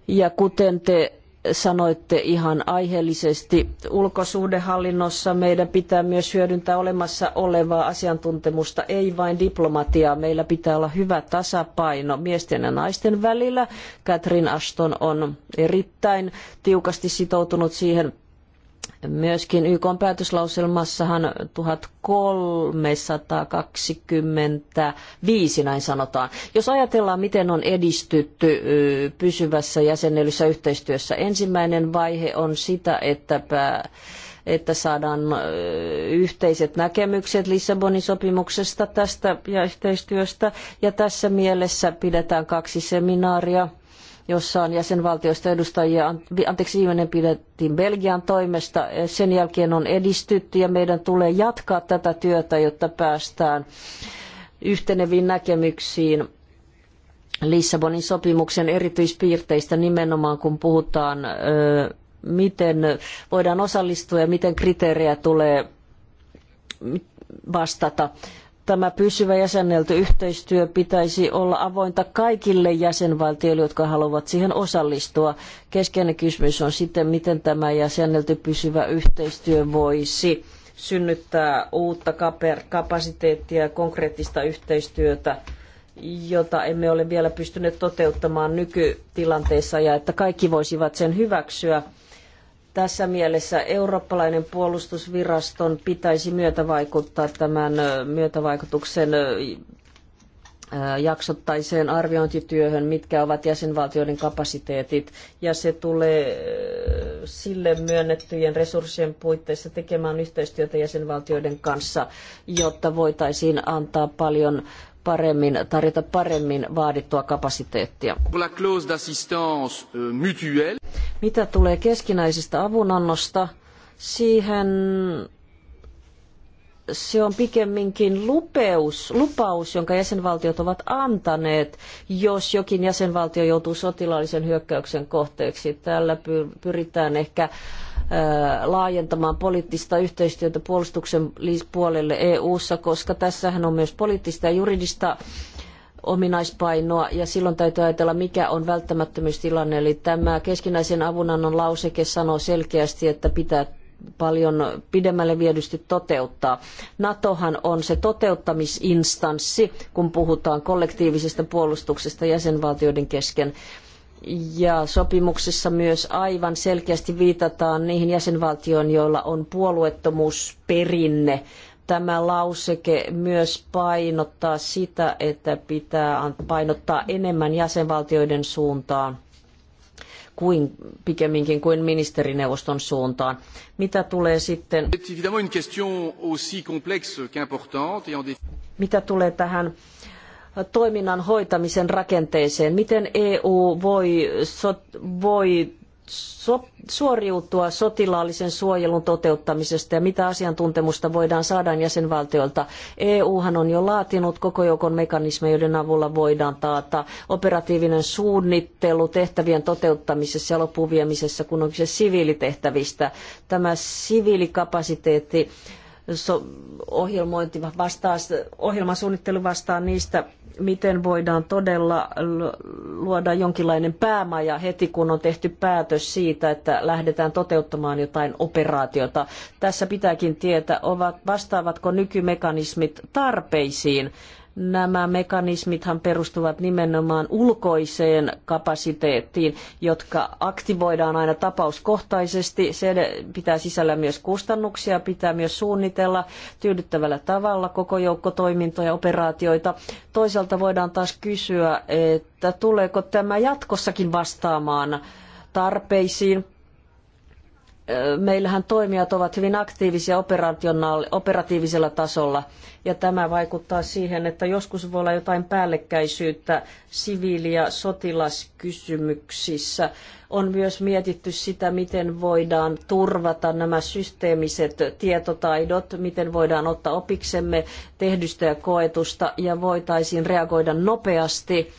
[SPEAKER 3] Ja kuten te sanoitte ihan aiheellisesti, ulkosuhdehallinnossa meidän pitää myös hyödyntää olemassa olevaa asiantuntemusta, ei vain diplomatiaa. Meillä pitää olla hyvä tasapaino miesten ja naisten välillä. Catherine Ashton on erittäin tiukasti sitoutunut siihen Myöskin YK päätöslauselmassahan 1325 näin sanotaan. Jos ajatellaan, miten on edistytty pysyvässä jäsennellyssä yhteistyössä, ensimmäinen vaihe on sitä, että että saadaan yhteiset näkemykset Lissabonin sopimuksesta tästä ja yhteistyöstä. Ja tässä mielessä pidetään kaksi seminaaria jossa on jäsenvaltioista edustajia. Anteeksi, viimeinen pidettiin Belgian toimesta. Eh, sen jälkeen on edistytty ja meidän tulee jatkaa tätä työtä, jotta päästään yhteneviin näkemyksiin Lissabonin sopimuksen erityispiirteistä nimenomaan, kun puhutaan, eh, miten voidaan osallistua ja miten kriteerejä tulee vastata tämä pysyvä jäsennelty yhteistyö pitäisi olla avointa kaikille jäsenvaltioille, jotka haluavat siihen osallistua. Keskeinen kysymys on sitten, miten tämä jäsennelty pysyvä yhteistyö voisi synnyttää uutta kapasiteettia ja konkreettista yhteistyötä, jota emme ole vielä pystyneet toteuttamaan nykytilanteessa ja että kaikki voisivat sen hyväksyä – tässä mielessä eurooppalainen puolustusviraston pitäisi myötävaikuttaa tämän myötävaikutuksen jaksottaiseen arviointityöhön, mitkä ovat jäsenvaltioiden kapasiteetit, ja se tulee sille myönnettyjen resurssien puitteissa tekemään yhteistyötä jäsenvaltioiden kanssa, jotta voitaisiin antaa paljon paremmin, tarjota paremmin vaadittua kapasiteettia. Euh, Mitä tulee keskinäisestä avunannosta, siihen se on pikemminkin lupeus, lupaus, jonka jäsenvaltiot ovat antaneet, jos jokin jäsenvaltio joutuu sotilaallisen hyökkäyksen kohteeksi. Tällä pyritään ehkä laajentamaan poliittista yhteistyötä puolustuksen puolelle EU-ssa, koska tässähän on myös poliittista ja juridista ominaispainoa ja silloin täytyy ajatella, mikä on välttämättömyystilanne. Eli tämä keskinäisen avunannon lauseke sanoo selkeästi, että pitää paljon pidemmälle viedysti toteuttaa. NATOhan on se toteuttamisinstanssi, kun puhutaan kollektiivisesta puolustuksesta jäsenvaltioiden kesken. Ja sopimuksessa myös aivan selkeästi viitataan niihin jäsenvaltioihin, joilla on puolueettomuusperinne. Tämä lauseke myös painottaa sitä, että pitää painottaa enemmän jäsenvaltioiden suuntaan kuin pikemminkin kuin ministerineuvoston suuntaan. Mitä tulee sitten... Mitä tulee tähän toiminnan hoitamisen rakenteeseen. Miten EU voi, so, voi so, suoriutua sotilaallisen suojelun toteuttamisesta ja mitä asiantuntemusta voidaan saada jäsenvaltioilta. EUhan on jo laatinut koko joukon mekanismeja, joiden avulla voidaan taata operatiivinen suunnittelu tehtävien toteuttamisessa ja lopuviemisessä, kun on kyse siviilitehtävistä. Tämä siviilikapasiteetti ohjelmointi vastaa, ohjelmasuunnittelu vastaa niistä, miten voidaan todella luoda jonkinlainen päämaja heti, kun on tehty päätös siitä, että lähdetään toteuttamaan jotain operaatiota. Tässä pitääkin tietää, ovat, vastaavatko nykymekanismit tarpeisiin Nämä mekanismithan perustuvat nimenomaan ulkoiseen kapasiteettiin, jotka aktivoidaan aina tapauskohtaisesti. Se pitää sisällä myös kustannuksia, pitää myös suunnitella tyydyttävällä tavalla koko joukko toimintoja, operaatioita. Toisaalta voidaan taas kysyä, että tuleeko tämä jatkossakin vastaamaan tarpeisiin meillähän toimijat ovat hyvin aktiivisia operatiivisella tasolla ja tämä vaikuttaa siihen, että joskus voi olla jotain päällekkäisyyttä siviili- ja sotilaskysymyksissä. On myös mietitty sitä, miten voidaan turvata nämä systeemiset tietotaidot, miten voidaan ottaa opiksemme tehdystä ja koetusta ja voitaisiin reagoida nopeasti –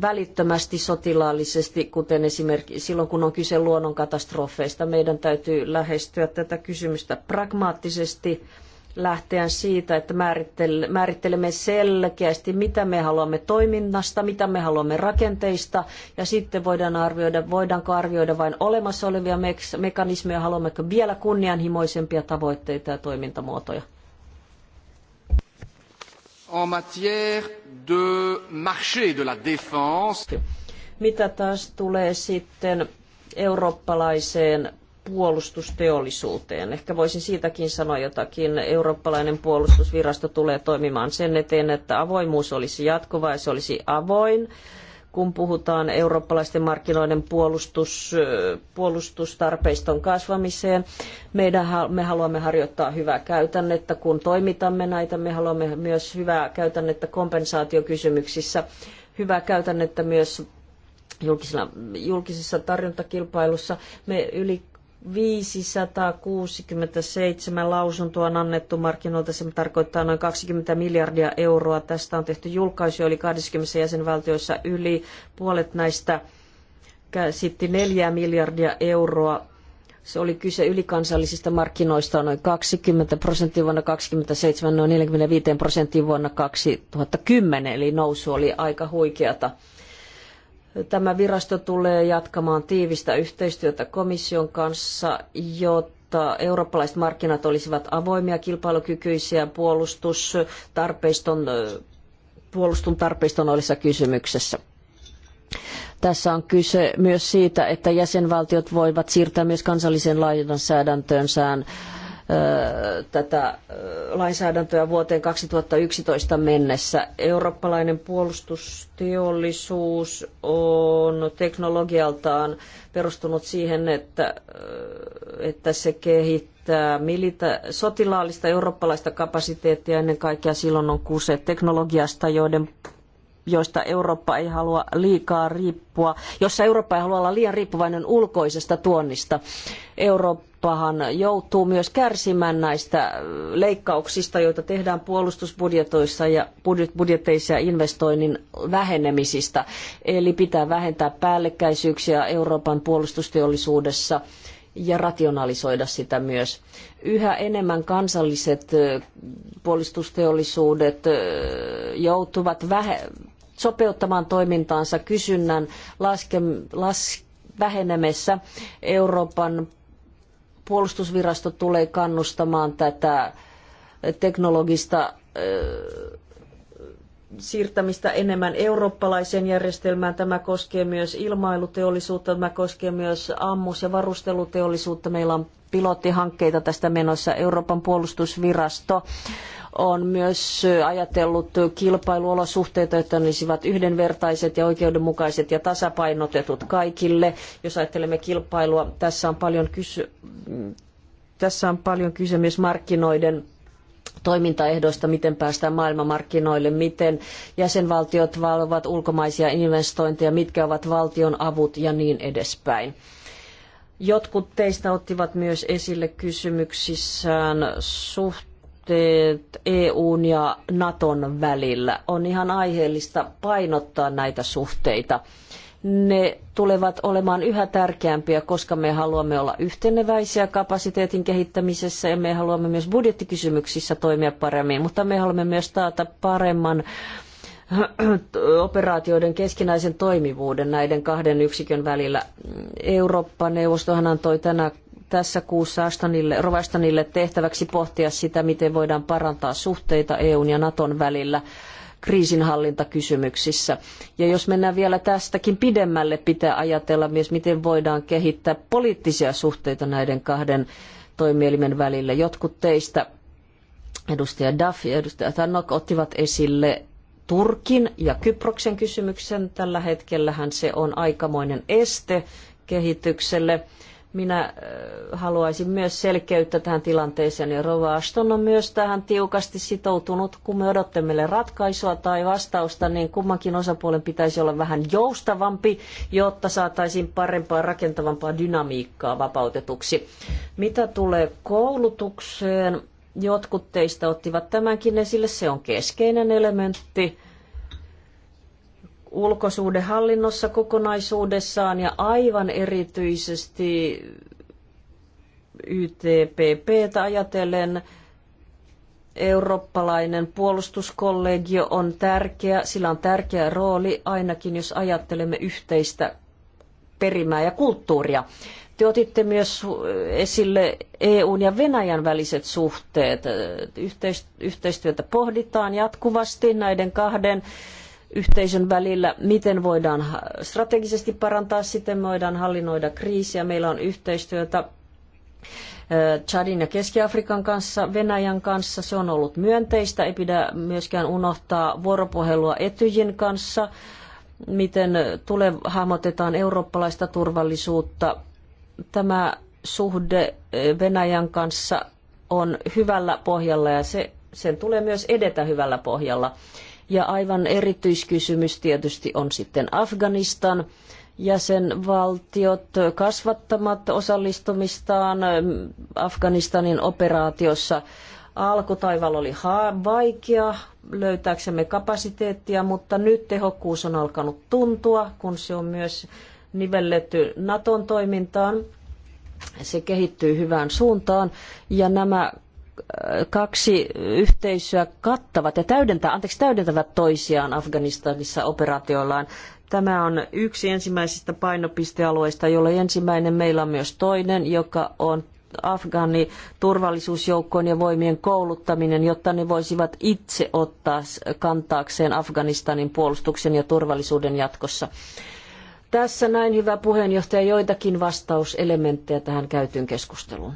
[SPEAKER 3] välittömästi sotilaallisesti, kuten esimerkiksi silloin, kun on kyse luonnonkatastrofeista. Meidän täytyy lähestyä tätä kysymystä pragmaattisesti lähteä siitä, että määrittelemme selkeästi, mitä me haluamme toiminnasta, mitä me haluamme rakenteista, ja sitten voidaan arvioida, voidaanko arvioida vain olemassa olevia mekanismeja, haluammeko vielä kunnianhimoisempia tavoitteita ja toimintamuotoja.
[SPEAKER 1] En matière de marché de la défense.
[SPEAKER 3] Mitä taas tulee sitten eurooppalaiseen puolustusteollisuuteen. Ehkä voisin siitäkin sanoa jotakin. Eurooppalainen puolustusvirasto tulee toimimaan sen eteen, että avoimuus olisi jatkuvaa ja se olisi avoin kun puhutaan eurooppalaisten markkinoiden puolustus, puolustustarpeiston kasvamiseen. Meidän, me haluamme harjoittaa hyvää käytännettä, kun toimitamme näitä. Me haluamme myös hyvää käytännettä kompensaatiokysymyksissä, hyvää käytännettä myös julkisissa tarjontakilpailussa. Me yli 567 lausuntoa on annettu markkinoilta, se tarkoittaa noin 20 miljardia euroa. Tästä on tehty julkaisu, oli 20 jäsenvaltioissa yli puolet näistä käsitti 4 miljardia euroa. Se oli kyse ylikansallisista markkinoista noin 20 prosenttia vuonna 2007, noin 45 prosenttia vuonna 2010, eli nousu oli aika huikeata. Tämä virasto tulee jatkamaan tiivistä yhteistyötä komission kanssa, jotta eurooppalaiset markkinat olisivat avoimia, kilpailukykyisiä, puolustustarpeiston, puolustun tarpeiston kysymyksessä. Tässä on kyse myös siitä, että jäsenvaltiot voivat siirtää myös kansalliseen lainsäädäntöönsään sään tätä lainsäädäntöä vuoteen 2011 mennessä. Eurooppalainen puolustusteollisuus on teknologialtaan perustunut siihen, että, että se kehittää sotilaallista eurooppalaista kapasiteettia ennen kaikkea silloin on kuse teknologiasta, joiden joista Eurooppa ei halua liikaa riippua, jossa Eurooppa ei halua olla liian riippuvainen ulkoisesta tuonnista. Eurooppa pahan joutuu myös kärsimään näistä leikkauksista, joita tehdään puolustusbudjetoissa ja budjeteissa ja investoinnin vähenemisistä. Eli pitää vähentää päällekkäisyyksiä Euroopan puolustusteollisuudessa ja rationalisoida sitä myös. Yhä enemmän kansalliset puolustusteollisuudet joutuvat sopeuttamaan toimintaansa kysynnän laske- las- vähenemessä Euroopan puolustusvirasto tulee kannustamaan tätä teknologista siirtämistä enemmän eurooppalaiseen järjestelmään. Tämä koskee myös ilmailuteollisuutta, tämä koskee myös ammus- ja varusteluteollisuutta. Meillä on pilottihankkeita tästä menossa. Euroopan puolustusvirasto on myös ajatellut kilpailuolosuhteita, että ne olisivat yhdenvertaiset ja oikeudenmukaiset ja tasapainotetut kaikille. Jos ajattelemme kilpailua, tässä on paljon, kysy- tässä on paljon kyse myös markkinoiden toimintaehdoista, miten päästään maailmanmarkkinoille, miten jäsenvaltiot valvovat ulkomaisia investointeja, mitkä ovat valtion avut ja niin edespäin. Jotkut teistä ottivat myös esille kysymyksissään suht suhteet EUn ja Naton välillä. On ihan aiheellista painottaa näitä suhteita. Ne tulevat olemaan yhä tärkeämpiä, koska me haluamme olla yhteneväisiä kapasiteetin kehittämisessä ja me haluamme myös budjettikysymyksissä toimia paremmin, mutta me haluamme myös taata paremman operaatioiden keskinäisen toimivuuden näiden kahden yksikön välillä. Eurooppa-neuvostohan antoi tänä tässä kuussa Ashtonille, Rovastonille tehtäväksi pohtia sitä, miten voidaan parantaa suhteita EUn ja Naton välillä kriisinhallintakysymyksissä. Ja jos mennään vielä tästäkin pidemmälle, pitää ajatella myös, miten voidaan kehittää poliittisia suhteita näiden kahden toimielimen välillä. Jotkut teistä, edustaja Duff ja edustaja Tanok, ottivat esille Turkin ja Kyproksen kysymyksen. Tällä hetkellähän se on aikamoinen este kehitykselle. Minä äh, haluaisin myös selkeyttä tähän tilanteeseen, ja Rova Aston on myös tähän tiukasti sitoutunut. Kun me odottamme ratkaisua tai vastausta, niin kummankin osapuolen pitäisi olla vähän joustavampi, jotta saataisiin parempaa, rakentavampaa dynamiikkaa vapautetuksi. Mitä tulee koulutukseen, jotkut teistä ottivat tämänkin esille, se on keskeinen elementti ulkosuudehallinnossa kokonaisuudessaan ja aivan erityisesti YTPPtä ajatellen eurooppalainen puolustuskollegio on tärkeä, sillä on tärkeä rooli ainakin jos ajattelemme yhteistä perimää ja kulttuuria. Te otitte myös esille EUn ja Venäjän väliset suhteet. Yhteistyötä pohditaan jatkuvasti näiden kahden yhteisön välillä, miten voidaan strategisesti parantaa, sitten voidaan hallinnoida kriisiä. Meillä on yhteistyötä Chadin ja Keski-Afrikan kanssa, Venäjän kanssa. Se on ollut myönteistä. Ei pidä myöskään unohtaa vuoropuhelua Etyjin kanssa, miten tule, hahmotetaan eurooppalaista turvallisuutta. Tämä suhde Venäjän kanssa on hyvällä pohjalla ja se, sen tulee myös edetä hyvällä pohjalla. Ja aivan erityiskysymys tietysti on sitten Afganistan. Jäsenvaltiot kasvattamat osallistumistaan mm, Afganistanin operaatiossa alkutaival oli vaikea löytääksemme kapasiteettia, mutta nyt tehokkuus on alkanut tuntua, kun se on myös nivelletty Naton toimintaan. Se kehittyy hyvään suuntaan ja nämä kaksi yhteisöä kattavat ja täydentää, anteeksi, täydentävät toisiaan Afganistanissa operaatioillaan. Tämä on yksi ensimmäisistä painopistealueista, jolle ensimmäinen meillä on myös toinen, joka on Afgani turvallisuusjoukkojen ja voimien kouluttaminen, jotta ne voisivat itse ottaa kantaakseen Afganistanin puolustuksen ja turvallisuuden jatkossa. Tässä näin hyvä puheenjohtaja joitakin vastauselementtejä tähän käytyyn keskusteluun.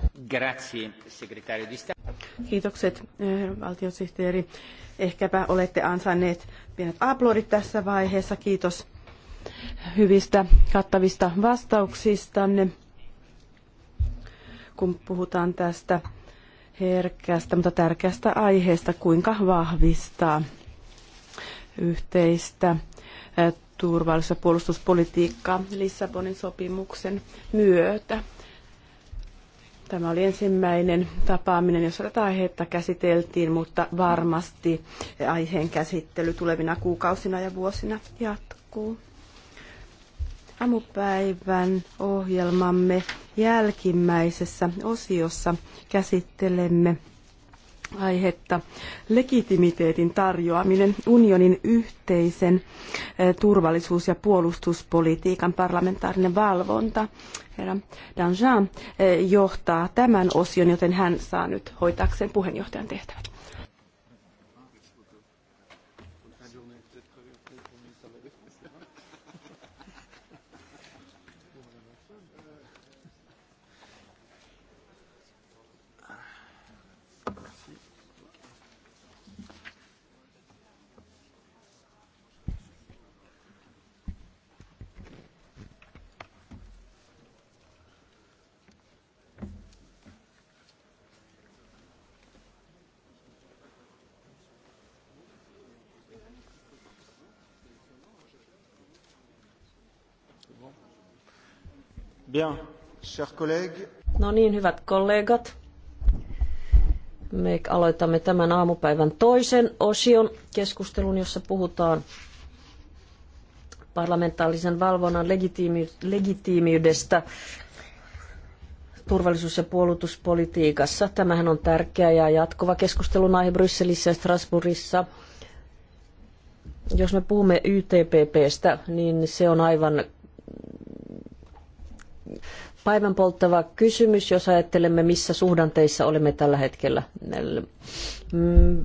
[SPEAKER 3] Kiitokset eh, valtiosihteeri. Ehkäpä olette ansainneet pienet
[SPEAKER 2] aplodit tässä vaiheessa. Kiitos hyvistä kattavista vastauksistanne, kun puhutaan tästä herkästä, mutta tärkeästä aiheesta, kuinka vahvistaa yhteistä eh, ja puolustuspolitiikkaa Lissabonin sopimuksen myötä. Tämä oli ensimmäinen tapaaminen, jossa tätä aihetta käsiteltiin, mutta varmasti aiheen käsittely tulevina kuukausina ja vuosina jatkuu. Aamupäivän ohjelmamme jälkimmäisessä osiossa käsittelemme aihetta. Legitimiteetin tarjoaminen unionin yhteisen eh, turvallisuus- ja puolustuspolitiikan parlamentaarinen valvonta. Herra Danjean eh, johtaa tämän osion, joten hän saa nyt hoitaakseen puheenjohtajan tehtävät.
[SPEAKER 1] Bien, chers collègues.
[SPEAKER 3] No niin, hyvät kollegat. Me aloitamme tämän aamupäivän toisen osion keskustelun, jossa puhutaan parlamentaarisen valvonnan legitiimiydestä turvallisuus- ja puolustuspolitiikassa. Tämähän on tärkeä ja jatkuva keskustelun aihe Brysselissä ja Strasbourgissa jos me puhumme YTPPstä, niin se on aivan Päivänpolttava kysymys, jos ajattelemme, missä suhdanteissa olemme tällä hetkellä. Mm,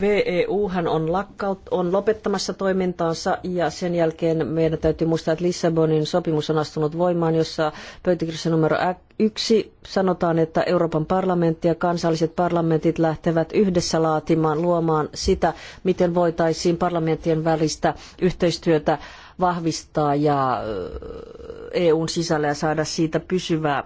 [SPEAKER 3] VEU hän on, lakkaut, on lopettamassa toimintaansa ja sen jälkeen meidän täytyy muistaa, että Lissabonin sopimus on astunut voimaan, jossa pöytäkirjassa numero yksi sanotaan, että Euroopan parlamentti ja kansalliset parlamentit lähtevät yhdessä laatimaan, luomaan sitä, miten voitaisiin parlamenttien välistä yhteistyötä vahvistaa ja EUn sisällä ja saada siitä pysyvää.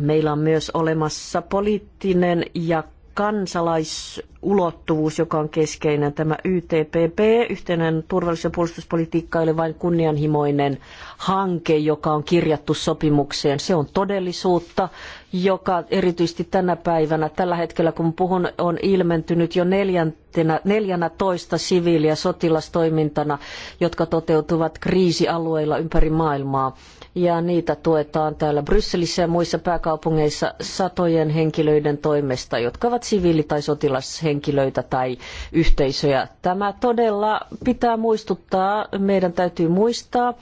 [SPEAKER 3] Meillä on myös olemassa poliittinen ja kansalaisulottuvuus, joka on keskeinen. Tämä YTPP, yhteinen turvallisuus- ja puolustuspolitiikka, ei ole vain kunnianhimoinen hanke, joka on kirjattu sopimukseen. Se on todellisuutta, joka erityisesti tänä päivänä, tällä hetkellä kun puhun, on ilmentynyt jo neljäntenä, neljänä toista siviili- ja sotilastoimintana, jotka toteutuvat kriisialueilla ympäri maailmaa ja niitä tuetaan täällä Brysselissä ja muissa pääkaupungeissa satojen henkilöiden toimesta, jotka ovat siviili- tai sotilashenkilöitä tai yhteisöjä. Tämä todella pitää muistuttaa, meidän täytyy muistaa,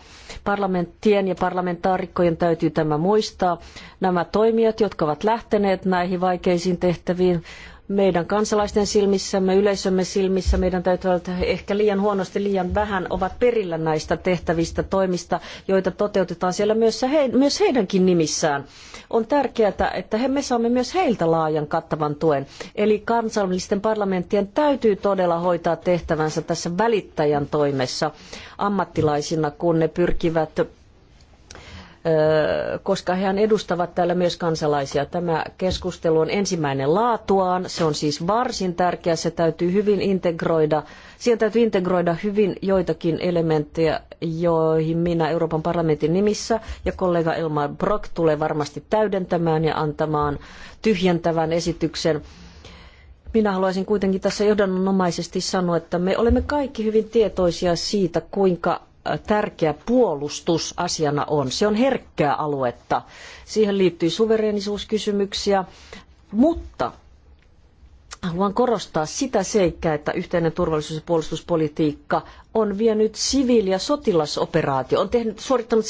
[SPEAKER 3] parlamenttien ja parlamentaarikkojen täytyy tämä muistaa. Nämä toimijat, jotka ovat lähteneet näihin vaikeisiin tehtäviin, meidän kansalaisten silmissämme, yleisömme silmissä. Meidän täytyy olla ehkä liian huonosti, liian vähän ovat perillä näistä tehtävistä toimista, joita toteutetaan siellä myös, he, myös heidänkin nimissään. On tärkeää, että he, me saamme myös heiltä laajan kattavan tuen. Eli kansallisten parlamenttien täytyy todella hoitaa tehtävänsä tässä välittäjän toimessa ammattilaisina, kun ne pyrkivät koska hän edustavat täällä myös kansalaisia. Tämä keskustelu on ensimmäinen laatuaan, se on siis varsin tärkeä, se täytyy hyvin integroida, siihen täytyy integroida hyvin joitakin elementtejä, joihin minä Euroopan parlamentin nimissä ja kollega Elmar Brok tulee varmasti täydentämään ja antamaan tyhjentävän esityksen. Minä haluaisin kuitenkin tässä johdannonomaisesti sanoa, että me olemme kaikki hyvin tietoisia siitä, kuinka tärkeä puolustus asiana on. Se on herkkää aluetta. Siihen liittyy suvereenisuuskysymyksiä, mutta Haluan ah, korostaa sitä seikkaa, että yhteinen turvallisuus- ja puolustuspolitiikka on vienyt siviili- ja sotilasoperaatio, on tehnyt, suorittanut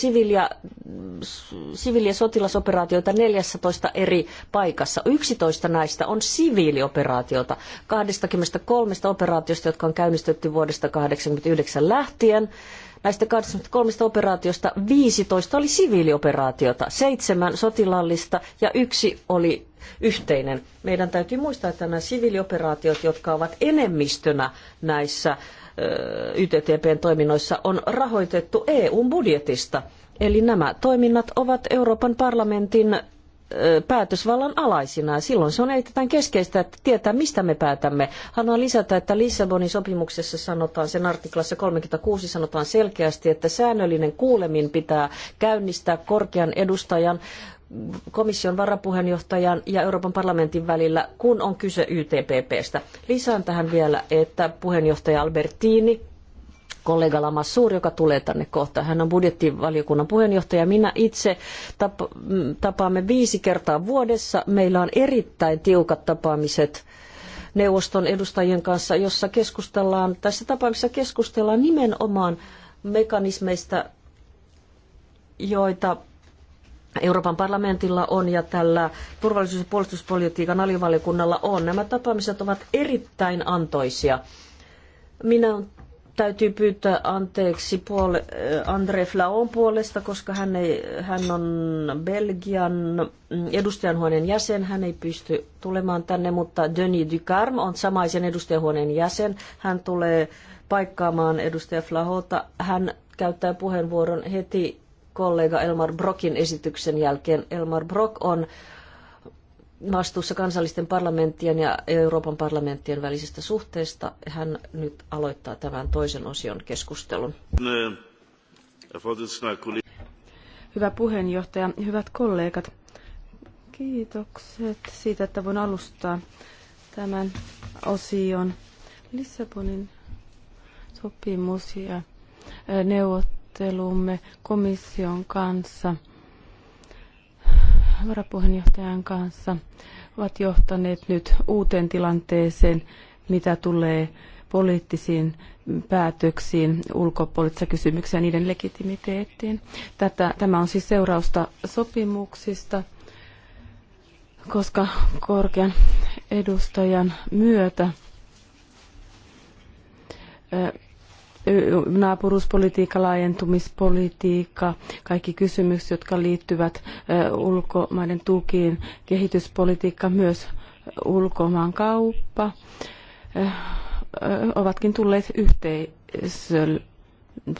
[SPEAKER 3] siviili- ja, sotilasoperaatioita 14 eri paikassa. 11 näistä on siviilioperaatiota, 23 operaatiosta, jotka on käynnistetty vuodesta 1989 lähtien. Näistä 23 operaatiosta 15 oli siviilioperaatiota, seitsemän sotilaallista ja yksi oli yhteinen. Meidän täytyy muistaa, että nämä siviilioperaatiot, jotka ovat enemmistönä näissä YTTPn toiminnoissa, on rahoitettu EUn budjetista. Eli nämä toiminnat ovat Euroopan parlamentin päätösvallan alaisina. Ja silloin se on erittäin keskeistä, että tietää, mistä me päätämme. Haluan lisätä, että Lissabonin sopimuksessa sanotaan, sen artiklassa 36 sanotaan selkeästi, että säännöllinen kuulemin pitää käynnistää korkean edustajan komission varapuheenjohtajan ja Euroopan parlamentin välillä, kun on kyse YTPPstä. Lisään tähän vielä, että puheenjohtaja Albertini, kollega Lamassuur, joka tulee tänne kohta. Hän on budjettivaliokunnan puheenjohtaja. Minä itse tapaamme viisi kertaa vuodessa. Meillä on erittäin tiukat tapaamiset neuvoston edustajien kanssa, jossa keskustellaan, tässä tapauksessa keskustellaan nimenomaan mekanismeista, joita Euroopan parlamentilla on ja tällä turvallisuus- ja puolustuspolitiikan alivaliokunnalla on. Nämä tapaamiset ovat erittäin antoisia. Minä täytyy pyytää anteeksi puol, äh, André Flaon puolesta, koska hän, ei, hän on Belgian mm, edustajanhuoneen jäsen. Hän ei pysty tulemaan tänne, mutta Denis Ducarme on samaisen edustajanhuoneen jäsen. Hän tulee paikkaamaan edustaja Flahota. Hän käyttää puheenvuoron heti kollega Elmar Brokin esityksen jälkeen. Elmar Brok on vastuussa kansallisten parlamenttien ja Euroopan parlamenttien välisistä suhteista. Hän nyt aloittaa tämän toisen osion keskustelun. Hyvä
[SPEAKER 2] puheenjohtaja, hyvät kollegat. Kiitokset siitä, että voin alustaa tämän osion. Lissabonin sopimus ja neuvot neuvottelumme komission kanssa, varapuheenjohtajan kanssa, ovat johtaneet nyt uuteen tilanteeseen, mitä tulee poliittisiin päätöksiin, ulkopoliittisia kysymyksiä ja niiden legitimiteettiin. Tätä, tämä on siis seurausta sopimuksista, koska korkean edustajan myötä naapuruuspolitiikka, laajentumispolitiikka, kaikki kysymykset, jotka liittyvät ulkomaiden tukiin, kehityspolitiikka, myös ulkomaankauppa, ovatkin tulleet yhteisön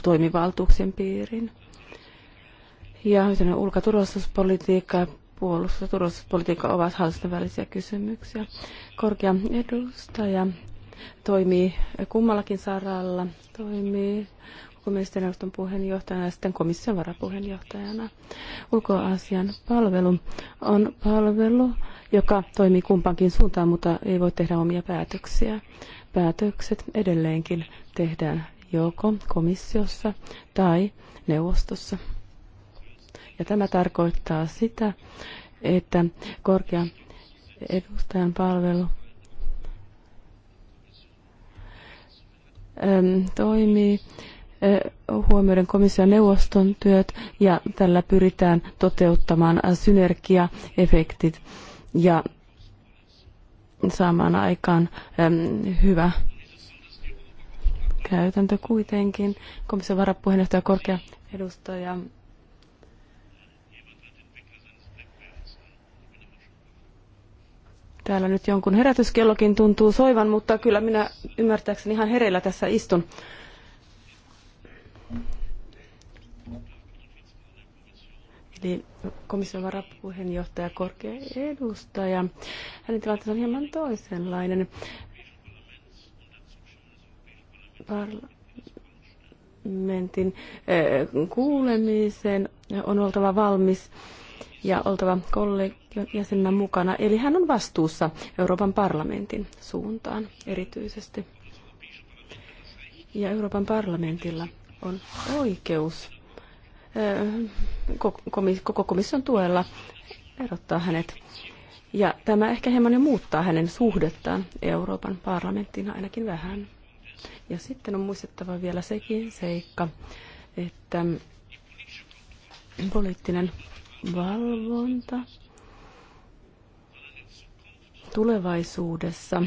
[SPEAKER 2] toimivaltuuksien piiriin. Ja ulkoturvallisuuspolitiikka ja puolustus- ja turvallisuuspolitiikka ovat hallitusten välisiä kysymyksiä. Korkea edustaja toimii kummallakin saralla, toimii ulkoministerineuvoston puheenjohtajana ja sitten komission varapuheenjohtajana. Ulkoasian palvelu on palvelu, joka toimii kumpankin suuntaan, mutta ei voi tehdä omia päätöksiä. Päätökset edelleenkin tehdään joko komissiossa tai neuvostossa. Ja tämä tarkoittaa sitä, että korkean edustajan palvelu toimii huomioiden komission neuvoston työt ja tällä pyritään toteuttamaan synergiaefektit ja saamaan aikaan hyvä käytäntö kuitenkin. Komission varapuheenjohtaja korkea edustaja Täällä nyt jonkun herätyskellokin tuntuu soivan, mutta kyllä minä ymmärtääkseni ihan hereillä tässä istun. Eli komission varapuheenjohtaja, korkea edustaja. Hänen tilanteensa on hieman toisenlainen. Parlamentin eh, kuulemiseen on oltava valmis ja oltava kollegiajäsenenä mukana. Eli hän on vastuussa Euroopan parlamentin suuntaan erityisesti. Ja Euroopan parlamentilla on oikeus öö, koko komission tuella erottaa hänet. Ja tämä ehkä hieman jo muuttaa hänen suhdettaan Euroopan parlamenttiin ainakin vähän. Ja sitten on muistettava vielä sekin seikka, että poliittinen valvonta tulevaisuudessa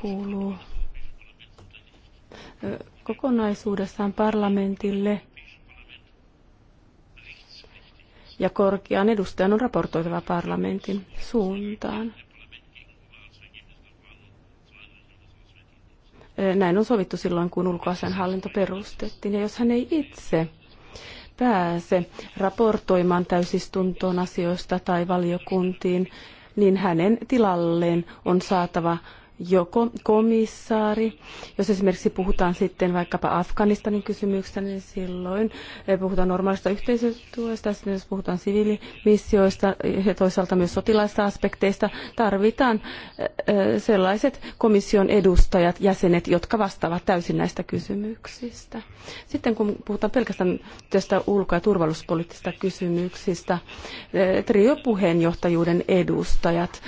[SPEAKER 2] kuuluu kokonaisuudessaan parlamentille ja korkean edustajan on raportoitava parlamentin suuntaan. Näin on sovittu silloin, kun ulkoasian hallinto perustettiin. Ja jos hän ei itse pääse raportoimaan täysistuntoon asioista tai valiokuntiin, niin hänen tilalleen on saatava joko komissaari, jos esimerkiksi puhutaan sitten vaikkapa Afganistanin kysymyksestä, niin silloin eh, puhutaan normaalista yhteisötuesta, sitten jos puhutaan siviilimissioista eh, ja toisaalta myös sotilaista aspekteista, tarvitaan eh, sellaiset komission edustajat, jäsenet, jotka vastaavat täysin näistä kysymyksistä. Sitten kun puhutaan pelkästään tästä ulko- ja turvallisuuspoliittisista kysymyksistä, trio puheenjohtajuuden edustajat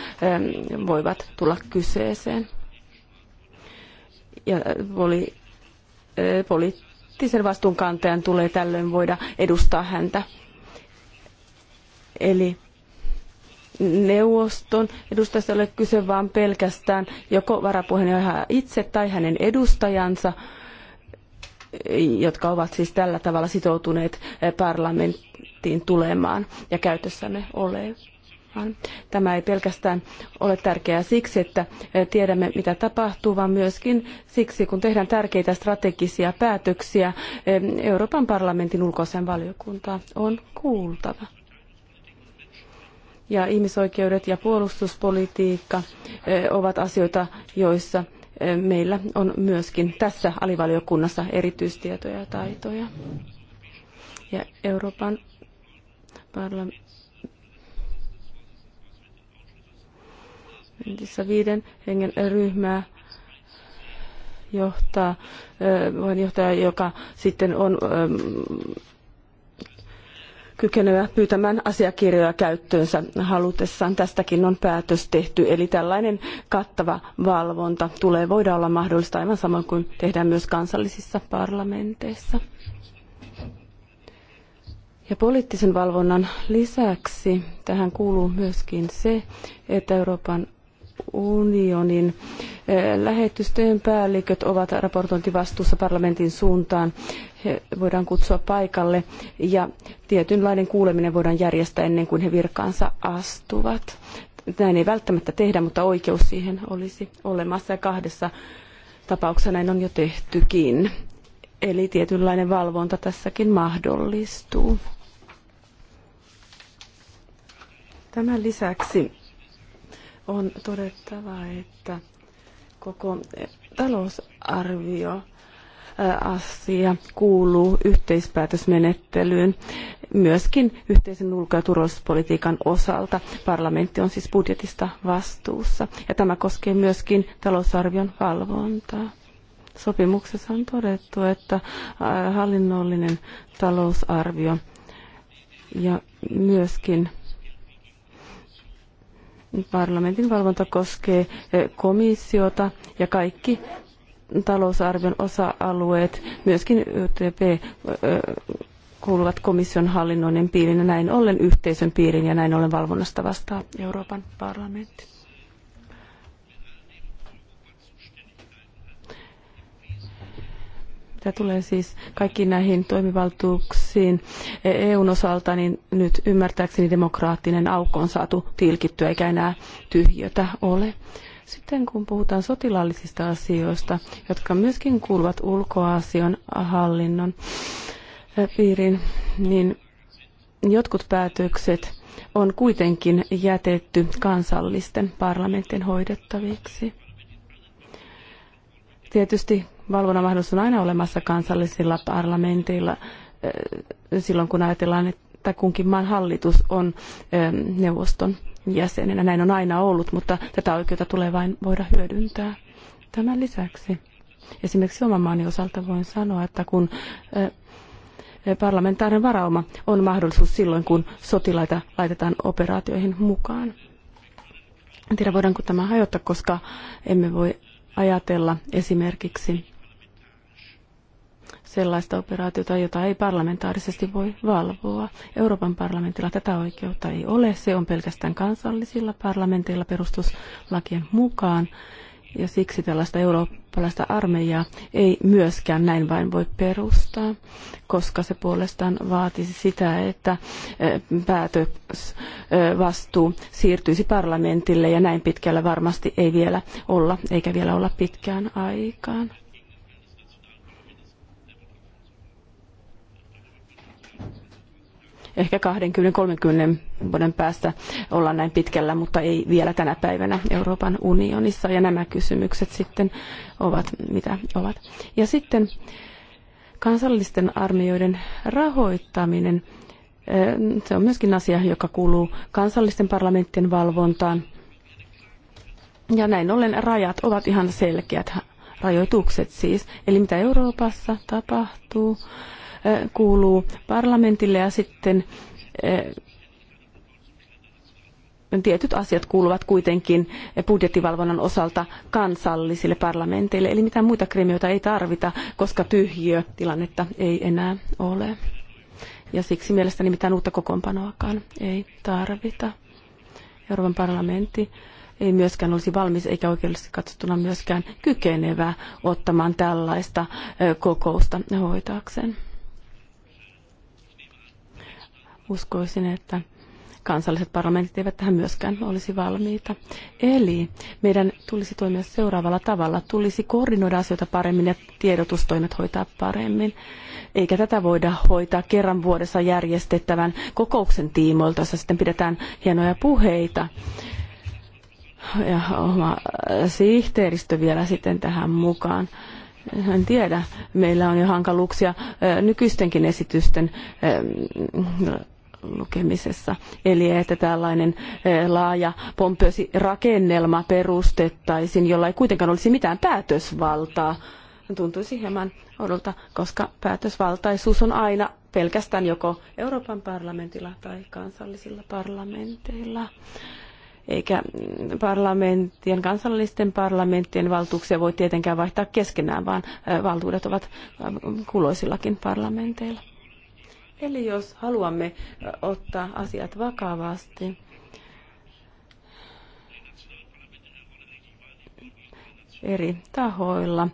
[SPEAKER 2] voivat tulla kyseeseen ja poli, äh, äh, poliittisen vastuunkantajan tulee tällöin voida edustaa häntä. Eli neuvoston edustajasta ole kyse vaan pelkästään joko varapuheenjohtaja itse tai hänen edustajansa, jotka ovat siis tällä tavalla sitoutuneet äh, parlamenttiin tulemaan ja käytössämme olemaan. Tämä ei pelkästään ole tärkeää siksi, että tiedämme mitä tapahtuu, vaan myöskin siksi, kun tehdään tärkeitä strategisia päätöksiä, eh, Euroopan parlamentin ulkoisen on kuultava. Ja ihmisoikeudet ja puolustuspolitiikka eh, ovat asioita, joissa eh, meillä on myöskin tässä alivaliokunnassa erityistietoja ja taitoja. Ja Euroopan parlamentin Tässä viiden hengen ryhmää johtaa johtaja, joka sitten on kykenevä pyytämään asiakirjoja käyttöönsä halutessaan. Tästäkin on päätös tehty, eli tällainen kattava valvonta tulee voida olla mahdollista aivan samoin kuin tehdään myös kansallisissa parlamenteissa. Ja poliittisen valvonnan lisäksi tähän kuuluu myöskin se, että Euroopan unionin eh, lähetystöjen päälliköt ovat raportointivastuussa parlamentin suuntaan. He voidaan kutsua paikalle ja tietynlainen kuuleminen voidaan järjestää ennen kuin he virkaansa astuvat. Näin ei välttämättä tehdä, mutta oikeus siihen olisi olemassa ja kahdessa tapauksessa näin on jo tehtykin. Eli tietynlainen valvonta tässäkin mahdollistuu. Tämän lisäksi on todettava, että koko talousarvio asia kuuluu yhteispäätösmenettelyyn myöskin yhteisen ulko- ja turvallisuuspolitiikan osalta. Parlamentti on siis budjetista vastuussa ja tämä koskee myöskin talousarvion valvontaa. Sopimuksessa on todettu, että hallinnollinen talousarvio ja myöskin Parlamentin valvonta koskee eh, komissiota ja kaikki talousarvion osa-alueet, myöskin YTP eh, kuuluvat komission hallinnoinnin piirin ja näin ollen yhteisön piirin ja näin ollen valvonnasta vastaa Euroopan parlamentti. Mitä tulee siis kaikkiin näihin toimivaltuuksiin e EUn osalta, niin nyt ymmärtääkseni demokraattinen aukko on saatu tilkittyä eikä enää tyhjötä ole. Sitten kun puhutaan sotilaallisista asioista, jotka myöskin kuuluvat ulkoasian hallinnon eh, piiriin, niin jotkut päätökset on kuitenkin jätetty kansallisten parlamentin hoidettaviksi. Tietysti valvonnan mahdollisuus on aina olemassa kansallisilla parlamenteilla eh, silloin, kun ajatellaan, että kunkin maan hallitus on eh, neuvoston jäsenenä. Näin on aina ollut, mutta tätä oikeutta tulee vain voida hyödyntää. Tämän lisäksi esimerkiksi oman maani osalta voin sanoa, että kun eh, parlamentaarinen varauma on mahdollisuus silloin, kun sotilaita laitetaan operaatioihin mukaan. En tiedä, voidaanko tämä hajottaa, koska emme voi ajatella esimerkiksi sellaista operaatiota, jota ei parlamentaarisesti voi valvoa. Euroopan parlamentilla tätä oikeutta ei ole. Se on pelkästään kansallisilla parlamenteilla perustuslakien mukaan. Ja siksi tällaista eurooppalaista armeijaa ei myöskään näin vain voi perustaa, koska se puolestaan vaatisi sitä, että eh, päätösvastuu siirtyisi parlamentille ja näin pitkällä varmasti ei vielä olla, eikä vielä olla pitkään aikaan. Ehkä 20-30 vuoden päästä olla näin pitkällä, mutta ei vielä tänä päivänä Euroopan unionissa. Ja nämä kysymykset sitten ovat mitä ovat. Ja sitten kansallisten armeijoiden rahoittaminen. Se on myöskin asia, joka kuuluu kansallisten parlamenttien valvontaan. Ja näin ollen rajat ovat ihan selkeät, rajoitukset siis. Eli mitä Euroopassa tapahtuu, kuuluu parlamentille ja sitten tietyt asiat kuuluvat kuitenkin budjettivalvonnan osalta kansallisille parlamenteille. Eli mitään muita kremioita ei tarvita, koska tyhjiötilannetta tilannetta ei enää ole. Ja siksi mielestäni mitään uutta kokoonpanoakaan ei tarvita. Euroopan parlamentti ei myöskään olisi valmis eikä oikeudellisesti katsottuna myöskään kykenevä ottamaan tällaista kokousta hoitaakseen uskoisin, että kansalliset parlamentit eivät tähän myöskään olisi valmiita. Eli meidän tulisi toimia seuraavalla tavalla. Tulisi koordinoida asioita paremmin ja tiedotustoimet hoitaa paremmin. Eikä tätä voida hoitaa kerran vuodessa järjestettävän kokouksen tiimoilta, jossa sitten pidetään hienoja puheita. Ja oma äh, sihteeristö vielä sitten tähän mukaan. En tiedä, meillä on jo hankaluuksia äh, nykyistenkin esitysten ähm, lukemisessa. Eli että tällainen eh, laaja pompeusi rakennelma perustettaisiin, jolla ei kuitenkaan olisi mitään päätösvaltaa. Tuntuisi hieman odolta, koska päätösvaltaisuus on aina pelkästään joko Euroopan parlamentilla tai kansallisilla parlamenteilla eikä mm, parlamenttien, kansallisten parlamenttien valtuuksia voi tietenkään vaihtaa keskenään, vaan eh, valtuudet ovat eh, kuloisillakin parlamenteilla. Eli jos haluamme ottaa asiat vakavasti, eri tahoilla,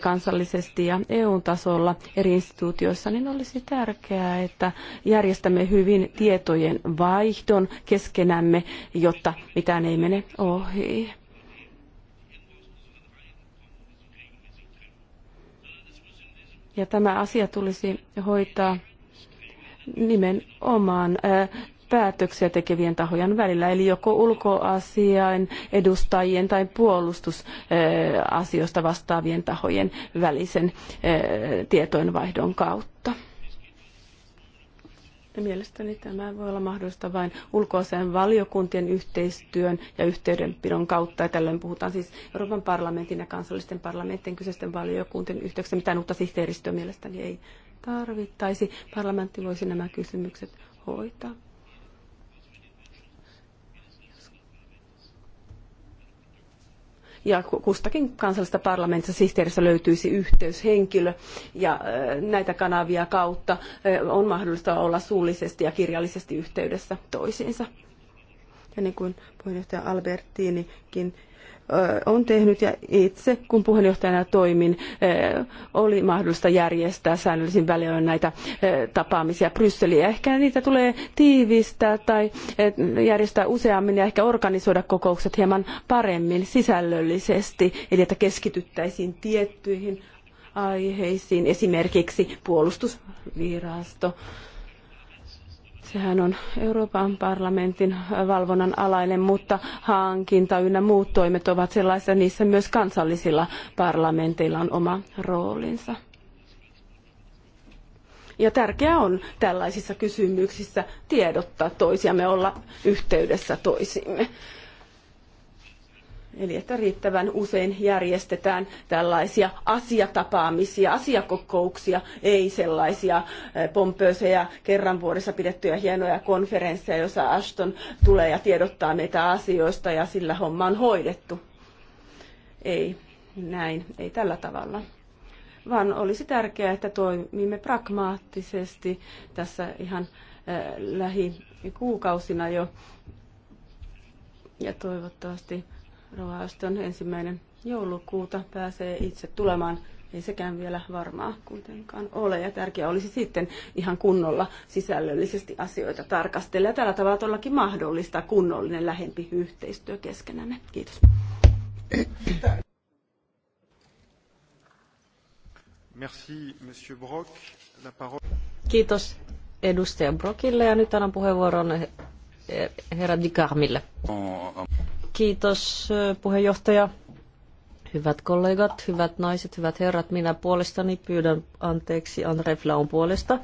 [SPEAKER 2] kansallisesti ja EU-tasolla, eri instituutioissa, niin olisi tärkeää, että järjestämme hyvin tietojen vaihdon keskenämme, jotta mitään ei mene ohi. Ja tämä asia tulisi hoitaa nimenomaan päätöksiä tekevien tahojen välillä, eli joko ulkoasiain edustajien tai puolustusasioista vastaavien tahojen välisen tietojenvaihdon kautta. Mielestäni tämä voi olla mahdollista vain ulkoasian valiokuntien yhteistyön ja yhteydenpidon kautta. Ja tällöin puhutaan siis Euroopan parlamentin ja kansallisten parlamenttien kyseisten valiokuntien yhteyksistä. Mitään uutta sihteeristöä mielestäni ei tarvittaisi, parlamentti voisi nämä kysymykset hoitaa. ja kustakin kansallisesta parlamentista sihteeristä löytyisi yhteyshenkilö ja äh, näitä kanavia kautta äh, on mahdollista olla suullisesti ja kirjallisesti yhteydessä toisiinsa. Ja niin kuin puheenjohtaja Albertinikin on tehnyt ja itse, kun puheenjohtajana toimin, oli mahdollista järjestää säännöllisin väliajoin näitä tapaamisia Brysseliin. Ehkä niitä tulee tiivistää tai järjestää useammin ja ehkä organisoida kokoukset hieman paremmin sisällöllisesti, eli että keskityttäisiin tiettyihin aiheisiin, esimerkiksi puolustusvirasto Sehän on Euroopan parlamentin valvonnan alainen, mutta hankinta ynnä muut toimet ovat sellaisia, niissä myös kansallisilla parlamenteilla on oma roolinsa. Ja tärkeää on tällaisissa kysymyksissä tiedottaa toisiamme, olla yhteydessä toisiimme. Eli että riittävän usein järjestetään tällaisia asiatapaamisia, asiakokouksia, ei sellaisia eh, pompöösejä kerran vuodessa pidettyjä hienoja konferensseja, joissa Ashton tulee ja tiedottaa meitä asioista ja sillä homma on hoidettu. Ei näin, ei tällä tavalla. Vaan olisi tärkeää, että toimimme pragmaattisesti tässä ihan eh, lähikuukausina jo ja toivottavasti Roaston ensimmäinen joulukuuta pääsee itse tulemaan. Ei sekään vielä varmaa kuitenkaan ole. Ja tärkeää olisi sitten ihan kunnolla sisällöllisesti asioita tarkastella. Ja tällä tavalla todellakin mahdollista kunnollinen lähempi yhteistyö keskenämme. Kiitos.
[SPEAKER 1] Merci, Monsieur Brock. La parole...
[SPEAKER 3] Kiitos edustaja Brokille ja nyt annan puheenvuoron herra Dikarmille. Oh, oh. Kiitos puheenjohtaja. Hyvät kollegat, hyvät naiset, hyvät herrat, minä puolestani pyydän anteeksi Andre Flaun puolesta,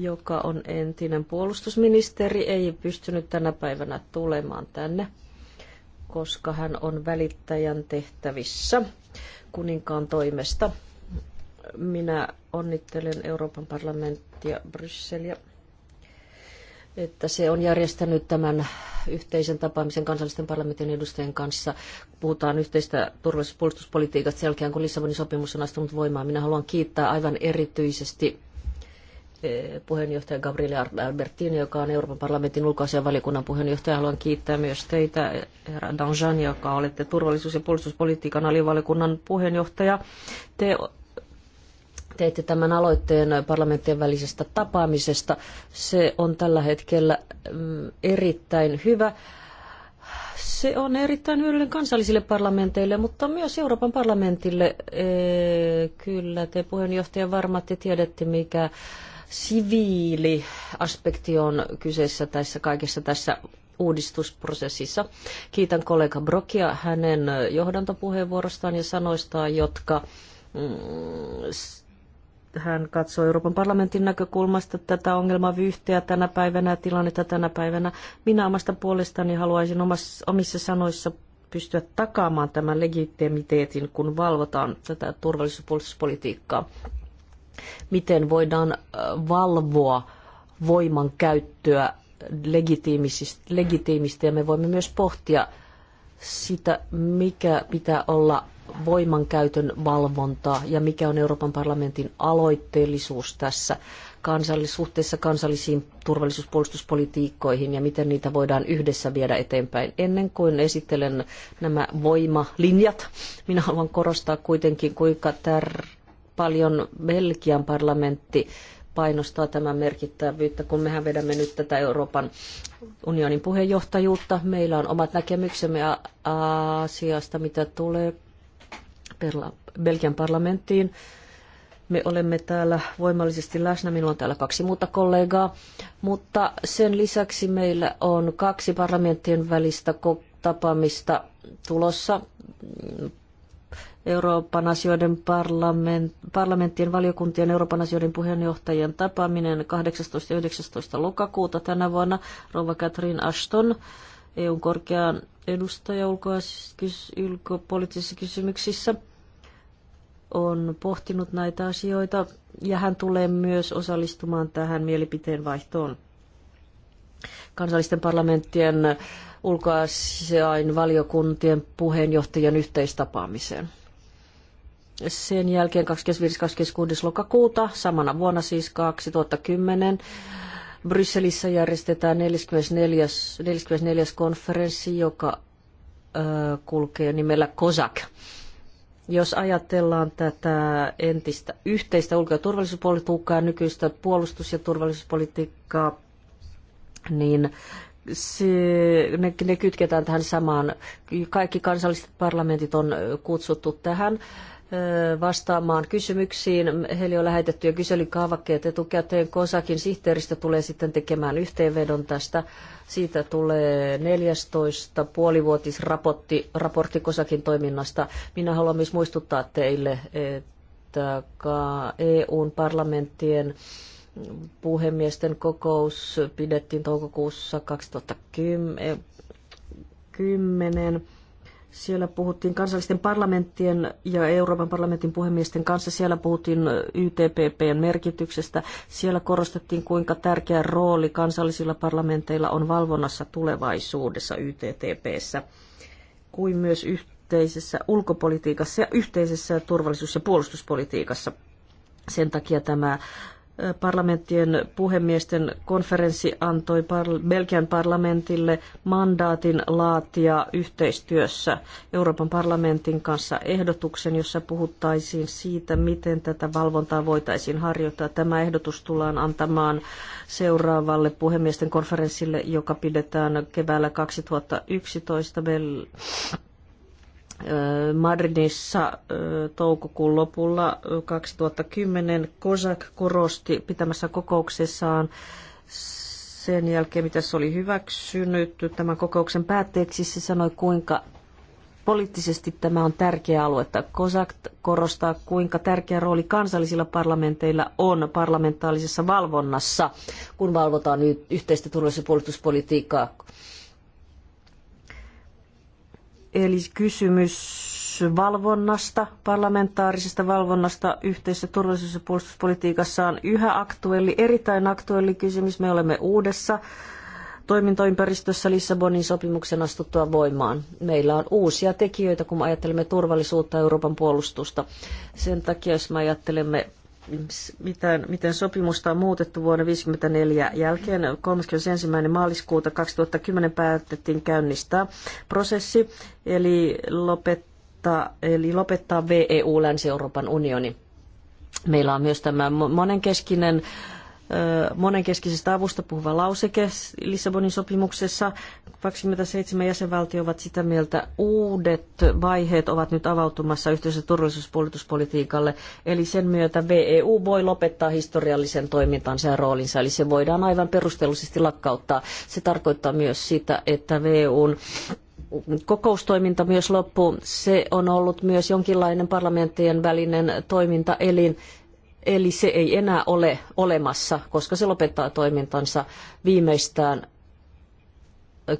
[SPEAKER 3] joka on entinen puolustusministeri, ei pystynyt tänä päivänä tulemaan tänne, koska hän on välittäjän tehtävissä kuninkaan toimesta. Minä onnittelen Euroopan parlamenttia Brysseliä että se on järjestänyt tämän yhteisen tapaamisen kansallisten parlamentin edustajien kanssa. Puhutaan yhteistä turvallisuus- ja puolustuspolitiikasta sen jälkeen, kun Lissabonin sopimus on astunut voimaan. Minä haluan kiittää aivan erityisesti eh, puheenjohtaja Gabriele Albertini, joka on Euroopan parlamentin ulkoasian valikunnan puheenjohtaja. Haluan kiittää myös teitä, herra Danjan, joka olette turvallisuus- ja puolustuspolitiikan alivalikunnan puheenjohtaja. Te teitte tämän aloitteen parlamenttien välisestä tapaamisesta. Se on tällä hetkellä mm, erittäin hyvä. Se on erittäin hyödyllinen kansallisille parlamenteille, mutta myös Euroopan parlamentille. Kyllä, te puheenjohtaja varmasti tiedätte, mikä siviiliaspekti on kyseessä tässä kaikessa tässä uudistusprosessissa. Kiitän kollega Brokia hänen johdantopuheenvuorostaan ja sanoistaan, jotka mm, hän katsoo Euroopan parlamentin näkökulmasta tätä ongelmavyyhteä tänä päivänä ja tilannetta tänä päivänä. Minä omasta puolestani haluaisin omissa sanoissa pystyä takaamaan tämän legitimiteetin, kun valvotaan tätä turvallisuuspolitiikkaa. Miten voidaan äh, valvoa voiman käyttöä legitiimistä ja me voimme myös pohtia sitä, mikä pitää olla voimankäytön valvontaa ja mikä on Euroopan parlamentin aloitteellisuus tässä kansallis- suhteessa kansallisiin turvallisuuspuolustuspolitiikkoihin ja miten niitä voidaan yhdessä viedä eteenpäin. Ennen kuin esittelen nämä voimalinjat, minä haluan korostaa kuitenkin, kuinka tär- paljon Belgian parlamentti painostaa tämän merkittävyyttä, kun mehän vedämme nyt tätä Euroopan unionin puheenjohtajuutta. Meillä on omat näkemyksemme asiasta, mitä tulee Belgian parlamenttiin. Me olemme täällä voimallisesti läsnä. Minulla on täällä kaksi muuta kollegaa, mutta sen lisäksi meillä on kaksi parlamenttien välistä tapaamista tulossa. Euroopan asioiden parlament, parlamenttien valiokuntien Euroopan asioiden puheenjohtajien tapaaminen 18. ja 19. lokakuuta tänä vuonna. Rova Catherine Ashton EUn korkean edustaja ulkopoliittisissa kysymyksissä on pohtinut näitä asioita ja hän tulee myös osallistumaan tähän mielipiteen vaihtoon kansallisten parlamenttien ulkoasiain valiokuntien puheenjohtajien yhteistapaamiseen. Sen jälkeen 25 lokakuuta, samana vuonna siis 2010, Brysselissä järjestetään 44. 44. konferenssi, joka kulkee nimellä COSAC. Jos ajatellaan tätä entistä yhteistä ulko- ja turvallisuuspolitiikkaa, nykyistä puolustus- ja turvallisuuspolitiikkaa, niin se, ne, ne kytketään tähän samaan. Kaikki kansalliset parlamentit on kutsuttu tähän vastaamaan kysymyksiin. Heille on lähetetty jo kyselykaavakkeet etukäteen. Kosakin sihteeristö tulee sitten tekemään yhteenvedon tästä. Siitä tulee 14 puolivuotisraportti raportti Kosakin toiminnasta. Minä haluan myös muistuttaa teille, että EUn parlamenttien puhemiesten kokous pidettiin toukokuussa 2010. Siellä puhuttiin kansallisten parlamenttien ja Euroopan parlamentin puhemiesten kanssa. Siellä puhuttiin YTPPn merkityksestä. Siellä korostettiin, kuinka tärkeä rooli kansallisilla parlamenteilla on valvonnassa tulevaisuudessa YTTPssä, kuin myös yhteisessä ulkopolitiikassa ja yhteisessä turvallisuus- ja puolustuspolitiikassa. Sen takia tämä parlamenttien puhemiesten konferenssi antoi Belgian parlamentille mandaatin laatia yhteistyössä Euroopan parlamentin kanssa ehdotuksen, jossa puhuttaisiin siitä, miten tätä valvontaa voitaisiin harjoittaa. Tämä ehdotus tullaan antamaan seuraavalle puhemiesten konferenssille, joka pidetään keväällä 2011 Bel- Madridissa toukokuun lopulla 2010 COSAC korosti pitämässä kokouksessaan sen jälkeen, mitä se oli hyväksynyt tämän kokouksen päätteeksi, se sanoi, kuinka poliittisesti tämä on tärkeä alue. COSAC korostaa, kuinka tärkeä rooli kansallisilla parlamenteilla on parlamentaalisessa valvonnassa, kun valvotaan yhteistä turvallisuus- ja puolustuspolitiikkaa Eli kysymys valvonnasta, parlamentaarisesta valvonnasta yhteisessä turvallisuus- ja puolustuspolitiikassa on yhä aktuelli, erittäin aktuelli kysymys. Me olemme uudessa toimintaympäristössä Lissabonin sopimuksen astuttua voimaan. Meillä on uusia tekijöitä, kun ajattelemme turvallisuutta ja Euroopan puolustusta. Sen takia, jos me ajattelemme miten, miten sopimusta on muutettu vuonna 1954 jälkeen. 31. maaliskuuta 2010 päätettiin käynnistää prosessi, eli lopettaa, eli lopettaa VEU, Länsi-Euroopan unioni. Meillä on myös tämä monenkeskinen äh, monenkeskisestä avusta puhuva lauseke Lissabonin sopimuksessa. 27 jäsenvaltio ovat sitä mieltä, uudet vaiheet ovat nyt avautumassa yhteisessä turvallisuuspolitiikalle, eli sen myötä VEU voi lopettaa historiallisen toimintansa ja roolinsa, eli se voidaan aivan perustellisesti lakkauttaa. Se tarkoittaa myös sitä, että VEUn kokoustoiminta myös loppuu. Se on ollut myös jonkinlainen parlamenttien välinen toimintaelin, Eli se ei enää ole olemassa, koska se lopettaa toimintansa viimeistään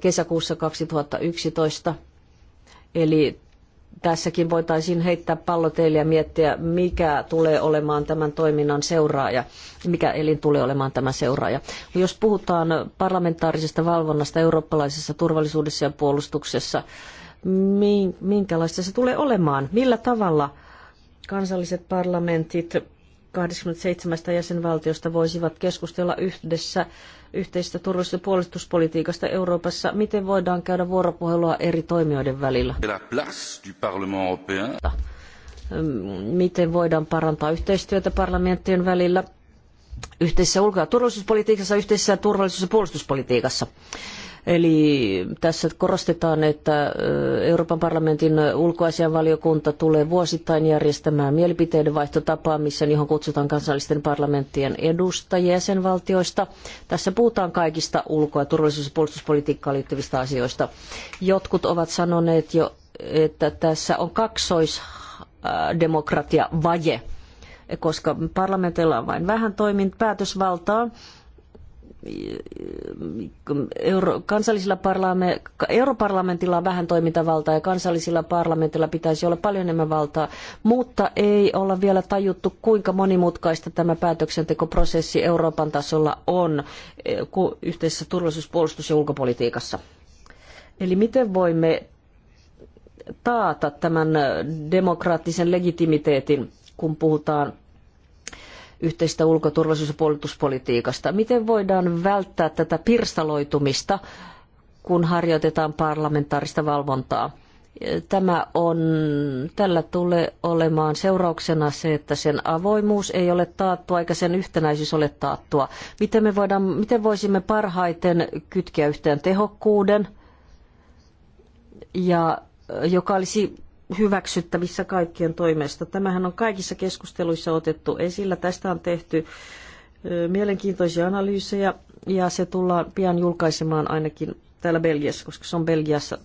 [SPEAKER 3] kesäkuussa 2011. Eli tässäkin voitaisiin heittää teille ja miettiä, mikä tulee olemaan tämän toiminnan seuraaja, mikä elin tulee olemaan tämä seuraaja. Jos puhutaan parlamentaarisesta valvonnasta eurooppalaisessa turvallisuudessa ja puolustuksessa, minkälaista se tulee olemaan? Millä tavalla kansalliset parlamentit 27 jäsenvaltiosta voisivat keskustella yhdessä yhteisestä turvallisuus- ja puolustuspolitiikasta Euroopassa, miten voidaan käydä vuoropuhelua eri toimijoiden välillä. Miten voidaan parantaa yhteistyötä parlamenttien välillä yhteisessä ulko- ja turvallisuuspolitiikassa, yhteisessä turvallisuus- ja puolustuspolitiikassa. Eli tässä korostetaan, että Euroopan parlamentin ulkoasianvaliokunta tulee vuosittain järjestämään mielipiteiden vaihtotapaamisen, johon kutsutaan kansallisten parlamenttien edustajia jäsenvaltioista. Tässä puhutaan kaikista ulko- ja turvallisuus- ja puolustuspolitiikkaan liittyvistä asioista. Jotkut ovat sanoneet jo, että tässä on kaksoisdemokratia äh, vaje koska parlamentilla on vain vähän toimin päätösvaltaa Euro, kansallisilla parlame, europarlamentilla on vähän toimintavaltaa ja kansallisilla parlamentilla pitäisi olla paljon enemmän valtaa, mutta ei olla vielä tajuttu, kuinka monimutkaista tämä päätöksentekoprosessi Euroopan tasolla on eh, yhteisessä turvallisuus-, puolustus- ja ulkopolitiikassa. Eli miten voimme taata tämän eh, demokraattisen legitimiteetin, kun puhutaan yhteistä ulkoturvallisuus- ja puolustuspolitiikasta. Miten voidaan välttää tätä pirstaloitumista, kun harjoitetaan parlamentaarista valvontaa? Tämä on, tällä tulee olemaan seurauksena se, että sen avoimuus ei ole taattua eikä sen yhtenäisyys ole taattua. Miten, me voidaan, miten voisimme parhaiten kytkeä yhteen tehokkuuden, ja, joka olisi hyväksyttävissä kaikkien toimesta. Tämähän on kaikissa keskusteluissa otettu esillä. Tästä on tehty mielenkiintoisia analyysejä ja se tullaan pian julkaisemaan ainakin täällä Belgiassa, koska se on Belgiassa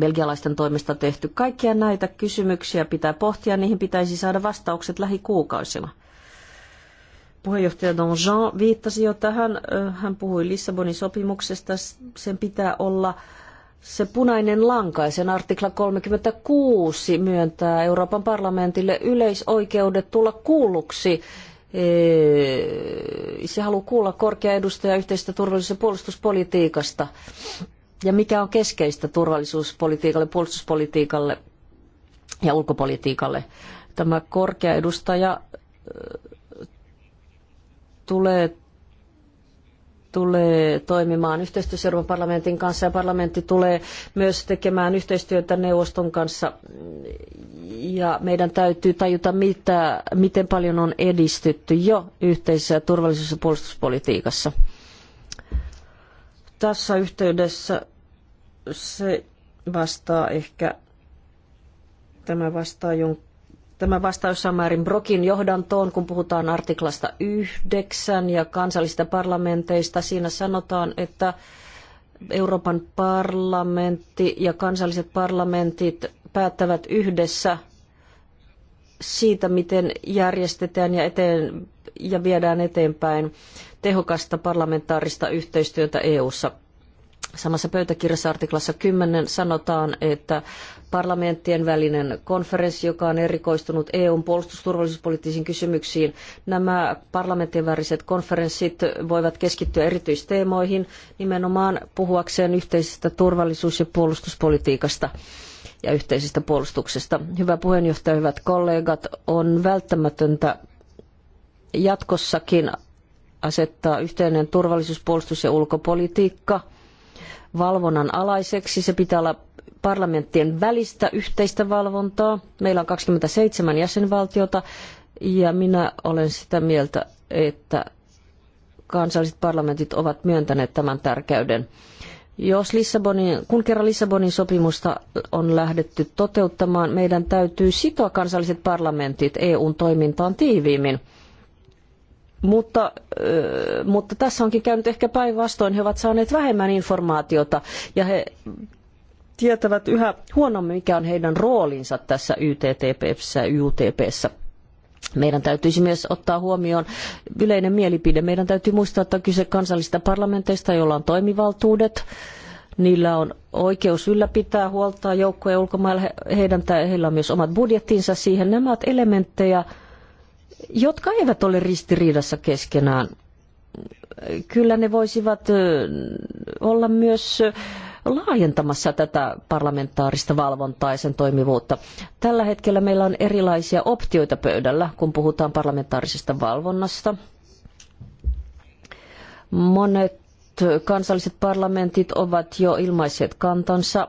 [SPEAKER 3] belgialaisten toimesta tehty. Kaikkia näitä kysymyksiä pitää pohtia, niihin pitäisi saada vastaukset lähikuukausina. Puheenjohtaja Donjon viittasi jo tähän, hän puhui Lissabonin sopimuksesta, sen pitää olla se punainen lanka ja sen artikla 36 myöntää Euroopan parlamentille yleisoikeudet tulla kuulluksi. Se haluaa kuulla korkea edustaja yhteisestä turvallisuus- ja puolustuspolitiikasta ja mikä on keskeistä turvallisuuspolitiikalle, puolustuspolitiikalle ja ulkopolitiikalle. Tämä korkea edustaja tulee tulee toimimaan yhteistyössä Euroopan parlamentin kanssa ja parlamentti tulee myös tekemään yhteistyötä neuvoston kanssa. Ja meidän täytyy tajuta, mitä, miten paljon on edistytty jo yhteisessä turvallisuus- ja puolustuspolitiikassa. Tässä yhteydessä se vastaa ehkä, tämä vastaa jon, tämä vastaa jossain määrin Brokin johdantoon, kun puhutaan artiklasta 9 ja kansallisista parlamenteista. Siinä sanotaan, että Euroopan parlamentti ja kansalliset parlamentit päättävät yhdessä siitä, miten järjestetään ja, eteen, ja viedään eteenpäin tehokasta parlamentaarista yhteistyötä EU:ssa. Samassa pöytäkirjassa artiklassa 10 sanotaan, että parlamenttien välinen konferenssi, joka on erikoistunut EUn puolustusturvallisuuspoliittisiin kysymyksiin. Nämä parlamenttien väliset konferenssit voivat keskittyä erityisteemoihin, nimenomaan puhuakseen yhteisestä turvallisuus- ja puolustuspolitiikasta ja yhteisestä puolustuksesta. Hyvä puheenjohtaja, hyvät kollegat, on välttämätöntä jatkossakin asettaa yhteinen turvallisuus, puolustus ja ulkopolitiikka – valvonnan alaiseksi. Se pitää olla parlamenttien välistä yhteistä valvontaa. Meillä on 27 jäsenvaltiota ja minä olen sitä mieltä, että kansalliset parlamentit ovat myöntäneet tämän tärkeyden. Jos Lissabonin, kun kerran Lissabonin sopimusta on lähdetty toteuttamaan, meidän täytyy sitoa kansalliset parlamentit EUn toimintaan tiiviimmin. Mutta, mutta tässä onkin käynyt ehkä päinvastoin. He ovat saaneet vähemmän informaatiota ja he tietävät yhä huonommin, mikä on heidän roolinsa tässä YTTPssä ja UTPssä. Meidän täytyisi myös ottaa huomioon yleinen mielipide. Meidän täytyy muistaa, että on kyse kansallisista parlamenteista, joilla on toimivaltuudet. Niillä on oikeus ylläpitää, huoltaa joukkoja ulkomailla. Heidän, heillä on myös omat budjettinsa siihen. Nämä ovat elementtejä, jotka eivät ole ristiriidassa keskenään. Kyllä ne voisivat olla myös laajentamassa tätä parlamentaarista valvontaa ja sen toimivuutta. Tällä hetkellä meillä on erilaisia optioita pöydällä, kun puhutaan parlamentaarisesta valvonnasta. Monet kansalliset parlamentit ovat jo ilmaisseet kantansa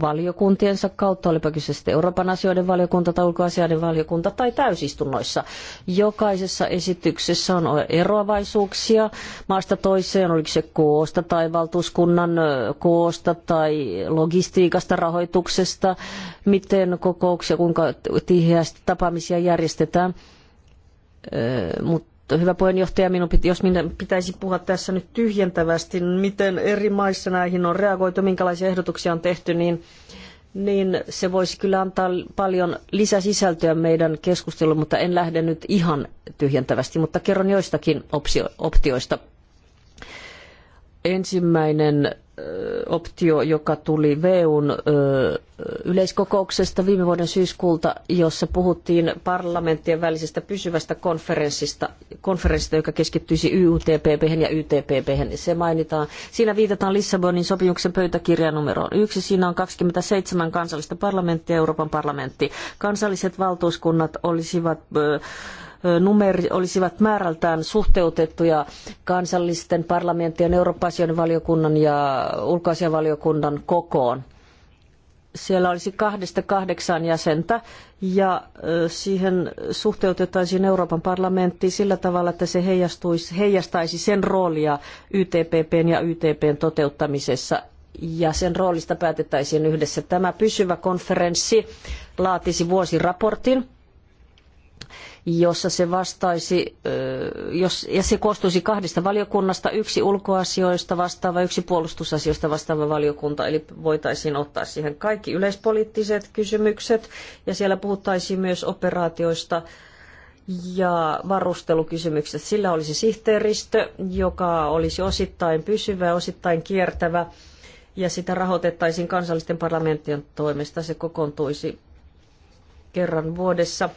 [SPEAKER 3] valiokuntiensa kautta, olipa kyse sitten Euroopan asioiden valiokunta tai ulkoasioiden valiokunta tai täysistunnoissa. Jokaisessa esityksessä on eroavaisuuksia maasta toiseen, oliko se koosta tai valtuuskunnan koosta tai logistiikasta, rahoituksesta, miten kokouksia, kuinka tiheästi tapaamisia järjestetään. Mutta hyvä puheenjohtaja, minun jos minä pitäisi puhua tässä nyt tyhjentävästi, miten eri maissa näihin on reagoitu, minkälaisia ehdotuksia on tehty, niin, niin se voisi kyllä antaa paljon lisäsisältöä meidän keskusteluun, mutta en lähde nyt ihan tyhjentävästi, mutta kerron joistakin optioista. Ensimmäinen optio, joka tuli VUn yleiskokouksesta viime vuoden syyskuulta, jossa puhuttiin parlamenttien välisestä pysyvästä konferenssista, konferenssista joka keskittyisi YUTPP ja YTPP. Se mainitaan. Siinä viitataan Lissabonin sopimuksen pöytäkirjan numeroon yksi. Siinä on 27 kansallista parlamenttia Euroopan parlamentti. Kansalliset valtuuskunnat olisivat ö, numeri olisivat määrältään suhteutettuja kansallisten parlamenttien, Euroopan valiokunnan ja ulkoasianvaliokunnan kokoon siellä olisi kahdesta kahdeksan jäsentä ja siihen suhteutettaisiin Euroopan parlamentti sillä tavalla, että se heijastuisi, heijastaisi sen roolia YTPPn ja YTPn toteuttamisessa ja sen roolista päätettäisiin yhdessä. Tämä pysyvä konferenssi laatisi vuosiraportin jossa se vastaisi, jos, ja se koostuisi kahdesta valiokunnasta, yksi ulkoasioista vastaava, yksi puolustusasioista vastaava valiokunta, eli voitaisiin ottaa siihen kaikki yleispoliittiset kysymykset, ja siellä puhuttaisiin myös operaatioista, ja varustelukysymykset. Sillä olisi sihteeristö, joka olisi osittain pysyvä ja osittain kiertävä, ja sitä rahoitettaisiin kansallisten parlamenttien toimesta. Se kokoontuisi kerran vuodessa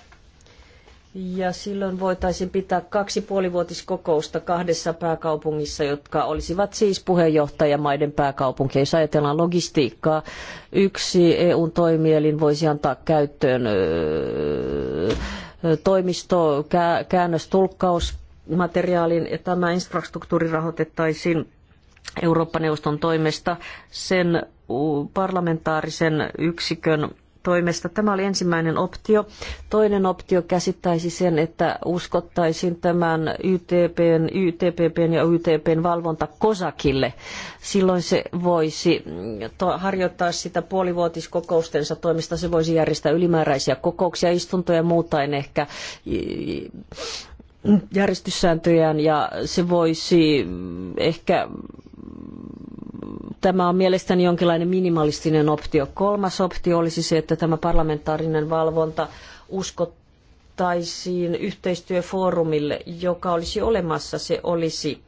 [SPEAKER 3] ja silloin voitaisiin pitää kaksi puolivuotiskokousta kahdessa pääkaupungissa, jotka olisivat siis puheenjohtajamaiden pääkaupunkeja. Jos ajatellaan logistiikkaa, yksi EUn toimielin voisi antaa käyttöön toimisto, käännös, tulkkaus, materiaalin ja tämä infrastruktuuri rahoitettaisiin Eurooppa-neuvoston toimesta sen parlamentaarisen yksikön toimesta. Tämä oli ensimmäinen optio. Toinen optio käsittäisi sen, että uskottaisiin tämän YTPn, YTPPn ja YTPn valvonta Kosakille. Silloin se voisi harjoittaa sitä puolivuotiskokoustensa toimesta. Se voisi järjestää ylimääräisiä kokouksia, istuntoja ja muuta en ehkä järjestyssääntöjään ja se voisi ehkä tämä on mielestäni jonkinlainen minimalistinen optio. Kolmas optio olisi se, että tämä parlamentaarinen valvonta uskottaisiin yhteistyöfoorumille, joka olisi olemassa. Se olisi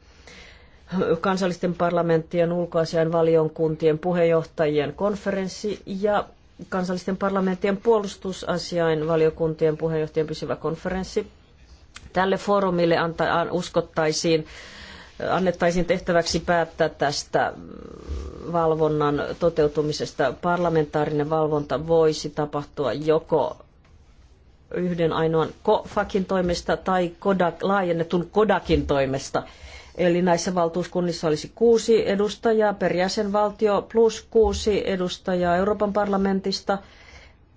[SPEAKER 3] kansallisten parlamenttien ulkoasian valiokuntien puheenjohtajien konferenssi ja kansallisten parlamenttien puolustusasiain valiokuntien puheenjohtajien pysyvä konferenssi. Tälle foorumille anta, uskottaisiin, annettaisiin tehtäväksi päättää tästä valvonnan toteutumisesta. Parlamentaarinen valvonta voisi tapahtua joko yhden ainoan KOFAKin toimesta tai Kodak, laajennetun Kodakin toimesta. Eli näissä valtuuskunnissa olisi kuusi edustajaa per jäsenvaltio plus kuusi edustajaa Euroopan parlamentista.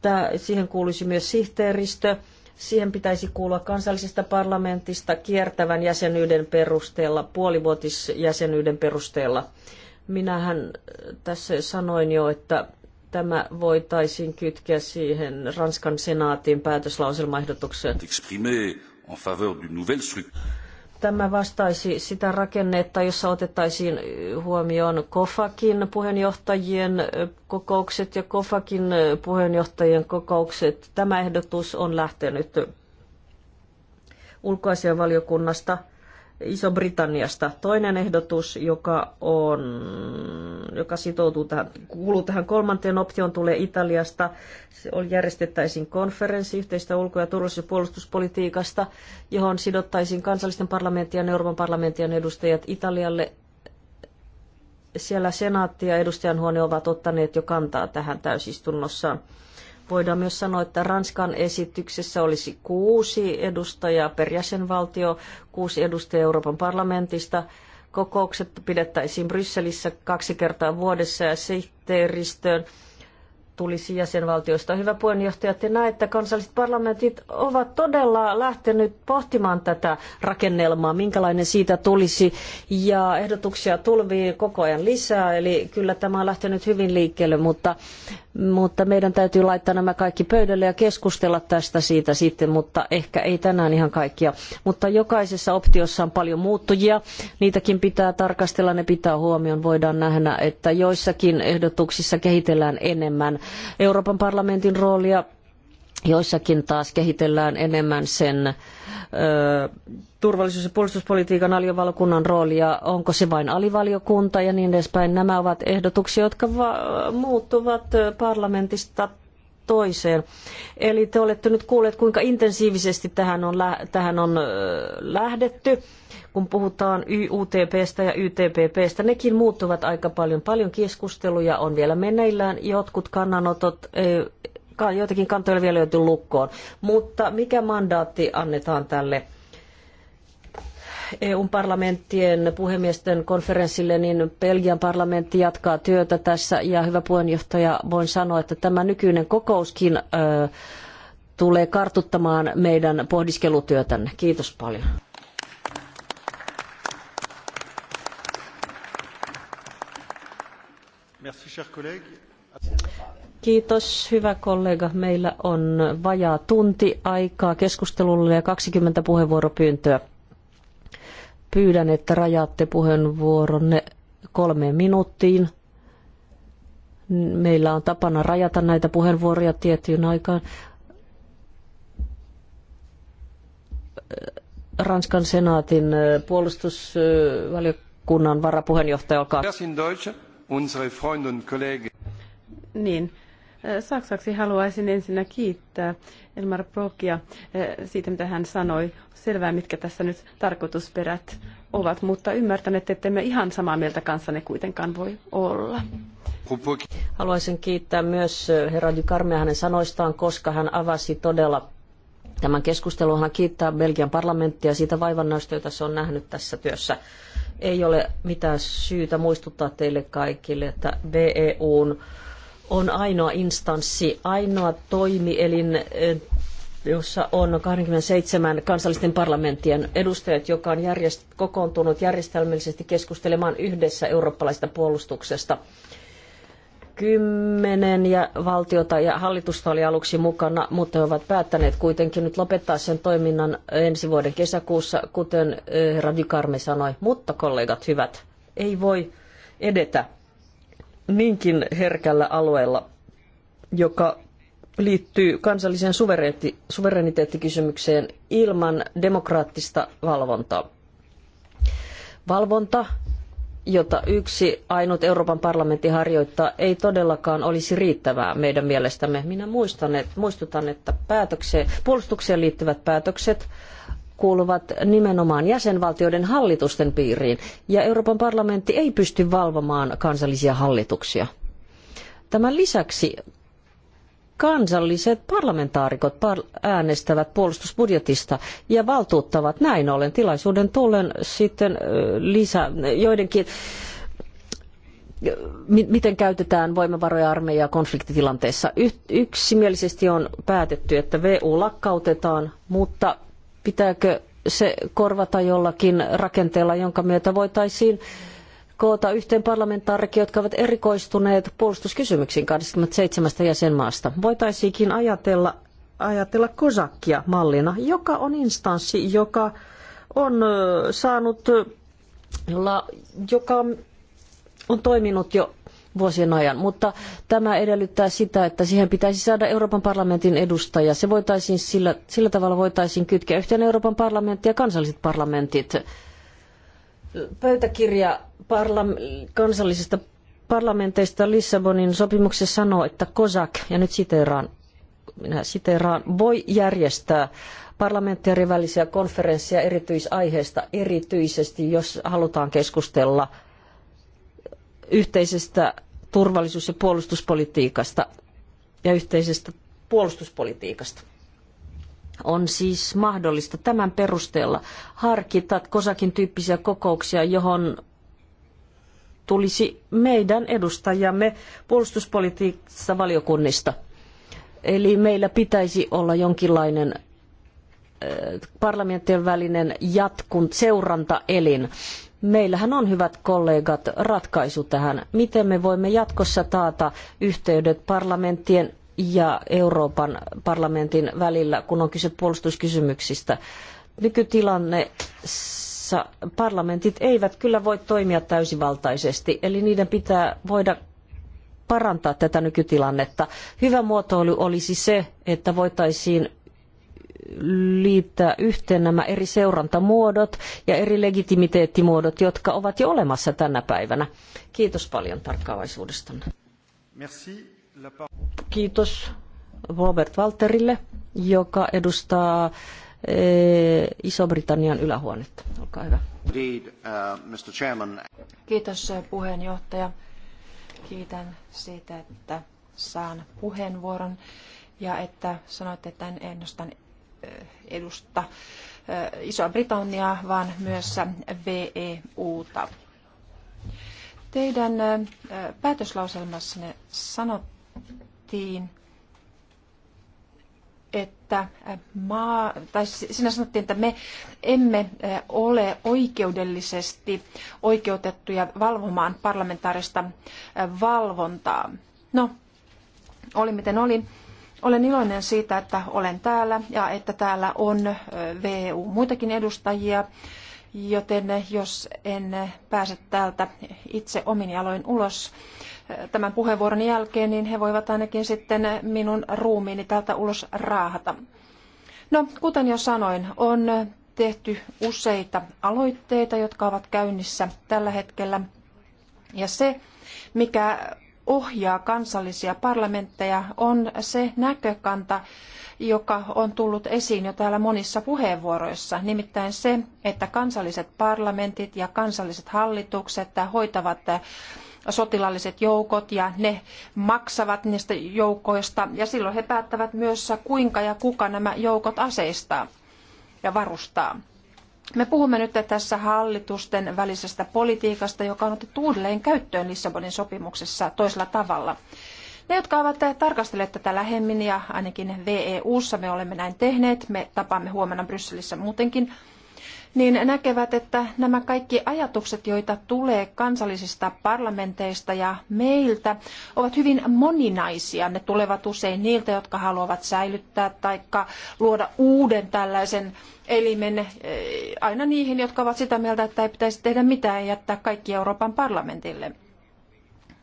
[SPEAKER 3] Tää, siihen kuuluisi myös sihteeristö Siihen pitäisi kuulua kansallisesta parlamentista kiertävän jäsenyyden perusteella, puolivuotisjäsenyyden perusteella. Minähän tässä sanoin jo, että tämä voitaisiin kytkeä siihen Ranskan senaatin päätöslauselmaehdotukseen tämä vastaisi sitä rakennetta, jossa otettaisiin huomioon Kofakin puheenjohtajien kokoukset ja Kofakin puheenjohtajien kokoukset. Tämä ehdotus on lähtenyt ulkoasianvaliokunnasta Iso-Britanniasta. Toinen ehdotus, joka, on, joka sitoutuu tähän, kuuluu tähän kolmanteen optioon, tulee Italiasta. Se järjestettäisiin konferenssi yhteistä ulko- ja turvallisuus- ja puolustuspolitiikasta, johon sidottaisiin kansallisten parlamenttien ja Euroopan parlamenttien edustajat Italialle. Siellä senaatti ja edustajanhuone ovat ottaneet jo kantaa tähän täysistunnossaan. Voidaan myös sanoa, että Ranskan esityksessä olisi kuusi edustajaa per jäsenvaltio, kuusi edustajaa Euroopan parlamentista. Kokoukset pidettäisiin Brysselissä kaksi kertaa vuodessa ja sihteeristöön tulisi jäsenvaltioista. Hyvä puheenjohtaja, te näette, että kansalliset parlamentit ovat todella lähteneet pohtimaan tätä rakennelmaa, minkälainen siitä tulisi, ja ehdotuksia tulvii koko ajan lisää, eli kyllä tämä on lähtenyt hyvin liikkeelle, mutta mutta meidän täytyy laittaa nämä kaikki pöydälle ja keskustella tästä siitä sitten, mutta ehkä ei tänään ihan kaikkia. Mutta jokaisessa optiossa on paljon muuttujia, niitäkin pitää tarkastella, ne pitää huomioon. Voidaan nähdä, että joissakin ehdotuksissa kehitellään enemmän Euroopan parlamentin roolia, joissakin taas kehitellään enemmän sen... Öö, turvallisuus- ja puolustuspolitiikan aliovalokunnan rooli ja onko se vain alivaliokunta ja niin edespäin. Nämä ovat ehdotuksia, jotka muuttuvat parlamentista toiseen. Eli te olette nyt kuulleet, kuinka intensiivisesti tähän on, tähän on lähdetty, kun puhutaan stä ja YTPPstä. Nekin muuttuvat aika paljon. Paljon keskusteluja on vielä meneillään. Jotkut kannanotot joitakin kantoja vielä löyty lukkoon. Mutta mikä mandaatti annetaan tälle EUn parlamenttien puhemiesten konferenssille, niin Belgian parlamentti jatkaa työtä tässä. Ja hyvä puheenjohtaja, voin sanoa, että tämä nykyinen kokouskin tulee kartuttamaan meidän pohdiskelutyötänne. Kiitos paljon. Kiitos, hyvä kollega. Meillä on vajaa tunti aikaa keskustelulle ja 20 puheenvuoropyyntöä pyydän, että rajaatte puheenvuoronne kolmeen minuuttiin. Meillä on tapana rajata näitä puheenvuoroja tiettyyn aikaan. Ranskan senaatin puolustusvaliokunnan varapuheenjohtaja, olkaa. Niin,
[SPEAKER 2] Saksaksi haluaisin ensinnä kiittää Elmar Brokia eh, siitä, mitä hän sanoi. Selvää, mitkä tässä nyt tarkoitusperät ovat, mutta ymmärtän, että me ihan samaa
[SPEAKER 3] mieltä kanssanne kuitenkaan voi olla. Haluaisin kiittää myös eh, herra Dykarmea hänen sanoistaan, koska hän avasi todella tämän keskustelun. Hän kiittää Belgian parlamenttia siitä vaivannoista, jota se on nähnyt tässä työssä. Ei ole mitään syytä muistuttaa teille kaikille, että BEUn on ainoa instanssi, ainoa toimielin, eh, jossa on 27 kansallisten parlamenttien edustajat, joka on järjest- kokoontunut järjestelmällisesti keskustelemaan yhdessä eurooppalaista puolustuksesta kymmenen ja valtiota ja hallitusta oli aluksi mukana, mutta he ovat päättäneet kuitenkin nyt lopettaa sen toiminnan ensi vuoden kesäkuussa, kuten eh, herra sanoi. Mutta kollegat hyvät, ei voi edetä niinkin herkällä alueella, joka liittyy kansalliseen suvereniteettikysymykseen ilman demokraattista valvontaa. Valvonta, jota yksi ainut Euroopan parlamentti harjoittaa, ei todellakaan olisi riittävää meidän mielestämme. Minä muistan, että, muistutan, että päätökseen, puolustukseen liittyvät päätökset kuuluvat nimenomaan jäsenvaltioiden hallitusten piiriin, ja Euroopan parlamentti ei pysty valvomaan kansallisia hallituksia. Tämän lisäksi kansalliset parlamentaarikot äänestävät puolustusbudjetista ja valtuuttavat näin ollen tilaisuuden tullen sitten lisä, joidenkin miten käytetään voimavaroja armeijaa konfliktitilanteessa. Yksimielisesti on päätetty, että VU lakkautetaan, mutta Pitääkö se korvata jollakin rakenteella, jonka myötä voitaisiin koota yhteen parlamentaarikki, jotka ovat erikoistuneet puolustuskysymyksiin 27 jäsenmaasta. Voitaisiinkin ajatella, ajatella Kosakia mallina, joka on instanssi, joka on saanut, jolla, joka on toiminut jo vuosien ajan. Mutta tämä edellyttää sitä, että siihen pitäisi saada Euroopan parlamentin edustaja. Se voitaisiin sillä, sillä tavalla voitaisiin kytkeä yhteen Euroopan parlamentti ja kansalliset parlamentit. Pöytäkirja kansallisista parlamenteista Lissabonin sopimuksessa sanoo, että COSAC, ja nyt siteeraan, minä siteeraan, voi järjestää parlamenttaarivälisiä konferensseja erityisaiheesta erityisesti jos halutaan keskustella – yhteisestä turvallisuus- ja puolustuspolitiikasta ja yhteisestä puolustuspolitiikasta. On siis mahdollista tämän perusteella harkita kosakin tyyppisiä kokouksia, johon tulisi meidän edustajamme puolustuspolitiikassa valiokunnista. Eli meillä pitäisi olla jonkinlainen eh, parlamenttien välinen jatkun seurantaelin, Meillähän on hyvät kollegat ratkaisu tähän. Miten me voimme jatkossa taata yhteydet parlamenttien ja Euroopan parlamentin välillä, kun on kyse puolustuskysymyksistä. Nykytilanneessa parlamentit eivät kyllä voi toimia täysivaltaisesti, eli niiden pitää voida parantaa tätä nykytilannetta. Hyvä muotoilu olisi se, että voitaisiin liittää yhteen nämä eri seurantamuodot ja eri legitimiteettimuodot, jotka ovat jo olemassa tänä päivänä. Kiitos paljon tarkkaavaisuudestanne. Kiitos Robert Walterille, joka edustaa eh, Iso-Britannian ylähuonetta. Olkaa hyvä. Uh,
[SPEAKER 4] Kiitos eh, puheenjohtaja. Kiitän siitä, että saan puheenvuoron ja että sanoitte, että ennustan edusta Isoa-Britanniaa, vaan myös VEUta. Teidän päätöslauselmassanne sanottiin, että maa, tai sinä sanottiin, että me emme ole oikeudellisesti oikeutettuja valvomaan parlamentaarista valvontaa. No, oli miten oli. Olen iloinen siitä, että olen täällä ja että täällä on VU muitakin edustajia, joten jos en pääse täältä itse omin jaloin ulos tämän puheenvuoron jälkeen, niin he voivat ainakin sitten minun ruumiini täältä ulos raahata. No, kuten jo sanoin, on tehty useita aloitteita, jotka ovat käynnissä tällä hetkellä. Ja se, mikä ohjaa kansallisia parlamentteja, on se näkökanta, joka on tullut esiin jo täällä monissa puheenvuoroissa, nimittäin se, että kansalliset parlamentit ja kansalliset hallitukset hoitavat sotilaalliset joukot ja ne maksavat niistä joukoista ja silloin he päättävät myös kuinka ja kuka nämä joukot aseistaa ja varustaa. Me puhumme nyt tässä hallitusten välisestä politiikasta, joka on otettu uudelleen käyttöön Lissabonin sopimuksessa toisella tavalla. Ne, jotka ovat tarkastelleet tätä lähemmin ja ainakin VEUssa me olemme näin tehneet, me tapaamme huomenna Brysselissä muutenkin niin näkevät, että nämä kaikki ajatukset, joita tulee kansallisista parlamenteista ja meiltä, ovat hyvin moninaisia. Ne tulevat usein niiltä, jotka haluavat säilyttää tai luoda uuden tällaisen elimen eh, aina niihin, jotka ovat sitä mieltä, että ei pitäisi tehdä mitään ja jättää kaikki Euroopan parlamentille.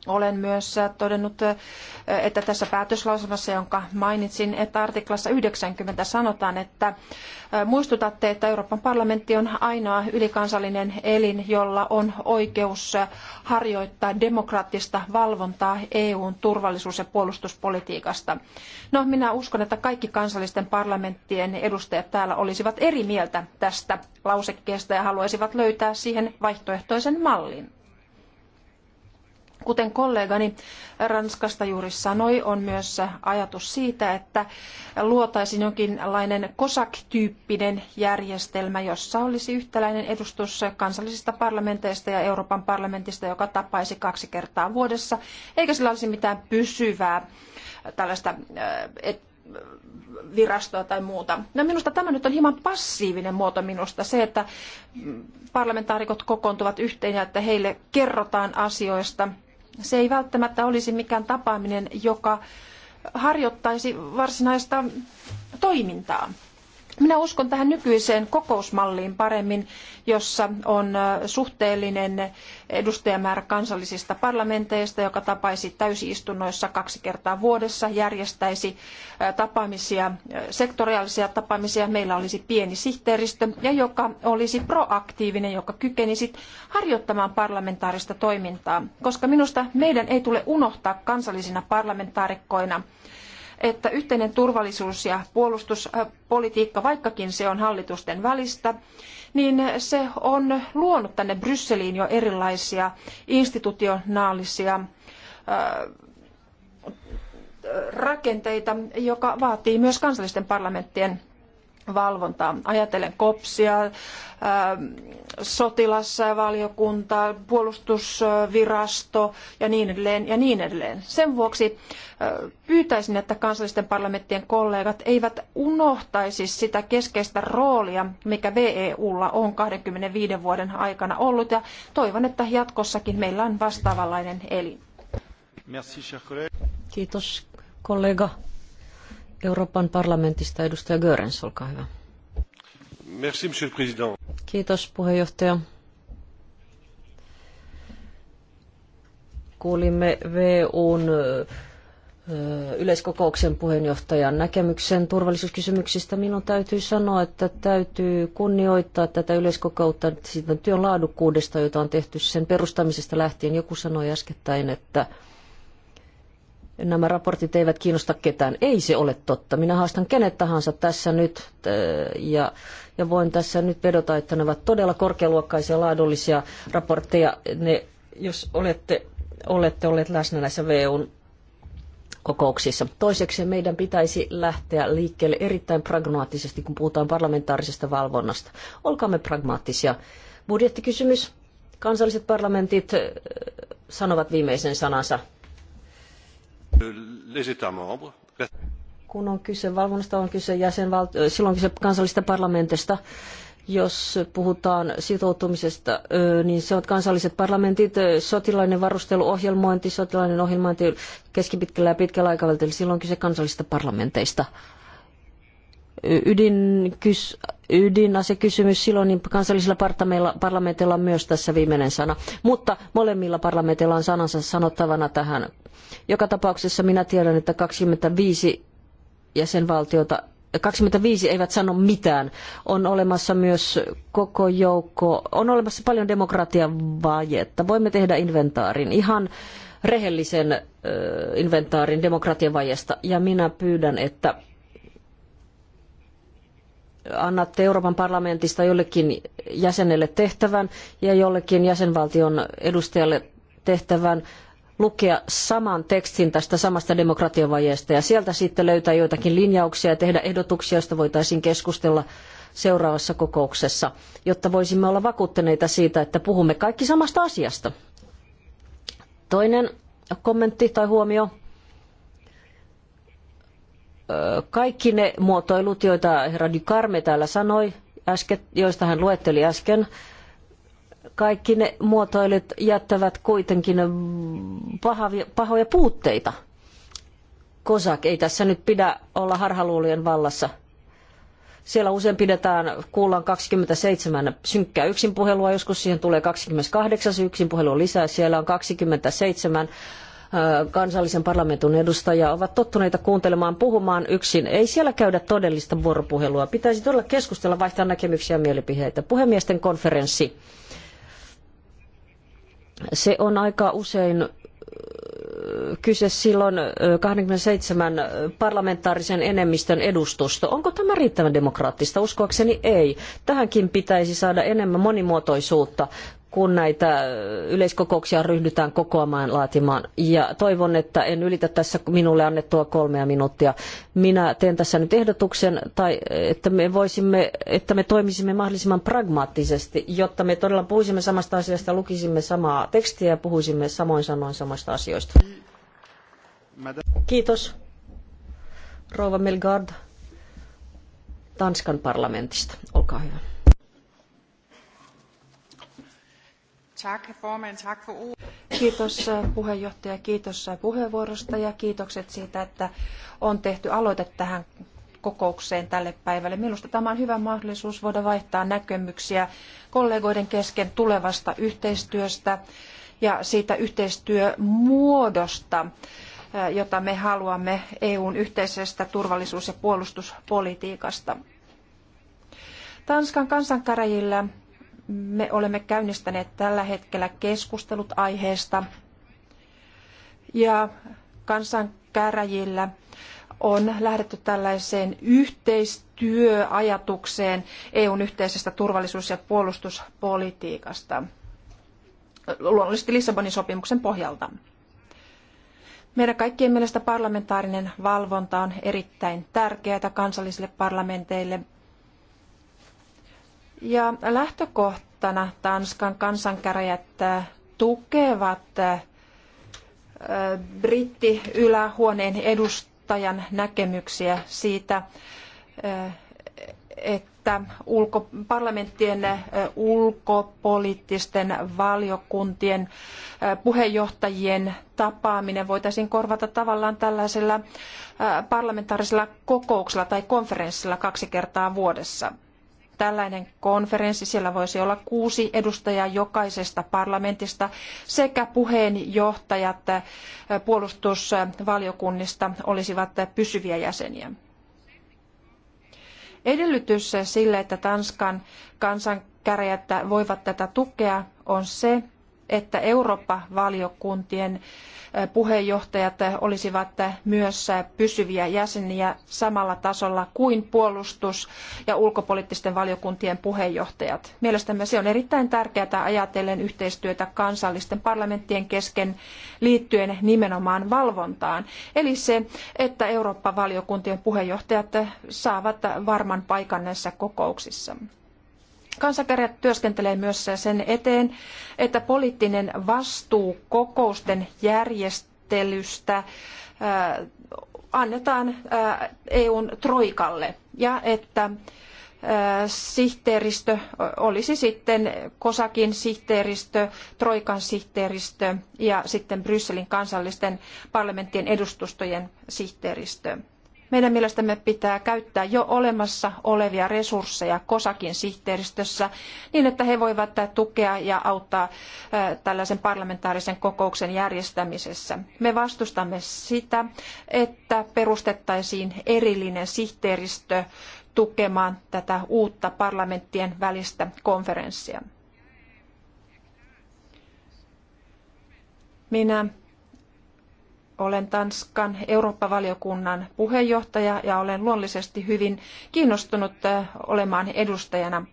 [SPEAKER 4] Olen myös todennut, että tässä päätöslauselmassa, jonka mainitsin, että artiklassa 90 sanotaan, että muistutatte, että Euroopan parlamentti on ainoa ylikansallinen elin, jolla on oikeus harjoittaa demokraattista valvontaa EUn turvallisuus- ja puolustuspolitiikasta. No, minä uskon, että kaikki kansallisten parlamenttien edustajat täällä olisivat eri mieltä tästä lausekkeesta ja haluaisivat löytää siihen vaihtoehtoisen mallin. Kuten kollegani Ranskasta juuri sanoi, on myös ajatus siitä, että luotaisiin jonkinlainen COSAC-tyyppinen järjestelmä, jossa olisi yhtäläinen edustus kansallisista parlamenteista ja Euroopan parlamentista, joka tapaisi kaksi kertaa vuodessa, eikä sillä olisi mitään pysyvää äh, tällaista äh, virastoa tai muuta. No minusta tämä nyt on hieman passiivinen muoto minusta, se, että mm, parlamentaarikot kokoontuvat yhteen ja että heille kerrotaan asioista – se ei välttämättä olisi mikään tapaaminen, joka harjoittaisi varsinaista toimintaa. Minä uskon tähän nykyiseen kokousmalliin paremmin, jossa on suhteellinen edustajamäärä kansallisista parlamenteista, joka tapaisi täysistunnoissa kaksi kertaa vuodessa, järjestäisi tapaamisia, sektoriaalisia tapaamisia, meillä olisi pieni sihteeristö ja joka olisi proaktiivinen, joka kykenisi harjoittamaan parlamentaarista toimintaa, koska minusta meidän ei tule unohtaa kansallisina parlamentaarikkoina että yhteinen turvallisuus- ja puolustuspolitiikka, vaikkakin se on hallitusten välistä, niin se on luonut tänne Brysseliin jo erilaisia institutionaalisia äh, rakenteita, joka vaatii myös kansallisten parlamenttien valvontaa. Ajatellen kopsia, sotilasvaliokunta, puolustusvirasto ja niin edelleen ja niin edelleen. Sen vuoksi pyytäisin, että kansallisten parlamenttien kollegat eivät unohtaisi sitä keskeistä roolia, mikä VEUlla on 25 vuoden aikana ollut ja toivon, että jatkossakin meillä on vastaavanlainen elin.
[SPEAKER 3] Kiitos kollega. Euroopan parlamentista edustaja Görens, olkaa hyvä.
[SPEAKER 4] Merci,
[SPEAKER 1] monsieur le président.
[SPEAKER 3] Kiitos puheenjohtaja. Kuulimme VUn yleiskokouksen puheenjohtajan näkemyksen turvallisuuskysymyksistä. Minun täytyy sanoa, että täytyy kunnioittaa tätä yleiskokoutta siitä työn laadukkuudesta, jota on tehty sen perustamisesta lähtien. Joku sanoi äskettäin, että nämä raportit eivät kiinnosta ketään. Ei se ole totta. Minä haastan kenet tahansa tässä nyt ja, ja voin tässä nyt vedota, että ne ovat todella korkealuokkaisia laadullisia raportteja. Ne, jos olette, olette olleet läsnä näissä VUn kokouksissa. Toiseksi meidän pitäisi lähteä liikkeelle erittäin pragmaattisesti, kun puhutaan parlamentaarisesta valvonnasta. Olkaamme pragmaattisia. Budjettikysymys. Kansalliset parlamentit sanovat viimeisen sanansa kun on kyse valvonnasta, on kyse jäsenvaltio, silloin on kyse kansallisesta parlamentista jos puhutaan sitoutumisesta, niin se on kansalliset parlamentit, sotilainen varustelu, ohjelmointi, sotilainen ohjelmointi keskipitkällä ja pitkällä aikavälillä, silloin on kyse kansallisista parlamenteista ydinkys, ydinasekysymys silloin, niin kansallisilla parlamenteilla on myös tässä viimeinen sana. Mutta molemmilla parlamenteilla on sanansa sanottavana tähän. Joka tapauksessa minä tiedän, että 25 jäsenvaltiota 25 eivät sano mitään. On olemassa myös koko joukko, on olemassa paljon demokratian vajetta. Voimme tehdä inventaarin, ihan rehellisen inventaarin demokratian vajesta. Ja minä pyydän, että annatte Euroopan parlamentista jollekin jäsenelle tehtävän ja jollekin jäsenvaltion edustajalle tehtävän lukea saman tekstin tästä samasta demokratiavajeesta ja sieltä sitten löytää joitakin linjauksia ja tehdä ehdotuksia, joista voitaisiin keskustella seuraavassa kokouksessa, jotta voisimme olla vakuuttuneita siitä, että puhumme kaikki samasta asiasta. Toinen kommentti tai huomio kaikki ne muotoilut, joita herra Ducarme täällä sanoi, äsken, joista hän luetteli äsken, kaikki ne muotoilut jättävät kuitenkin pahavia, pahoja puutteita. Kosak ei tässä nyt pidä olla harhaluulien vallassa. Siellä usein pidetään, kuullaan 27 synkkää yksinpuhelua, joskus siihen tulee 28 yksinpuhelua lisää, siellä on 27 kansallisen parlamentin edustajia ovat tottuneita kuuntelemaan puhumaan yksin. Ei siellä käydä todellista vuoropuhelua. Pitäisi todella keskustella, vaihtaa näkemyksiä ja mielipiteitä. Puhemiesten konferenssi. Se on aika usein kyse silloin 27 parlamentaarisen enemmistön edustusta. Onko tämä riittävän demokraattista? Uskoakseni ei. Tähänkin pitäisi saada enemmän monimuotoisuutta, kun näitä yleiskokouksia ryhdytään kokoamaan laatimaan. Ja toivon, että en ylitä tässä minulle annettua kolmea minuuttia. Minä teen tässä nyt ehdotuksen, tai että me, voisimme, että me toimisimme mahdollisimman pragmaattisesti, jotta me todella puhuisimme samasta asiasta, lukisimme samaa tekstiä ja puhuisimme samoin sanoin samasta asioista. Kiitos. Rouva Melgard Tanskan parlamentista. Olkaa hyvä.
[SPEAKER 4] Kiitos puheenjohtaja, kiitos puheenvuorosta ja kiitokset siitä, että on tehty aloite tähän kokoukseen tälle päivälle. Minusta tämä on hyvä mahdollisuus voida vaihtaa näkemyksiä kollegoiden kesken tulevasta yhteistyöstä ja siitä yhteistyömuodosta, jota me haluamme EUn yhteisestä turvallisuus- ja puolustuspolitiikasta. Tanskan kansankäräjillä me olemme käynnistäneet tällä hetkellä keskustelut aiheesta ja kansankäräjillä on lähdetty tällaiseen yhteistyöajatukseen EUn yhteisestä turvallisuus- ja puolustuspolitiikasta, luonnollisesti Lissabonin sopimuksen pohjalta. Meidän kaikkien mielestä parlamentaarinen valvonta on erittäin tärkeää kansallisille parlamenteille – ja lähtökohtana Tanskan kansankäräjät äh, tukevat äh, britti ylähuoneen edustajan näkemyksiä siitä, äh, että ulko, parlamenttien ulkopoliittisten valiokuntien puheenjohtajien tapaaminen voitaisiin korvata tavallaan tällaisella parlamentaarisella kokouksella tai konferenssilla kaksi kertaa vuodessa tällainen konferenssi. Siellä voisi olla kuusi edustajaa jokaisesta parlamentista sekä puheenjohtajat puolustusvaliokunnista olisivat pysyviä jäseniä. Edellytys sille, että Tanskan kansankäräjät voivat tätä tukea, on se, että Eurooppa-valiokuntien puheenjohtajat olisivat myös pysyviä jäseniä samalla tasolla kuin puolustus- ja ulkopoliittisten valiokuntien puheenjohtajat. Mielestämme se on erittäin tärkeää ajatellen yhteistyötä kansallisten parlamenttien kesken liittyen nimenomaan valvontaan. Eli se, että Eurooppa-valiokuntien puheenjohtajat saavat varman paikan näissä kokouksissa. Kansankerjat työskentelee myös sen eteen, että poliittinen vastuu kokousten järjestelystä äh, annetaan äh, EUn troikalle ja että äh, sihteeristö olisi sitten Kosakin sihteeristö, Troikan sihteeristö ja sitten Brysselin kansallisten parlamenttien edustustojen sihteeristö. Meidän mielestämme pitää käyttää jo olemassa olevia resursseja Kosakin sihteeristössä niin, että he voivat tukea ja auttaa tällaisen parlamentaarisen kokouksen järjestämisessä. Me vastustamme sitä, että perustettaisiin erillinen sihteeristö tukemaan tätä uutta parlamenttien välistä konferenssia. Minä olen Tanskan Eurooppa-valiokunnan puheenjohtaja ja olen luonnollisesti hyvin kiinnostunut äh, olemaan edustajana.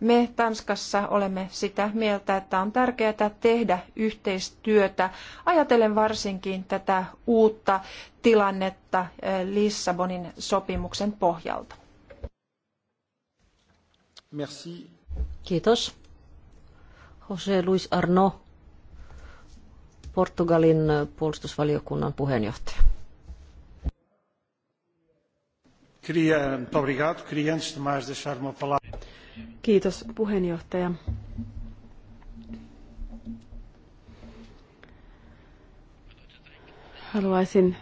[SPEAKER 4] Me Tanskassa olemme sitä mieltä, että on tärkeää tehdä yhteistyötä, ajatellen varsinkin tätä uutta tilannetta äh, Lissabonin sopimuksen pohjalta.
[SPEAKER 3] Merci. Kiitos. José Luis Arno Portugalin puolustusvaliokunnan puheenjohtaja.
[SPEAKER 2] Kiitos puheenjohtaja. Haluaisin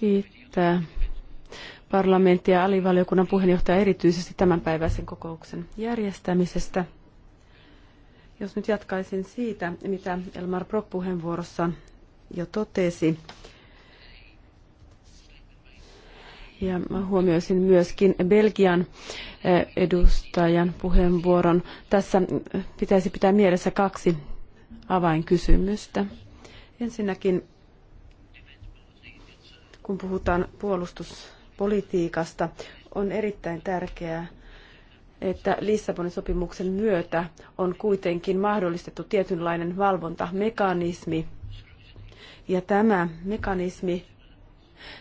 [SPEAKER 2] kiittää parlamenttia ja alivaliokunnan puheenjohtajaa erityisesti tämänpäiväisen kokouksen järjestämisestä. Jos nyt jatkaisin siitä, mitä Elmar Brock puheenvuorossa jo totesi, ja mä huomioisin myöskin Belgian eh, edustajan puheenvuoron. Tässä eh, pitäisi pitää mielessä kaksi avainkysymystä. Ensinnäkin, kun puhutaan puolustuspolitiikasta, on erittäin tärkeää että Lissabonin sopimuksen myötä on kuitenkin mahdollistettu tietynlainen valvontamekanismi. Ja tämä mekanismi,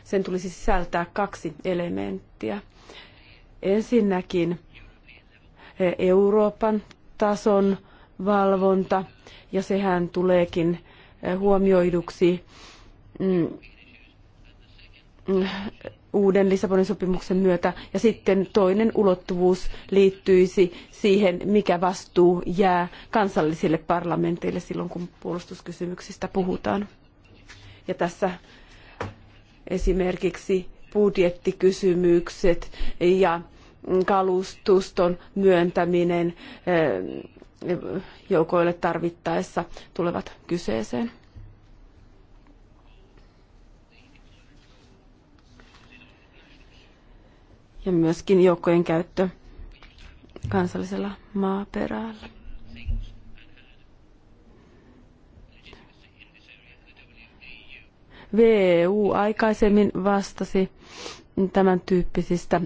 [SPEAKER 2] sen tulisi sisältää kaksi elementtiä. Ensinnäkin eh, Euroopan tason valvonta, ja sehän tuleekin eh, huomioiduksi mm, uuden Lissabonin sopimuksen myötä. Ja sitten toinen ulottuvuus liittyisi siihen, mikä vastuu jää kansallisille parlamenteille silloin, kun puolustuskysymyksistä puhutaan. Ja tässä esimerkiksi budjettikysymykset ja kalustuston myöntäminen eh, joukoille tarvittaessa tulevat kyseeseen. ja myöskin joukkojen käyttö kansallisella maaperällä. VEU aikaisemmin vastasi tämän tyyppisistä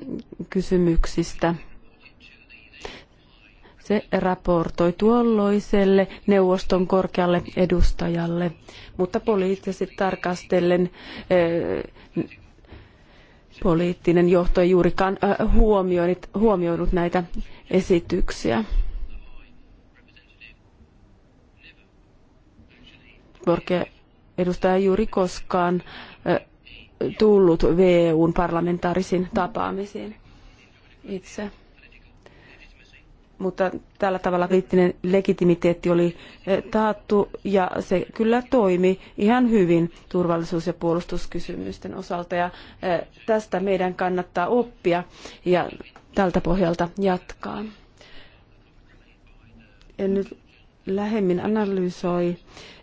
[SPEAKER 2] kysymyksistä. Se raportoi tuolloiselle neuvoston korkealle edustajalle, mutta poliittisesti tarkastellen eh, poliittinen johto ei juurikaan äh, huomioinut, huomioinut näitä esityksiä. Korkea edustaja ei juuri koskaan äh, tullut VUn parlamentaarisiin tapaamisiin itse mutta tällä tavalla kriittinen legitimiteetti oli eh, taattu ja se kyllä toimi ihan hyvin turvallisuus- ja puolustuskysymysten osalta ja eh, tästä meidän kannattaa oppia ja tältä pohjalta jatkaa. En nyt lähemmin analysoi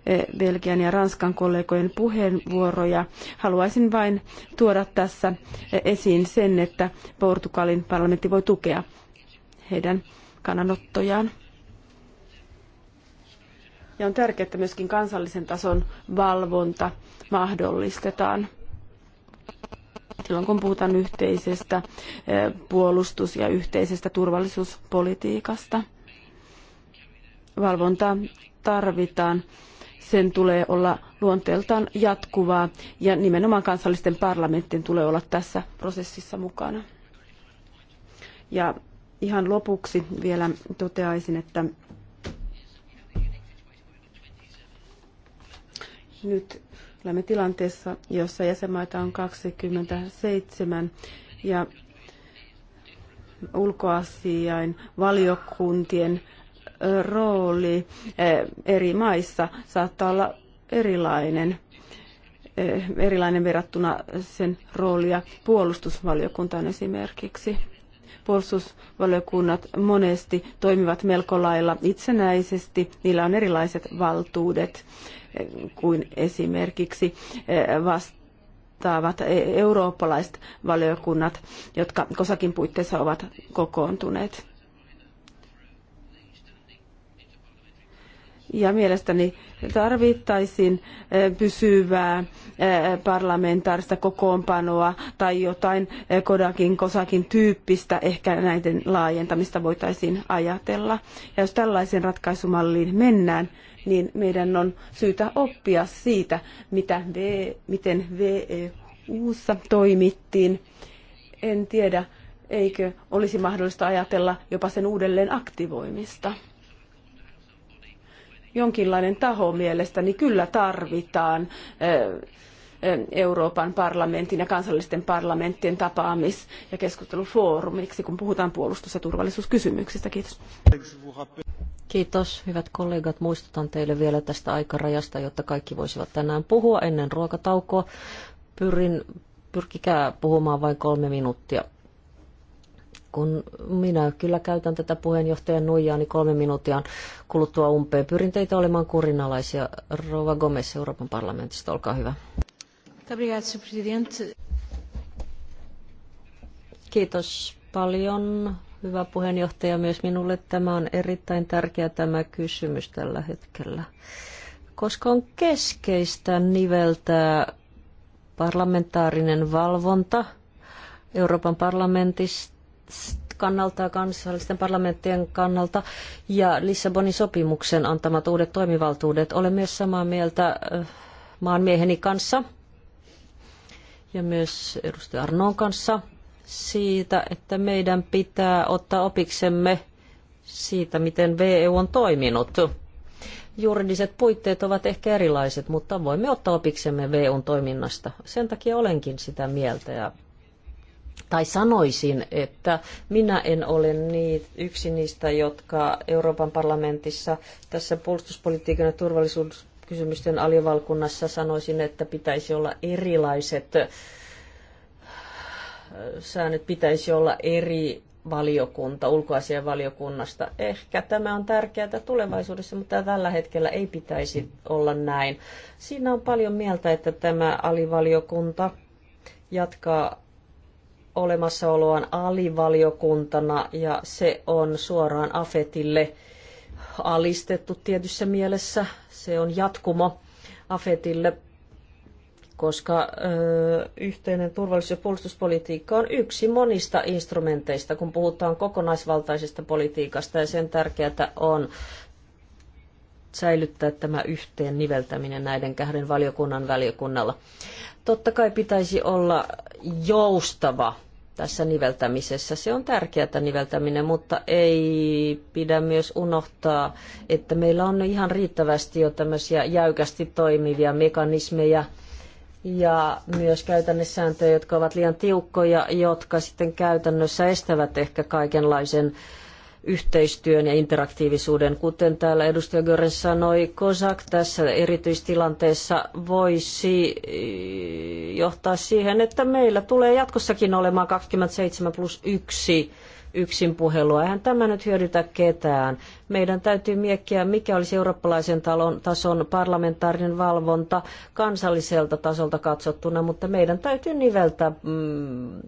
[SPEAKER 2] eh, Belgian ja Ranskan kollegojen puheenvuoroja. Haluaisin vain tuoda tässä esiin sen, että Portugalin parlamentti voi tukea heidän kannanottojaan. Ja on tärkeää, että myöskin kansallisen tason valvonta mahdollistetaan silloin, kun puhutaan yhteisestä eh, puolustus- ja yhteisestä turvallisuuspolitiikasta. Valvontaa tarvitaan. Sen tulee olla luonteeltaan jatkuvaa ja nimenomaan kansallisten parlamenttien tulee olla tässä prosessissa mukana. Ja ihan lopuksi vielä toteaisin, että nyt olemme tilanteessa, jossa jäsenmaita on 27 ja ulkoasiain valiokuntien rooli eh, eri maissa saattaa olla erilainen eh, erilainen verrattuna sen roolia puolustusvaliokuntaan esimerkiksi. Puolustusvaliokunnat monesti toimivat melko lailla itsenäisesti, niillä on erilaiset valtuudet eh, kuin esimerkiksi eh, vastaavat e- eurooppalaiset valiokunnat, jotka kosakin puitteissa ovat kokoontuneet. Ja mielestäni tarvittaisiin eh, pysyvää eh, parlamentaarista kokoonpanoa tai jotain eh, Kodakin, Kosakin tyyppistä ehkä näiden laajentamista voitaisiin ajatella. Ja jos tällaiseen ratkaisumalliin mennään, niin meidän on syytä oppia siitä, mitä v, miten VEUssa toimittiin. En tiedä, eikö olisi mahdollista ajatella jopa sen uudelleen aktivoimista jonkinlainen taho mielestäni niin kyllä tarvitaan Euroopan parlamentin ja kansallisten parlamenttien tapaamis- ja keskustelufoorumiksi,
[SPEAKER 3] kun puhutaan puolustus- ja turvallisuuskysymyksistä. Kiitos. Kiitos, hyvät kollegat. Muistutan teille vielä tästä aikarajasta, jotta kaikki voisivat tänään puhua ennen ruokataukoa. Pyrin, pyrkikää puhumaan vain kolme minuuttia kun minä kyllä käytän tätä puheenjohtajan nuijaa, niin kolme minuuttia on kuluttua umpeen. Pyrin teitä olemaan kurinalaisia. Rova Gomez Euroopan parlamentista, olkaa hyvä. Kiitos paljon. Hyvä puheenjohtaja myös minulle. Tämä on erittäin tärkeä tämä kysymys tällä hetkellä, koska on keskeistä niveltää parlamentaarinen valvonta Euroopan parlamentista kannalta ja kansallisten parlamenttien kannalta ja Lissabonin sopimuksen antamat uudet toimivaltuudet. Olen myös samaa mieltä äh, maanmieheni kanssa ja myös edustaja Arnon kanssa siitä, että meidän pitää ottaa opiksemme siitä, miten VEU on toiminut. Juridiset puitteet ovat ehkä erilaiset, mutta voimme ottaa opiksemme VEUn toiminnasta. Sen takia olenkin sitä mieltä ja tai sanoisin, että minä en ole niin, yksi niistä, jotka Euroopan parlamentissa tässä puolustuspolitiikan ja turvallisuuskysymysten alivalkunnassa sanoisin, että pitäisi olla erilaiset äh, säännöt, pitäisi olla eri valiokunta, ulkoasiainvaliokunnasta. Ehkä tämä on tärkeää tulevaisuudessa, mutta tällä hetkellä ei pitäisi olla näin. Siinä on paljon mieltä, että tämä alivaliokunta jatkaa olemassaoloaan alivaliokuntana ja se on suoraan AFETille alistettu tietyssä mielessä. Se on jatkumo AFETille, koska ö, yhteinen turvallisuus- ja puolustuspolitiikka on yksi monista instrumenteista, kun puhutaan kokonaisvaltaisesta politiikasta ja sen tärkeää on säilyttää tämä yhteen niveltäminen näiden kahden valiokunnan valiokunnalla. Totta kai pitäisi olla joustava tässä niveltämisessä. Se on tärkeää niveltäminen, mutta ei pidä myös unohtaa, että meillä on ihan riittävästi jo tämmöisiä jäykästi toimivia mekanismeja ja myös käytännössääntöjä, jotka ovat liian tiukkoja, jotka sitten käytännössä estävät ehkä kaikenlaisen äh, yhteistyön ja interaktiivisuuden. Kuten täällä edustaja Gören sanoi, COSAC tässä erityistilanteessa voisi eh, johtaa siihen, että meillä tulee jatkossakin olemaan 27 plus 1 yksin puhelua. Eihän tämä nyt hyödytä ketään. Meidän täytyy miettiä, mikä olisi eurooppalaisen talon, tason parlamentaarinen valvonta kansalliselta tasolta katsottuna, mutta meidän täytyy niveltää mm,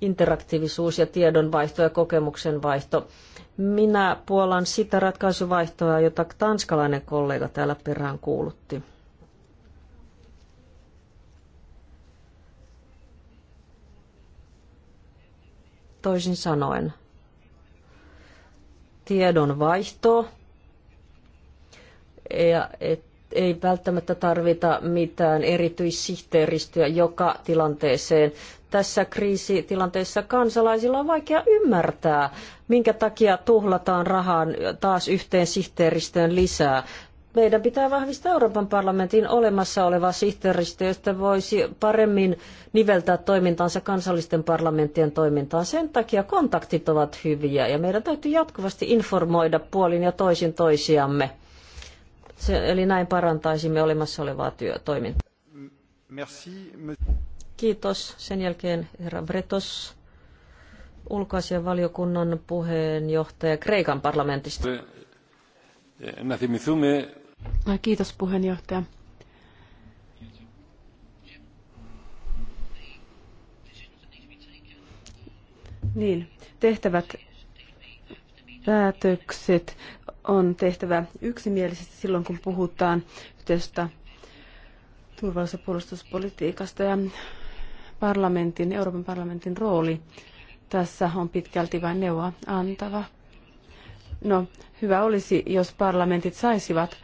[SPEAKER 3] interaktiivisuus ja tiedonvaihto ja kokemuksen vaihto minä puolan sitä ratkaisuvaihtoa, jota tanskalainen kollega täällä perään kuulutti. Toisin sanoen, tiedon vaihto ja et, ei välttämättä tarvita mitään erityissihteeristöä joka tilanteeseen tässä kriisitilanteessa kansalaisilla on vaikea ymmärtää, minkä takia tuhlataan rahaa taas yhteen sihteeristöön lisää. Meidän pitää vahvistaa Euroopan parlamentin olemassa olevaa sihteeristöä, josta voisi paremmin niveltää toimintaansa kansallisten parlamenttien toimintaan. Sen takia kontaktit ovat hyviä ja meidän täytyy jatkuvasti informoida puolin ja toisin toisiamme. Se, eli näin parantaisimme olemassa olevaa työtoimintaa.
[SPEAKER 1] toimintaa. Merci.
[SPEAKER 3] Kiitos. Sen jälkeen herra Bretos, ulkoasian valiokunnan puheenjohtaja Kreikan parlamentista. Kiitos puheenjohtaja.
[SPEAKER 2] Niin, tehtävät päätökset on tehtävä yksimielisesti silloin, kun puhutaan yhteisestä turvallisuus- ja puolustuspolitiikasta. Ja parlamentin, Euroopan parlamentin rooli tässä on pitkälti vain neuvoa antava. No, hyvä olisi, jos parlamentit saisivat eh,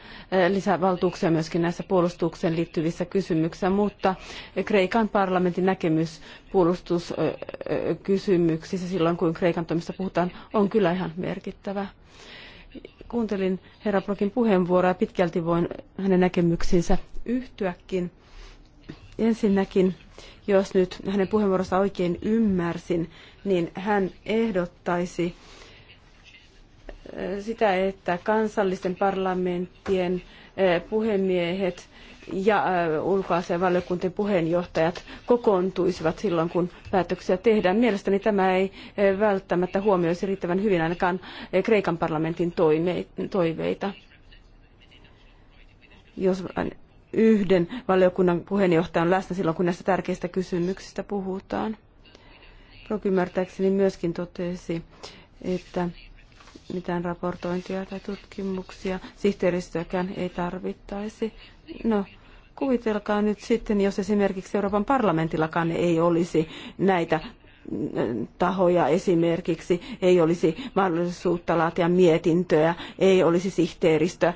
[SPEAKER 2] lisävaltuuksia myöskin näissä puolustukseen liittyvissä kysymyksissä, mutta Kreikan parlamentin näkemys puolustuskysymyksissä silloin, kun Kreikan toimista puhutaan, on kyllä ihan merkittävä. Kuuntelin herra Brokin puheenvuoroa ja pitkälti voin hänen näkemyksiinsä yhtyäkin. Ensinnäkin jos nyt hänen puheenvuorossa oikein ymmärsin, niin hän ehdottaisi eh, sitä, että kansallisten parlamenttien eh, puhemiehet ja eh, valiokuntien puheenjohtajat kokoontuisivat silloin, kun päätöksiä tehdään. Mielestäni tämä ei välttämättä huomioisi riittävän hyvin ainakaan Kreikan parlamentin toiveita. Jos yhden valiokunnan puheenjohtajan läsnä silloin, kun näistä tärkeistä kysymyksistä puhutaan. Brok ymmärtääkseni myöskin totesi, että mitään raportointia tai tutkimuksia sihteeristöäkään ei tarvittaisi. No, kuvitelkaa nyt sitten, jos esimerkiksi Euroopan parlamentillakaan ei olisi näitä tahoja esimerkiksi, ei olisi mahdollisuutta laatia mietintöä, ei olisi sihteeristöä.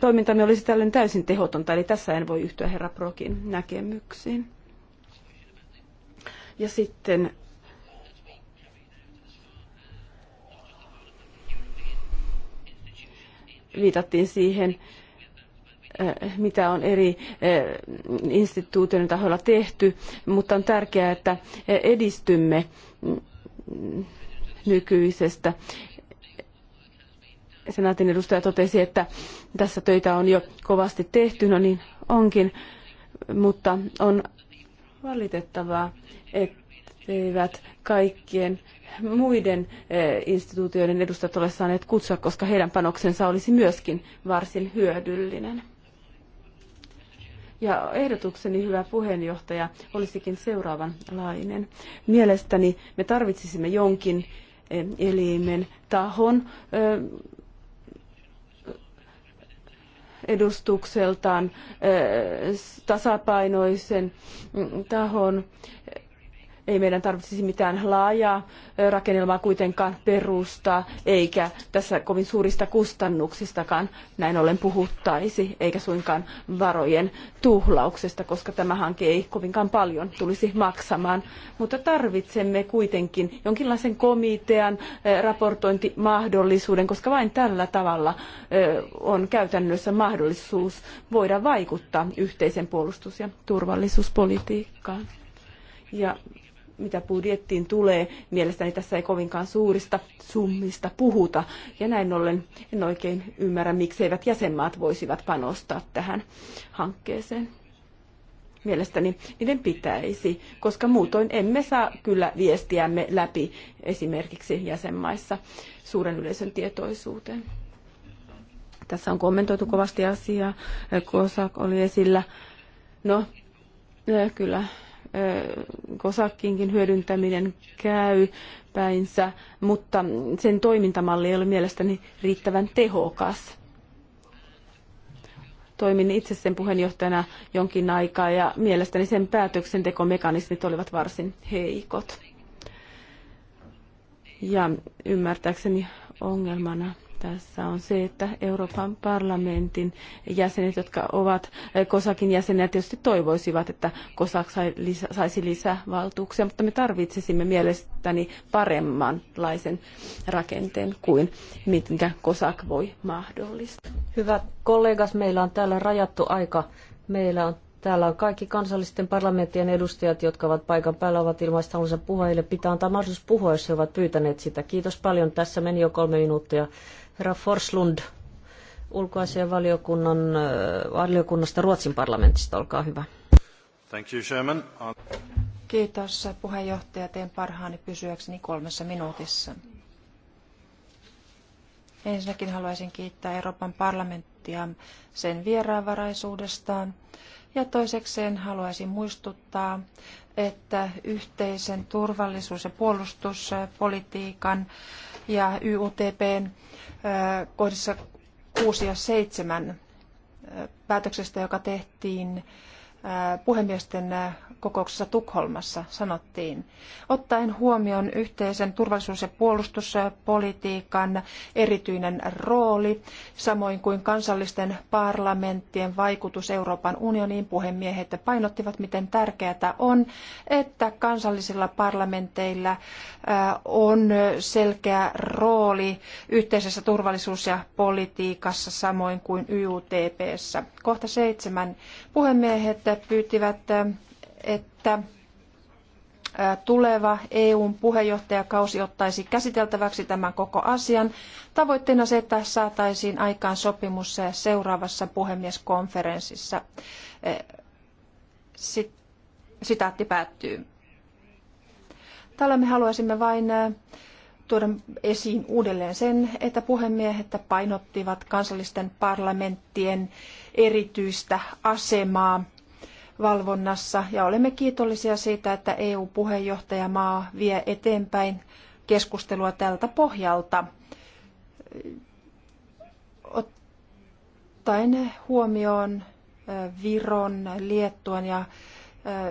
[SPEAKER 2] Toimintamme olisi tällöin täysin tehotonta, eli tässä en voi yhtyä herra Prokin näkemyksiin. Ja sitten viitattiin siihen, Eh, mitä on eri eh, instituutioiden tahoilla tehty, mutta on tärkeää, että eh, edistymme mm, nykyisestä. Senaatin edustaja totesi, että tässä töitä on jo kovasti tehty, no niin onkin, mutta on valitettavaa, etteivät kaikkien muiden instituutioiden edustajat ole saaneet kutsua, koska heidän panoksensa olisi myöskin varsin hyödyllinen. Ja ehdotukseni, hyvä puheenjohtaja, olisikin seuraavanlainen. Mielestäni me tarvitsisimme jonkin eh, elimen tahon eh, edustukseltaan eh, tasapainoisen mm, tahon ei meidän tarvitsisi mitään laajaa rakennelmaa kuitenkaan perustaa, eikä tässä kovin suurista kustannuksistakaan näin ollen puhuttaisi, eikä suinkaan varojen tuhlauksesta, koska tämä hanke ei kovinkaan paljon tulisi maksamaan. Mutta tarvitsemme kuitenkin jonkinlaisen komitean raportointimahdollisuuden, koska vain tällä tavalla on käytännössä mahdollisuus voida vaikuttaa yhteisen puolustus- ja turvallisuuspolitiikkaan. Ja mitä budjettiin tulee, mielestäni tässä ei kovinkaan suurista summista puhuta. Ja näin ollen en oikein ymmärrä, mikseivät jäsenmaat voisivat panostaa tähän hankkeeseen. Mielestäni niiden pitäisi, koska muutoin emme saa kyllä viestiämme läpi esimerkiksi jäsenmaissa suuren yleisön tietoisuuteen. Tässä on kommentoitu kovasti asiaa. Kosak oli esillä. No, kyllä kosakkiinkin hyödyntäminen käy päinsä, mutta sen toimintamalli ei ole mielestäni riittävän tehokas. Toimin itse sen puheenjohtajana jonkin aikaa ja mielestäni sen päätöksentekomekanismit olivat varsin heikot. Ja ymmärtääkseni ongelmana tässä on se, että Euroopan parlamentin jäsenet, jotka ovat eh, Kosakin jäseniä, tietysti toivoisivat, että Kosak saisi lisää valtuuksia, mutta me tarvitsisimme mielestäni paremmanlaisen
[SPEAKER 3] rakenteen
[SPEAKER 2] kuin mitkä Kosak voi
[SPEAKER 3] mahdollistaa. Hyvät kollegas, meillä on täällä rajattu aika. Meillä on Täällä on kaikki kansallisten parlamenttien edustajat, jotka ovat paikan päällä, ovat ilmaista halunsa puhua. Heille pitää antaa mahdollisuus puhua, jos he ovat pyytäneet sitä. Kiitos paljon. Tässä meni jo kolme minuuttia herra Forslund ulkoasianvaliokunnan valiokunnasta Ruotsin parlamentista. Olkaa hyvä.
[SPEAKER 4] Thank you, Chairman. Kiitos puheenjohtaja. Teen parhaani pysyäkseni kolmessa minuutissa. Ensinnäkin haluaisin kiittää Euroopan parlamenttia sen vieraanvaraisuudestaan. Ja toisekseen haluaisin muistuttaa, että yhteisen turvallisuus- ja puolustuspolitiikan ja YUTPn kohdissa kuusi ja seitsemän päätöksestä, joka tehtiin puhemiesten kokouksessa Tukholmassa sanottiin, ottaen huomioon yhteisen turvallisuus- ja puolustuspolitiikan erityinen rooli, samoin kuin kansallisten parlamenttien vaikutus Euroopan unioniin, puhemiehet painottivat, miten tärkeää on, että kansallisilla parlamenteilla on selkeä rooli yhteisessä turvallisuus- ja politiikassa, samoin kuin YUTPssä. Kohta seitsemän puhemiehet pyytivät, että tuleva EUn puheenjohtajakausi ottaisi käsiteltäväksi tämän koko asian. Tavoitteena se, että saataisiin aikaan sopimus seuraavassa puhemieskonferenssissa. Sitaatti päättyy. Tällä me haluaisimme vain tuoda esiin uudelleen sen, että puhemiehet painottivat kansallisten parlamenttien erityistä asemaa valvonnassa ja olemme kiitollisia siitä, että EU-puheenjohtajamaa vie eteenpäin keskustelua tältä pohjalta. Ottaen huomioon Viron, Liettuan ja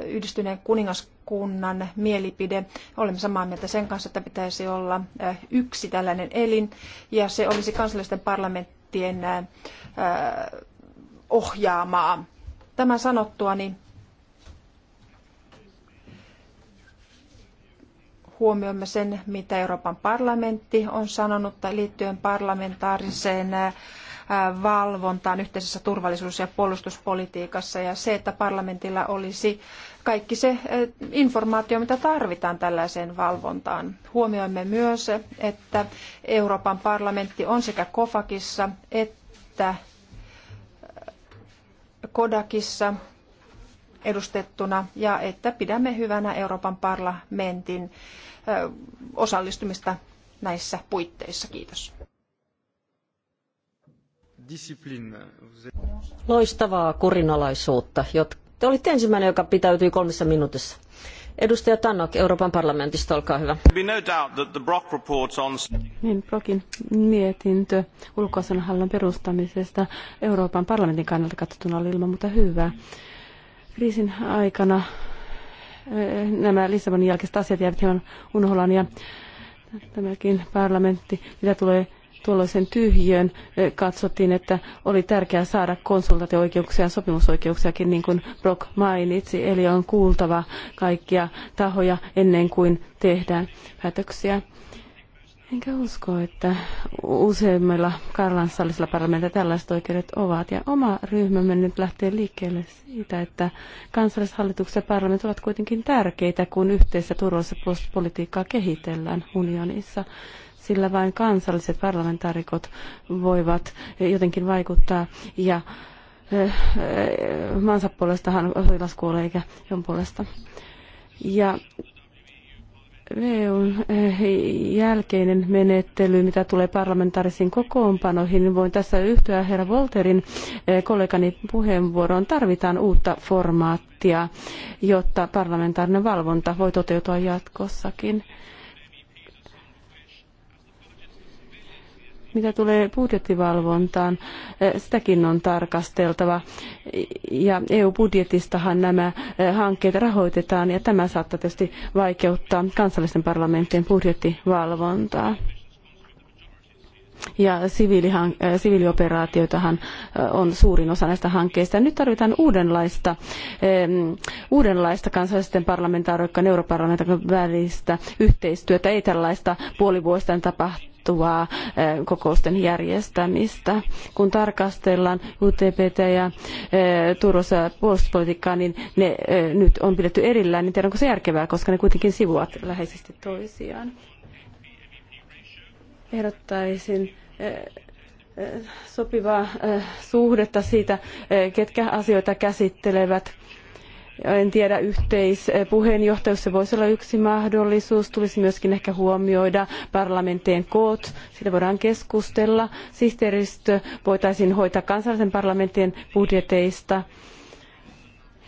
[SPEAKER 4] yhdistyneen kuningaskunnan mielipide. Olemme samaa mieltä sen kanssa, että pitäisi olla yksi tällainen elin ja se olisi kansallisten parlamenttien ohjaamaa Tämä sanottua, niin huomioimme sen, mitä Euroopan parlamentti on sanonut tai liittyen parlamentaariseen valvontaan yhteisessä turvallisuus- ja puolustuspolitiikassa ja se, että parlamentilla olisi kaikki se informaatio, mitä tarvitaan tällaiseen valvontaan. Huomioimme myös, että Euroopan parlamentti on sekä COFAKissa että Kodakissa edustettuna ja että pidämme hyvänä Euroopan parlamentin osallistumista
[SPEAKER 3] näissä puitteissa. Kiitos. Loistavaa kurinalaisuutta. Te olitte ensimmäinen, joka pitäytyi kolmessa minuutissa. Edustaja Tannock Euroopan parlamentista, olkaa hyvä.
[SPEAKER 4] No
[SPEAKER 3] niin, Brokin mietintö ulkoasunhallinnon perustamisesta
[SPEAKER 2] Euroopan parlamentin kannalta katsottuna oli ilman muuta hyvä. Kriisin aikana eh, nämä Lissabonin jälkeiset asiat jäivät hieman unholaan ja tämäkin parlamentti, mitä tulee tuolloisen tyhjön eh, katsottiin, että oli tärkeää saada konsultaatioikeuksia ja sopimusoikeuksiakin, niin kuin Brock mainitsi, eli on kuultava kaikkia tahoja ennen kuin tehdään päätöksiä. Enkä usko, että useimmilla karlansallisilla parlamentilla tällaiset oikeudet ovat. Ja oma ryhmämme nyt lähtee liikkeelle siitä, että kansallishallitukset ja parlamentit ovat kuitenkin tärkeitä, kun yhteistä turvallisuuspolitiikkaa kehitellään unionissa sillä vain kansalliset parlamentaarikot voivat jotenkin vaikuttaa ja eh, eh, maansa puolestahan sotilas kuolee eikä jon puolesta. Ja EUn eh, jälkeinen menettely, mitä tulee parlamentaarisiin kokoonpanoihin, niin voin tässä yhtyä herra Volterin kollegani puheenvuoroon. Tarvitaan uutta formaattia, jotta parlamentaarinen valvonta voi toteutua jatkossakin. Mitä tulee budjettivalvontaan, eh, sitäkin on tarkasteltava. Ja EU-budjetistahan nämä eh, hankkeet rahoitetaan, ja tämä saattaa tietysti vaikeuttaa kansallisten parlamenttien budjettivalvontaa. Ja siviilihan, eh, siviilioperaatioitahan on suurin osa näistä hankkeista. Nyt tarvitaan uudenlaista, um, uudenlaista kansallisten parlamentaarikkojen europarlamentaarikkojen välistä yhteistyötä, ei tällaista puolivuosittain tapahtuu sallittua eh, kokousten järjestämistä. Kun tarkastellaan UTPT ja eh, turvallisuus- ja puolustuspolitiikkaa, niin ne eh, nyt on pidetty erillään, niin tiedän, onko se järkevää, koska ne kuitenkin sivuavat läheisesti toisiaan. Ehdottaisin sopivaa suhdetta siitä, ketkä asioita käsittelevät en tiedä, yhteispuheenjohtajuus se voisi olla yksi mahdollisuus. Tulisi myöskin ehkä huomioida parlamenttien koot. Siitä voidaan keskustella. Sihteeristö voitaisiin hoitaa kansallisen parlamenttien budjeteista.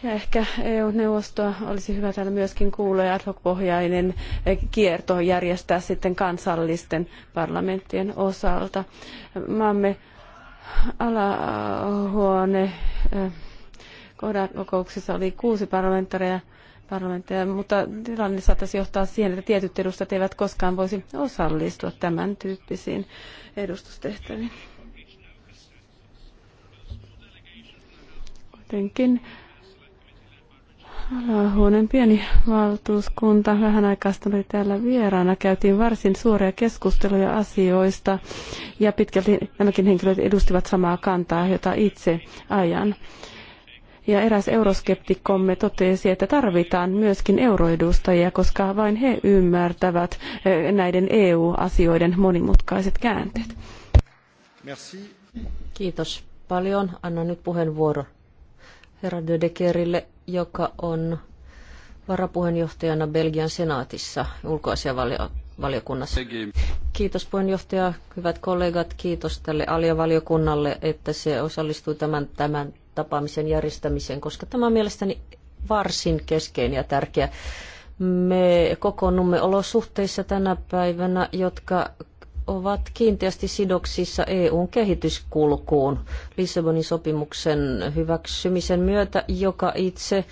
[SPEAKER 2] Ja ehkä eu neuvostoa olisi hyvä täällä myöskin kuulla ja ad hoc-pohjainen kierto järjestää sitten kansallisten parlamenttien osalta. Maamme alahuone kokouksessa oli kuusi parlamentaaria, parlamentteja, mutta tilanne saattaisi johtaa siihen, että tietyt edustajat eivät koskaan voisi osallistua tämän tyyppisiin edustustehtäviin. Kuitenkin Alahuoneen pieni valtuuskunta vähän aikaa sitten oli täällä vieraana. Käytiin varsin suoria keskusteluja asioista ja pitkälti nämäkin henkilöt edustivat samaa kantaa, jota itse ajan. Ja eräs euroskeptikkomme totesi, että tarvitaan myöskin euroedustajia, koska vain he ymmärtävät eh, näiden
[SPEAKER 3] EU-asioiden monimutkaiset käänteet. Merci. Kiitos paljon. Annan nyt puheenvuoro herra Dödekerille, joka on varapuheenjohtajana Belgian senaatissa ulkoasiavaliokunnassa. Kiitos puheenjohtaja, hyvät kollegat, kiitos tälle aliavaliokunnalle, että se osallistui tämän, tämän tapaamisen järjestämiseen, koska tämä on mielestäni varsin keskeinen ja tärkeä. Me kokoonnumme olosuhteissa tänä päivänä, jotka ovat kiinteästi sidoksissa EUn kehityskulkuun Lissabonin sopimuksen hyväksymisen myötä, joka itse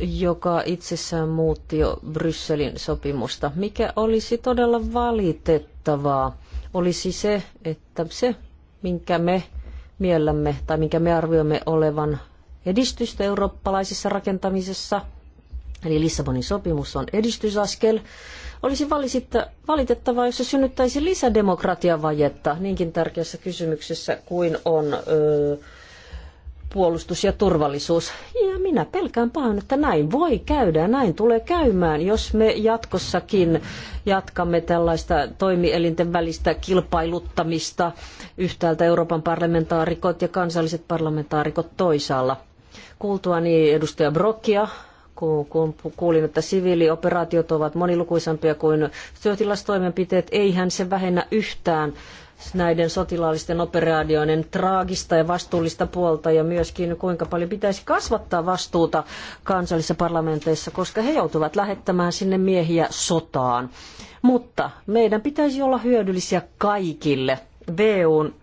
[SPEAKER 3] joka itsessään muutti jo Brysselin sopimusta, mikä olisi todella valitettavaa, olisi se, että se, minkä me miellämme tai minkä me arvioimme olevan edistystä eurooppalaisessa rakentamisessa. Eli Lissabonin sopimus on edistysaskel. Olisi valitettavaa, jos se synnyttäisi lisädemokratiavajetta niinkin tärkeässä kysymyksessä kuin on... Öö, puolustus ja turvallisuus. Ja minä pelkään pahoin, että näin voi käydä ja näin tulee käymään, jos me jatkossakin jatkamme tällaista toimielinten välistä kilpailuttamista yhtäältä Euroopan parlamentaarikot ja kansalliset parlamentaarikot toisaalla. Kuultuani edustaja Brokia, kun, kun kuulin, että siviilioperaatiot ovat monilukuisampia kuin sotilastoimenpiteet, eihän se vähennä yhtään näiden sotilaallisten operaatioiden traagista ja vastuullista puolta ja myöskin kuinka paljon pitäisi kasvattaa vastuuta kansallisissa parlamenteissa, koska he joutuvat lähettämään sinne miehiä sotaan. Mutta meidän pitäisi olla hyödyllisiä kaikille. VUn,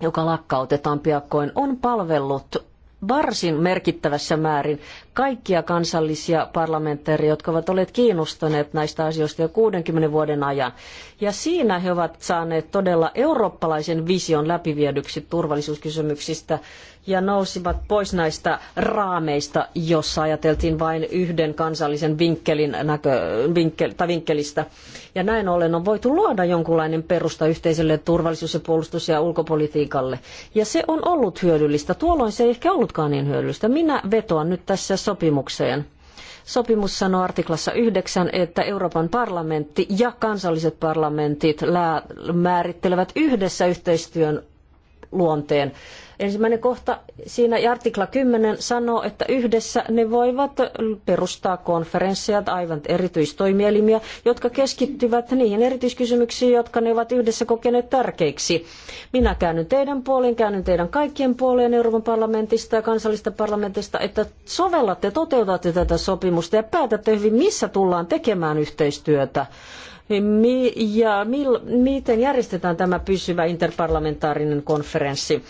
[SPEAKER 3] joka lakkautetaan piakkoin, on palvellut varsin merkittävässä määrin kaikkia kansallisia parlamentteja, jotka ovat olleet kiinnostuneet näistä asioista jo 60 vuoden ajan. Ja siinä he ovat saaneet todella eurooppalaisen vision läpiviedyksi turvallisuuskysymyksistä ja nousivat pois näistä raameista, jossa ajateltiin vain yhden kansallisen vinkkelin näkö, vinkkel, tai vinkkelistä. Ja näin ollen on voitu luoda jonkunlainen perusta yhteiselle turvallisuus- ja puolustus- ja ulkopolitiikalle. Ja se on ollut hyödyllistä. Tuolloin se ei ehkä ollutkaan niin hyödyllistä. Minä vetoan nyt tässä sopimukseen. Sopimus sanoo artiklassa 9, että Euroopan parlamentti ja kansalliset parlamentit määrittelevät yhdessä yhteistyön luonteen. Ensimmäinen kohta siinä artikla 10 sanoo, että yhdessä ne voivat perustaa konferensseja tai aivan erityistoimielimiä, jotka keskittyvät niihin erityiskysymyksiin, jotka ne ovat yhdessä kokeneet tärkeiksi. Minä käännyn teidän puoleen, käännyn teidän kaikkien puoleen Euroopan parlamentista ja kansallista parlamentista, että sovellatte, toteutatte tätä sopimusta ja päätätte hyvin, missä tullaan tekemään yhteistyötä. Niin ja miten järjestetään tämä pysyvä interparlamentaarinen konferenssi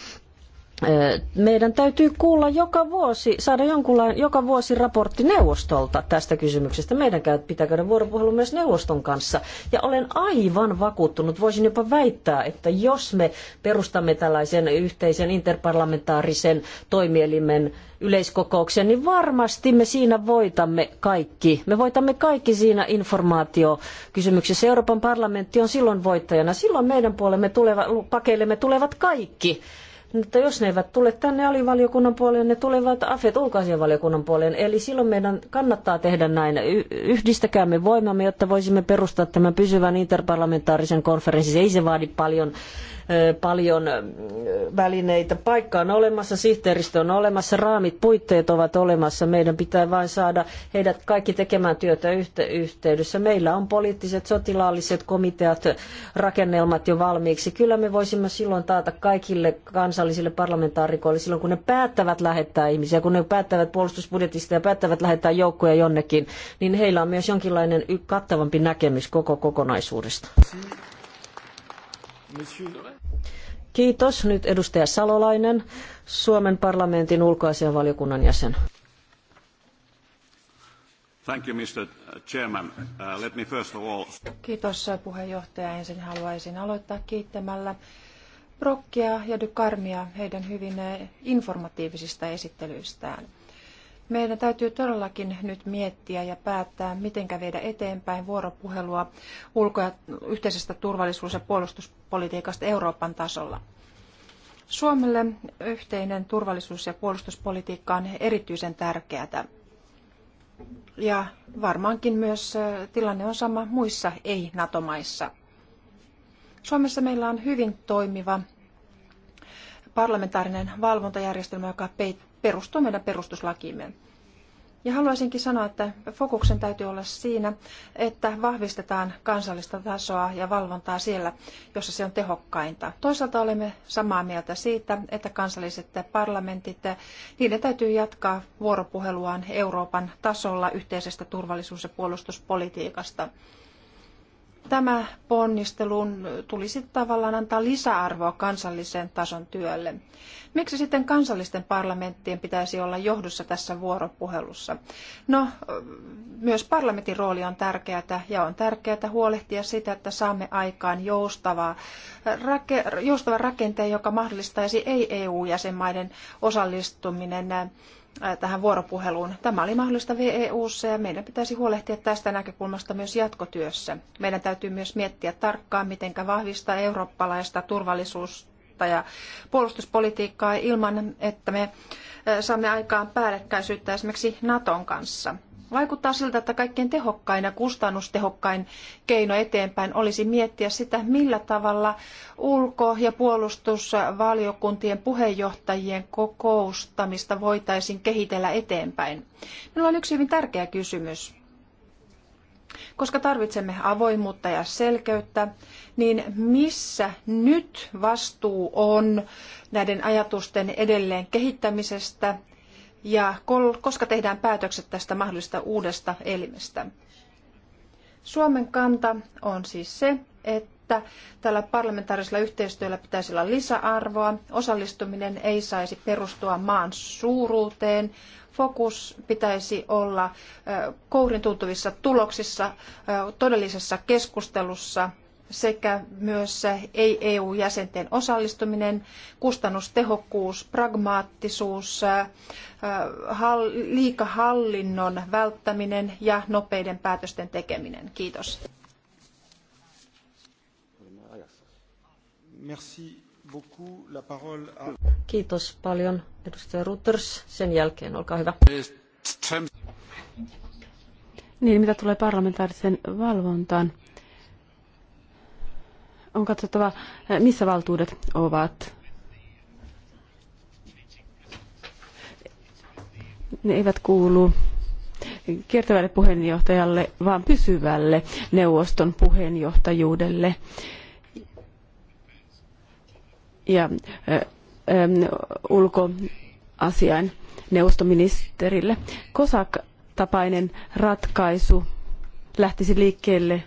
[SPEAKER 3] meidän täytyy kuulla joka vuosi, saada jonkunlainen joka vuosi raportti neuvostolta tästä kysymyksestä. Meidän pitää käydä vuoropuhelu myös neuvoston kanssa. Ja olen aivan vakuuttunut, voisin jopa väittää, että jos me perustamme tällaisen yhteisen interparlamentaarisen toimielimen yleiskokouksen, niin varmasti me siinä voitamme kaikki. Me voitamme kaikki siinä informaatiokysymyksessä. Euroopan parlamentti on silloin voittajana. Silloin meidän puolemme tuleva, pakeillemme tulevat kaikki mutta jos ne eivät tule tänne alivaliokunnan puoleen, ne tulevat AFET ulkoasianvaliokunnan puoleen, Eli silloin meidän kannattaa tehdä näin. Yhdistäkäämme voimamme, jotta voisimme perustaa tämän pysyvän interparlamentaarisen konferenssin. Ei se vaadi paljon paljon välineitä. Paikka on olemassa, sihteeristö on olemassa, raamit, puitteet ovat olemassa. Meidän pitää vain saada heidät kaikki tekemään työtä yhteydessä. Meillä on poliittiset, sotilaalliset komiteat, rakennelmat jo valmiiksi. Kyllä me voisimme silloin taata kaikille kansalaisille kansallisille parlamentaarikoille silloin, kun ne päättävät lähettää ihmisiä, kun ne päättävät puolustusbudjetista ja päättävät lähettää joukkoja jonnekin, niin heillä on myös jonkinlainen kattavampi näkemys koko kokonaisuudesta. Kiitos. Nyt edustaja Salolainen, Suomen parlamentin ulkoasianvaliokunnan jäsen.
[SPEAKER 4] Thank you, Mr. Chairman. Uh, let me first of all... Kiitos puheenjohtaja. Ensin haluaisin aloittaa kiittämällä Brokkia ja Dykarmia heidän hyvin eh, informatiivisista esittelyistään. Meidän täytyy todellakin nyt miettiä ja päättää, miten viedä eteenpäin vuoropuhelua ulko- ja yhteisestä turvallisuus- ja puolustuspolitiikasta Euroopan tasolla. Suomelle yhteinen turvallisuus- ja puolustuspolitiikka on erityisen tärkeää. Ja varmaankin myös eh, tilanne on sama muissa ei-NATO-maissa. Suomessa meillä on hyvin toimiva parlamentaarinen valvontajärjestelmä, joka perustuu meidän perustuslakiimme. Ja haluaisinkin sanoa, että fokuksen täytyy olla siinä, että vahvistetaan kansallista tasoa ja valvontaa siellä, jossa se on tehokkainta. Toisaalta olemme samaa mieltä siitä, että kansalliset parlamentit, niiden täytyy jatkaa vuoropuheluaan Euroopan tasolla yhteisestä turvallisuus- ja puolustuspolitiikasta tämä ponnistelun tulisi tavallaan antaa lisäarvoa kansallisen tason työlle. Miksi sitten kansallisten parlamenttien pitäisi olla johdossa tässä vuoropuhelussa? No, myös parlamentin rooli on tärkeää ja on tärkeää huolehtia sitä, että saamme aikaan joustavaa, rake, joustavan rakenteen, joka mahdollistaisi ei-EU-jäsenmaiden osallistuminen tähän vuoropuheluun. Tämä oli mahdollista VEUssa ja meidän pitäisi huolehtia tästä näkökulmasta myös jatkotyössä. Meidän täytyy myös miettiä tarkkaan, miten vahvistaa eurooppalaista turvallisuutta ja puolustuspolitiikkaa ilman, että me saamme aikaan päällekkäisyyttä esimerkiksi Naton kanssa – Vaikuttaa siltä, että kaikkein tehokkain ja kustannustehokkain keino eteenpäin olisi miettiä sitä, millä tavalla ulko- ja puolustusvaliokuntien puheenjohtajien kokoustamista voitaisiin kehitellä eteenpäin. Minulla on yksi hyvin tärkeä kysymys. Koska tarvitsemme avoimuutta ja selkeyttä, niin missä nyt vastuu on näiden ajatusten edelleen kehittämisestä ja koska tehdään päätökset tästä mahdollisesta uudesta elimestä. Suomen kanta on siis se, että tällä parlamentaarisella yhteistyöllä pitäisi olla lisäarvoa. Osallistuminen ei saisi perustua maan suuruuteen. Fokus pitäisi olla kourin tuntuvissa tuloksissa, todellisessa keskustelussa sekä myös ei-EU-jäsenten osallistuminen, kustannustehokkuus, pragmaattisuus, äh, liikahallinnon välttäminen ja nopeiden päätösten tekeminen. Kiitos.
[SPEAKER 3] Kiitos paljon, edustaja Reuters. Sen jälkeen, olkaa hyvä.
[SPEAKER 2] Niin, mitä tulee parlamentaarisen valvontaan, on katsottava, missä valtuudet ovat. Ne eivät kuulu kiertävälle puheenjohtajalle, vaan pysyvälle neuvoston puheenjohtajuudelle. Ja äh, ulkoasiain neuvostoministerille. Kosak-tapainen ratkaisu lähtisi liikkeelle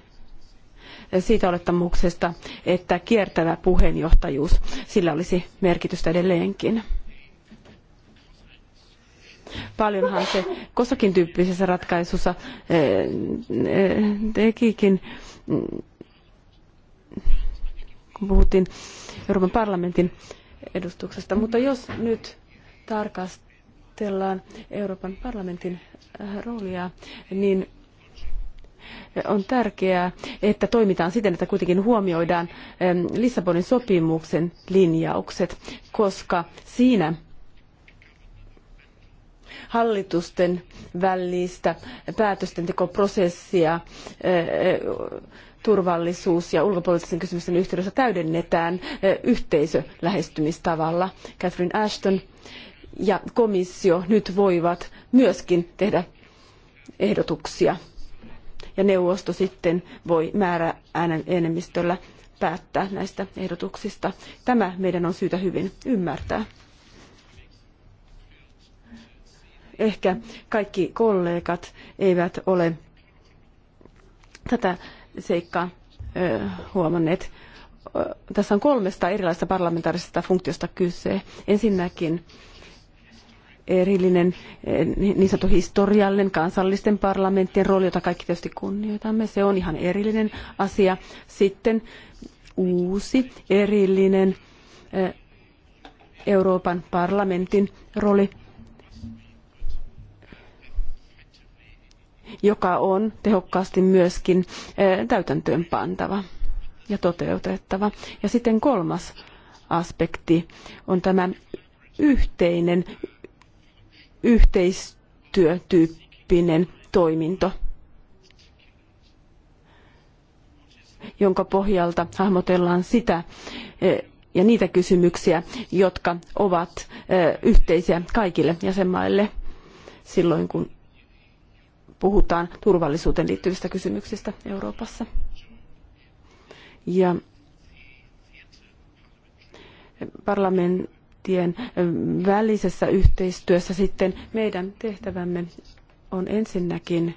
[SPEAKER 2] siitä olettamuksesta, että kiertävä puheenjohtajuus, sillä olisi merkitystä edelleenkin. Paljonhan se kossakin tyyppisessä ratkaisussa eh, eh, tekikin, mm, kun puhuttiin Euroopan parlamentin edustuksesta. Mutta jos nyt tarkastellaan Euroopan parlamentin eh, roolia, niin on tärkeää, että toimitaan siten, että kuitenkin huomioidaan Lissabonin sopimuksen linjaukset, koska siinä hallitusten välistä päätöstentekoprosessia e, e, turvallisuus- ja ulkopoliittisen kysymysten yhteydessä täydennetään e, yhteisölähestymistavalla. Catherine Ashton ja komissio nyt voivat myöskin tehdä ehdotuksia ja neuvosto sitten voi määrä äänen enemmistöllä päättää näistä ehdotuksista. Tämä meidän on syytä hyvin ymmärtää. Ehkä kaikki kollegat eivät ole tätä seikkaa huomanneet. Tässä on kolmesta erilaisesta parlamentaarisesta funktiosta kyse. Ensinnäkin erillinen eh, niin sanottu historiallinen kansallisten parlamenttien rooli, jota kaikki tietysti kunnioitamme. Se on ihan erillinen asia. Sitten uusi erillinen eh, Euroopan parlamentin rooli, joka on tehokkaasti myöskin eh, täytäntöön ja toteutettava. Ja sitten kolmas aspekti on tämä yhteinen yhteistyötyyppinen toiminto, jonka pohjalta hahmotellaan sitä e, ja niitä kysymyksiä, jotka ovat e, yhteisiä kaikille jäsenmaille silloin, kun puhutaan turvallisuuteen liittyvistä kysymyksistä Euroopassa. Ja parlament parlamenttien välisessä yhteistyössä sitten meidän tehtävämme on ensinnäkin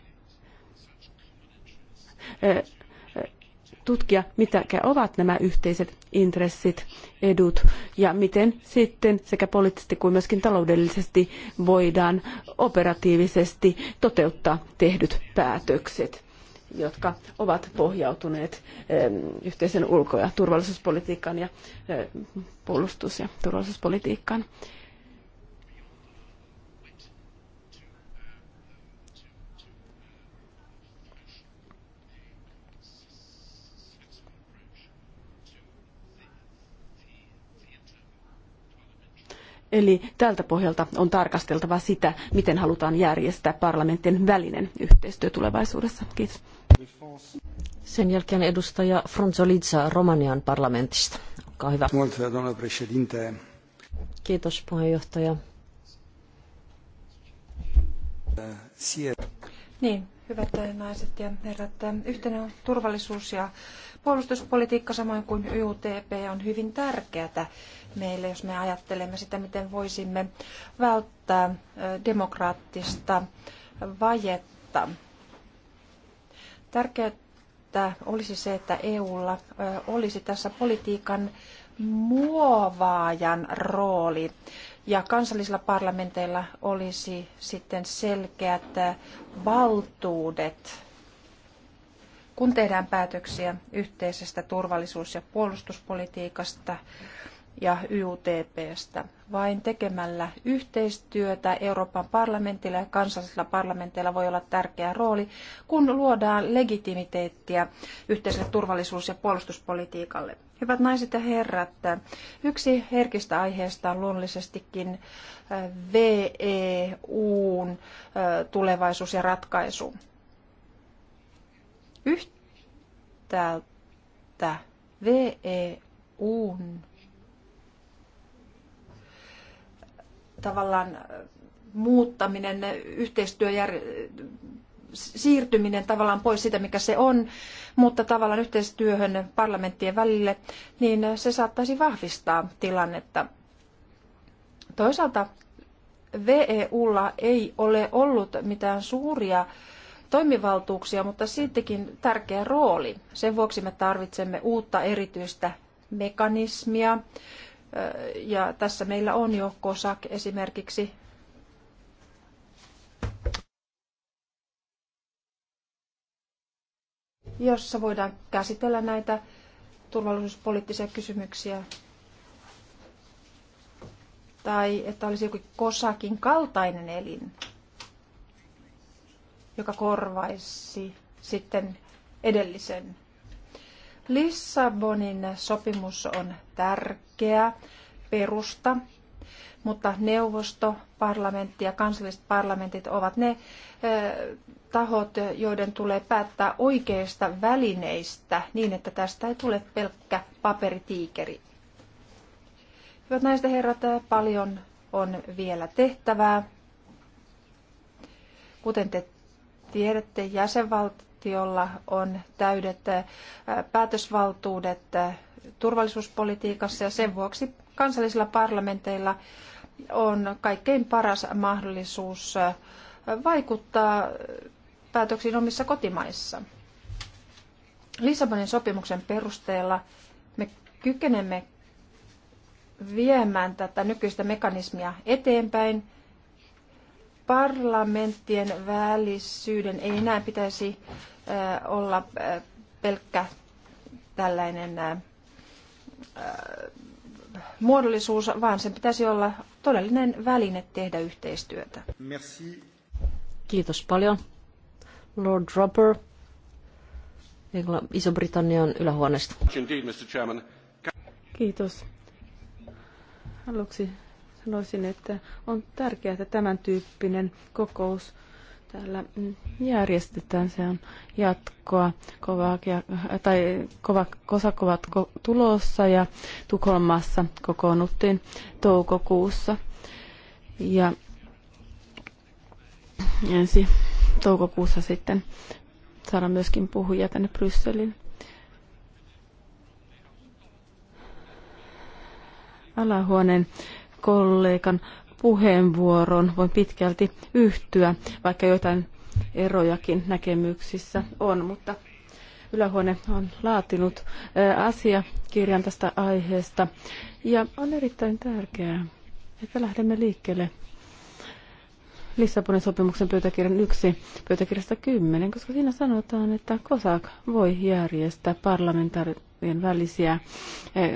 [SPEAKER 2] tutkia, mitä ovat nämä yhteiset intressit, edut ja miten sitten sekä poliittisesti kuin myöskin taloudellisesti voidaan operatiivisesti toteuttaa tehdyt päätökset jotka ovat pohjautuneet yhteisen ulko- ja turvallisuuspolitiikkaan ja puolustus- ja turvallisuuspolitiikkaan. Eli tältä pohjalta on tarkasteltava sitä, miten halutaan järjestää
[SPEAKER 3] parlamentin välinen yhteistyö tulevaisuudessa. Kiitos. Sen jälkeen edustaja Fronzolidza Romanian parlamentista. Olkaa hyvä. Kiitos puheenjohtaja.
[SPEAKER 4] Niin, hyvät naiset ja herrat. Yhteinen turvallisuus ja puolustuspolitiikka samoin kuin UTP on hyvin tärkeää meille, jos me ajattelemme sitä, miten voisimme välttää demokraattista vajetta. Tärkeää olisi se, että EUlla olisi tässä politiikan muovaajan rooli ja kansallisilla parlamenteilla olisi sitten selkeät valtuudet kun tehdään päätöksiä yhteisestä turvallisuus- ja puolustuspolitiikasta ja YUTPstä. Vain tekemällä yhteistyötä Euroopan parlamentilla ja kansallisilla parlamenteilla voi olla tärkeä rooli, kun luodaan legitimiteettiä yhteiselle turvallisuus- ja puolustuspolitiikalle. Hyvät naiset ja herrat, yksi herkistä aiheista on luonnollisestikin eh, VEUn eh, tulevaisuus ja ratkaisu. Yhtäältä VEUn tavallaan äh, muuttaminen, yhteistyö siirtyminen tavallaan pois siitä, mikä se on, mutta tavallaan yhteistyöhön parlamenttien välille, niin se saattaisi vahvistaa tilannetta. Toisaalta VEUlla ei ole ollut mitään suuria toimivaltuuksia, mutta siltikin tärkeä rooli. Sen vuoksi me tarvitsemme uutta erityistä mekanismia. Ja tässä meillä on jo COSAC esimerkiksi. jossa voidaan käsitellä näitä turvallisuuspoliittisia kysymyksiä. Tai että olisi joku kosakin kaltainen elin, joka korvaisi sitten edellisen. Lissabonin sopimus on tärkeä perusta, mutta neuvosto, parlamentti ja kansalliset parlamentit ovat ne tahot, joiden tulee päättää oikeista välineistä niin, että tästä ei tule pelkkä paperitiikeri. Hyvät naiset herrat, paljon on vielä tehtävää. Kuten te tiedätte, jäsenvaltiolla on täydet päätösvaltuudet turvallisuuspolitiikassa ja sen vuoksi kansallisilla parlamenteilla on kaikkein paras mahdollisuus vaikuttaa päätöksiin omissa kotimaissa. Lissabonin sopimuksen perusteella me kykenemme viemään tätä nykyistä mekanismia eteenpäin – parlamenttien välisyyden ei enää pitäisi olla pelkkä tällainen muodollisuus, vaan sen pitäisi olla todellinen väline tehdä yhteistyötä.
[SPEAKER 3] Merci. Kiitos paljon. Lord Roper, Iso-Britannian ylähuoneesta. Kiitos. Aluksi
[SPEAKER 2] sanoisin, että on tärkeää, että tämän tyyppinen kokous täällä mm, järjestetään. Se on jatkoa. Kova, tai kovak, kosakovat tulossa ja Tukholmassa kokoonnuttiin toukokuussa. Ja ensi toukokuussa sitten saadaan myöskin puhujia tänne Brysselin. Alahuoneen kollegan puheenvuoron voin pitkälti yhtyä, vaikka jotain erojakin näkemyksissä on, mutta ylähuone on laatinut asiakirjan tästä aiheesta ja on erittäin tärkeää, että lähdemme liikkeelle Lissabonin sopimuksen pöytäkirjan yksi pöytäkirjasta kymmenen, koska siinä sanotaan, että COSAC voi järjestää parlamentaarien välisiä eh,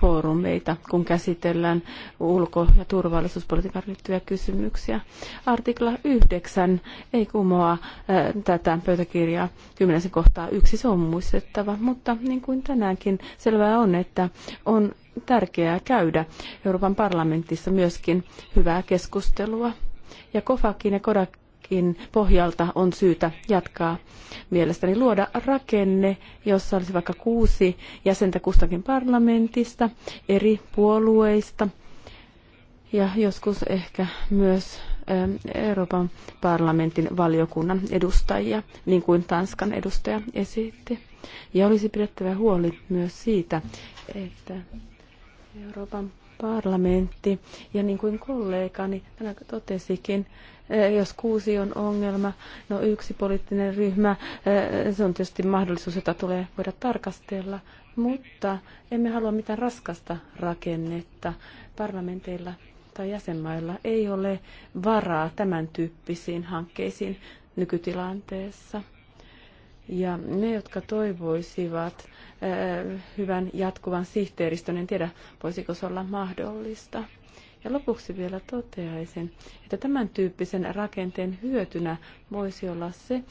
[SPEAKER 2] foorumeita, kun käsitellään ulko- ja turvallisuuspolitiikan liittyviä kysymyksiä. Artikla 9 ei kumoa eh, tätä pöytäkirjaa kymmenessä kohtaa yksi, se on muistettava, mutta niin kuin tänäänkin selvää on, että on tärkeää käydä Euroopan parlamentissa myöskin hyvää keskustelua ja Kofakin ja Kodakin pohjalta on syytä jatkaa mielestäni luoda rakenne, jossa olisi vaikka kuusi jäsentä kustakin parlamentista, eri puolueista ja joskus ehkä myös ähm, Euroopan parlamentin valiokunnan edustajia, niin kuin Tanskan edustaja esitti. Ja olisi pidettävä huoli myös siitä, että Euroopan parlamentti. Ja niin kuin kollegani tänään totesikin, eh, jos kuusi on ongelma, no yksi poliittinen ryhmä, eh, se on tietysti mahdollisuus, jota tulee voida tarkastella, mutta emme halua mitään raskasta rakennetta. Parlamenteilla tai jäsenmailla ei ole varaa tämän tyyppisiin hankkeisiin nykytilanteessa. Ja ne, jotka toivoisivat eh, hyvän jatkuvan sihteeristön, en tiedä voisiko se olla mahdollista. Ja lopuksi vielä toteaisin, että tämän tyyppisen rakenteen hyötynä voisi olla se,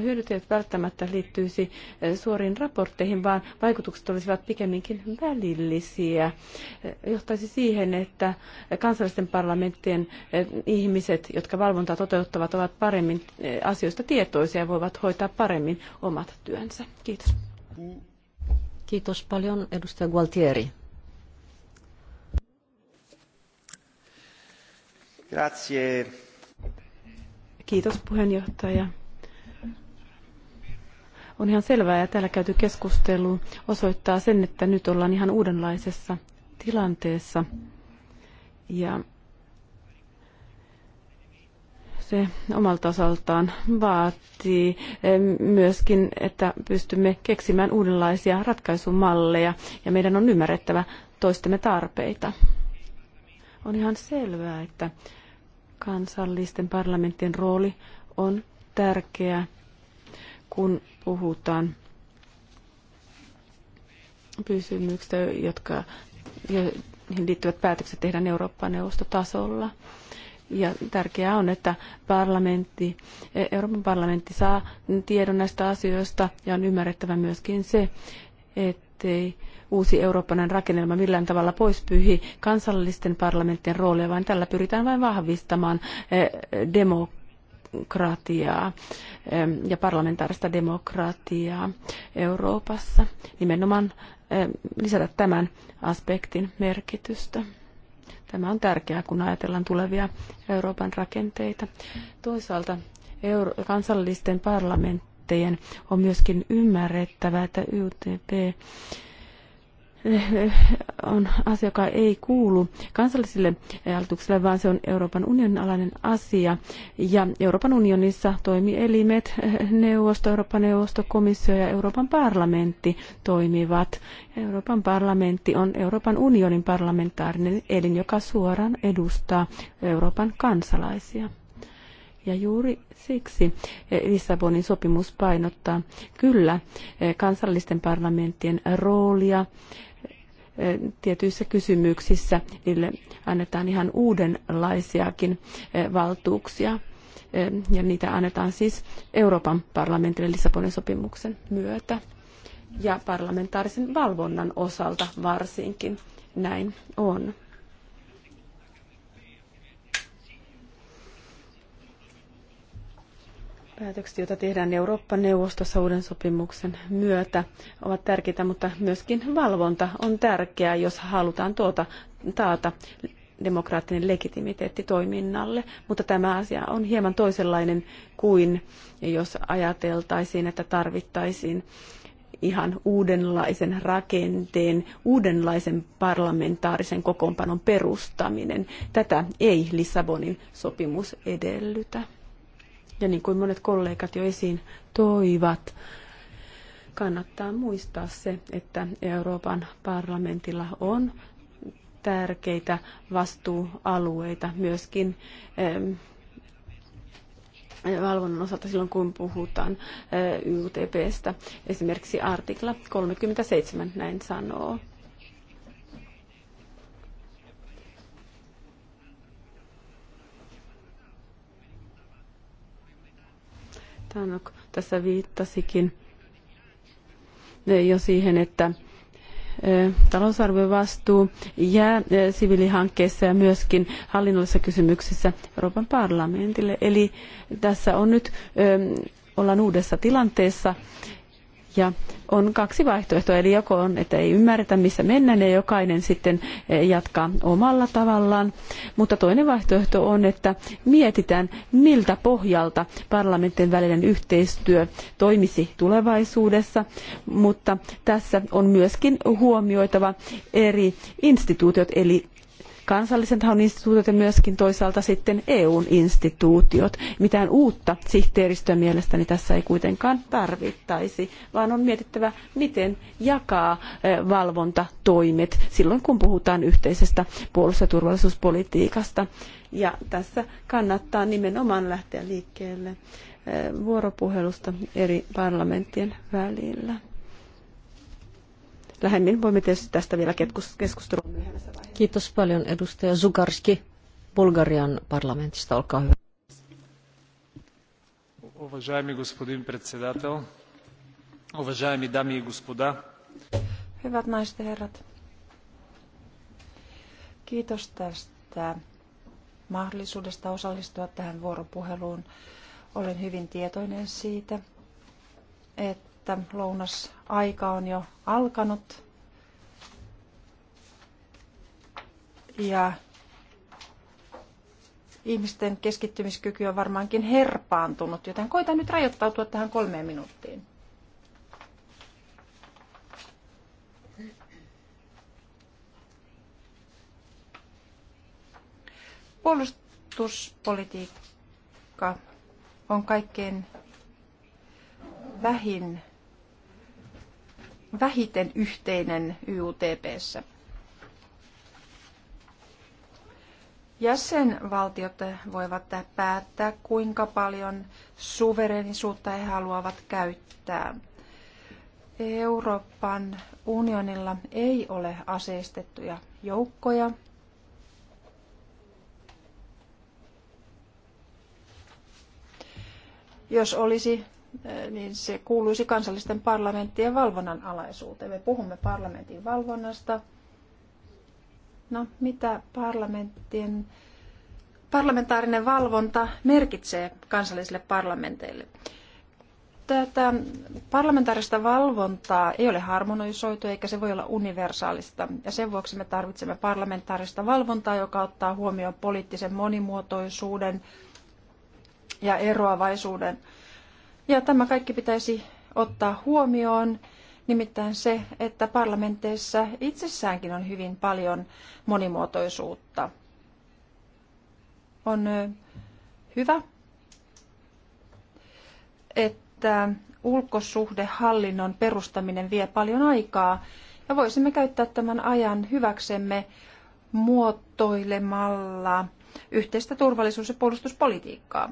[SPEAKER 2] hyödyt eivät välttämättä liittyisi eh, suoriin raportteihin, vaan vaikutukset olisivat pikemminkin välillisiä. Eh, johtaisi siihen, että kansallisten parlamenttien eh, ihmiset, jotka valvontaa toteuttavat, ovat paremmin asioista tietoisia ja voivat hoitaa paremmin omat työnsä. Kiitos.
[SPEAKER 3] Kiitos paljon, edustaja Gualtieri.
[SPEAKER 1] arvoisa
[SPEAKER 3] Kiitos
[SPEAKER 2] On ihan selvää ja täällä käyty keskustelu osoittaa sen, että nyt ollaan ihan uudenlaisessa tilanteessa. Ja se omalta osaltaan vaatii eh, myöskin, että pystymme keksimään uudenlaisia ratkaisumalleja ja meidän on ymmärrettävä toistemme tarpeita. On ihan selvää, että Kansallisten parlamenttien rooli on tärkeä, kun puhutaan kysymyksistä, jotka joihin liittyvät päätökset tehdään Euroopan neuvostotasolla. Ja tärkeää on, että parlamentti, Euroopan parlamentti saa tiedon näistä asioista ja on ymmärrettävä myöskin se, että ettei uusi eurooppalainen rakennelma millään tavalla pois kansallisten parlamenttien roolia, vaan tällä pyritään vain vahvistamaan eh, demokratiaa eh, ja parlamentaarista demokratiaa Euroopassa. Nimenomaan eh, lisätä tämän aspektin merkitystä. Tämä on tärkeää, kun ajatellaan tulevia Euroopan rakenteita. Toisaalta kansallisten parlamenttien käyttäjien on myöskin ymmärrettävä, että YTP eh, on asia, joka ei kuulu kansallisille eh, hallitukselle, vaan se on Euroopan unionin alainen asia. Ja Euroopan unionissa toimielimet, eh, neuvosto, Euroopan neuvosto, komissio ja Euroopan parlamentti toimivat. Euroopan parlamentti on Euroopan unionin parlamentaarinen elin, joka suoraan edustaa Euroopan kansalaisia. Ja juuri siksi eh, Lissabonin sopimus painottaa kyllä eh, kansallisten parlamenttien roolia eh, tietyissä kysymyksissä. Niille annetaan ihan uudenlaisiakin valtuuksia ja niitä annetaan siis Euroopan parlamentille Lissabonin sopimuksen myötä ja parlamentaarisen valvonnan osalta varsinkin näin on. Päätökset, joita tehdään Eurooppa-neuvostossa uuden sopimuksen myötä, ovat tärkeitä, mutta myöskin valvonta on tärkeää, jos halutaan tuota, taata demokraattinen legitimiteetti toiminnalle, mutta tämä asia on hieman toisenlainen kuin jos ajateltaisiin, että tarvittaisiin ihan uudenlaisen rakenteen, uudenlaisen parlamentaarisen kokoonpanon perustaminen. Tätä ei Lissabonin sopimus edellytä. Ja niin kuin monet kollegat jo esiin toivat, kannattaa muistaa se, että Euroopan parlamentilla on tärkeitä vastuualueita myöskin valvonnan osalta silloin, kun puhutaan YTPstä. Esimerkiksi artikla 37 näin sanoo. Tanok tässä viittasikin eh, jo siihen, että eh, talousarviovastuu jää eh, siviilihankkeissa ja myöskin hallinnollisissa kysymyksissä Euroopan parlamentille. Eli tässä on nyt ollaan uudessa tilanteessa ja on kaksi vaihtoehtoa, eli joko on, että ei ymmärretä missä mennään ja jokainen sitten eh, jatkaa omalla tavallaan, mutta toinen vaihtoehto on, että mietitään miltä pohjalta parlamentin välinen yhteistyö toimisi tulevaisuudessa, mutta tässä on myöskin huomioitava eri instituutiot eli kansallisen tahon instituutiot ja myöskin toisaalta sitten EUn instituutiot. Mitään uutta sihteeristöä mielestäni tässä ei kuitenkaan tarvittaisi, vaan on mietittävä, miten jakaa eh, valvontatoimet silloin, kun puhutaan yhteisestä puolustus- ja turvallisuuspolitiikasta. Ja tässä kannattaa nimenomaan lähteä liikkeelle eh, vuoropuhelusta eri parlamenttien välillä
[SPEAKER 3] lähemmin voimme tietysti tästä vielä keskustella myöhemmässä vaiheessa. Kiitos paljon edustaja Zugarski Bulgarian parlamentista. Olkaa hyvä.
[SPEAKER 1] Уважаеми господин председател, уважаеми дами и господа.
[SPEAKER 4] Hyvät naiset ja herrat, kiitos tästä mahdollisuudesta osallistua tähän vuoropuheluun. Olen hyvin tietoinen siitä, että että lounasaika on jo alkanut. Ja ihmisten keskittymiskyky on varmaankin herpaantunut, joten koitan nyt rajoittautua tähän kolmeen minuuttiin. Puolustuspolitiikka on kaikkein vähin vähiten yhteinen YUTPssä. Jäsenvaltiot voivat päättää, kuinka paljon suverenisuutta he haluavat käyttää. Euroopan unionilla ei ole aseistettuja joukkoja. Jos olisi, niin se kuuluisi kansallisten parlamenttien valvonnan alaisuuteen. Me puhumme parlamentin valvonnasta. No, mitä parlamenttien, parlamentaarinen valvonta merkitsee kansallisille parlamenteille? Tätä parlamentaarista valvontaa ei ole harmonisoitu eikä se voi olla universaalista. Ja sen vuoksi me tarvitsemme parlamentaarista valvontaa, joka ottaa huomioon poliittisen monimuotoisuuden ja eroavaisuuden – ja tämä kaikki pitäisi ottaa huomioon, nimittäin se, että parlamenteissa itsessäänkin on hyvin paljon monimuotoisuutta. On hyvä, että ulkosuhdehallinnon perustaminen vie paljon aikaa ja voisimme käyttää tämän ajan hyväksemme muotoilemalla yhteistä turvallisuus- ja puolustuspolitiikkaa.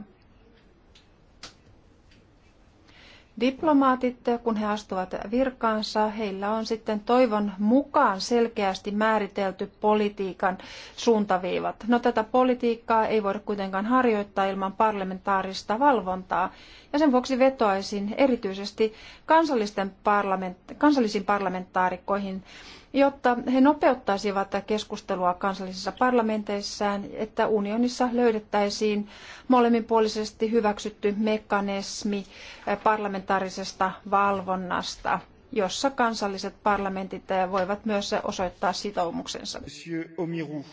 [SPEAKER 4] Diplomaatit, kun he astuvat virkaansa, heillä on sitten toivon mukaan selkeästi määritelty politiikan suuntaviivat. No tätä politiikkaa ei voida kuitenkaan harjoittaa ilman parlamentaarista valvontaa, ja sen vuoksi vetoaisin erityisesti kansallisten parlament, kansallisiin parlamentaarikkoihin, jotta he nopeuttaisivat keskustelua kansallisissa parlamenteissaan, että unionissa löydettäisiin molemminpuolisesti hyväksytty mekanismi parlamentaarisesta valvonnasta jossa kansalliset parlamentit voivat myös osoittaa sitoumuksensa. Omiru,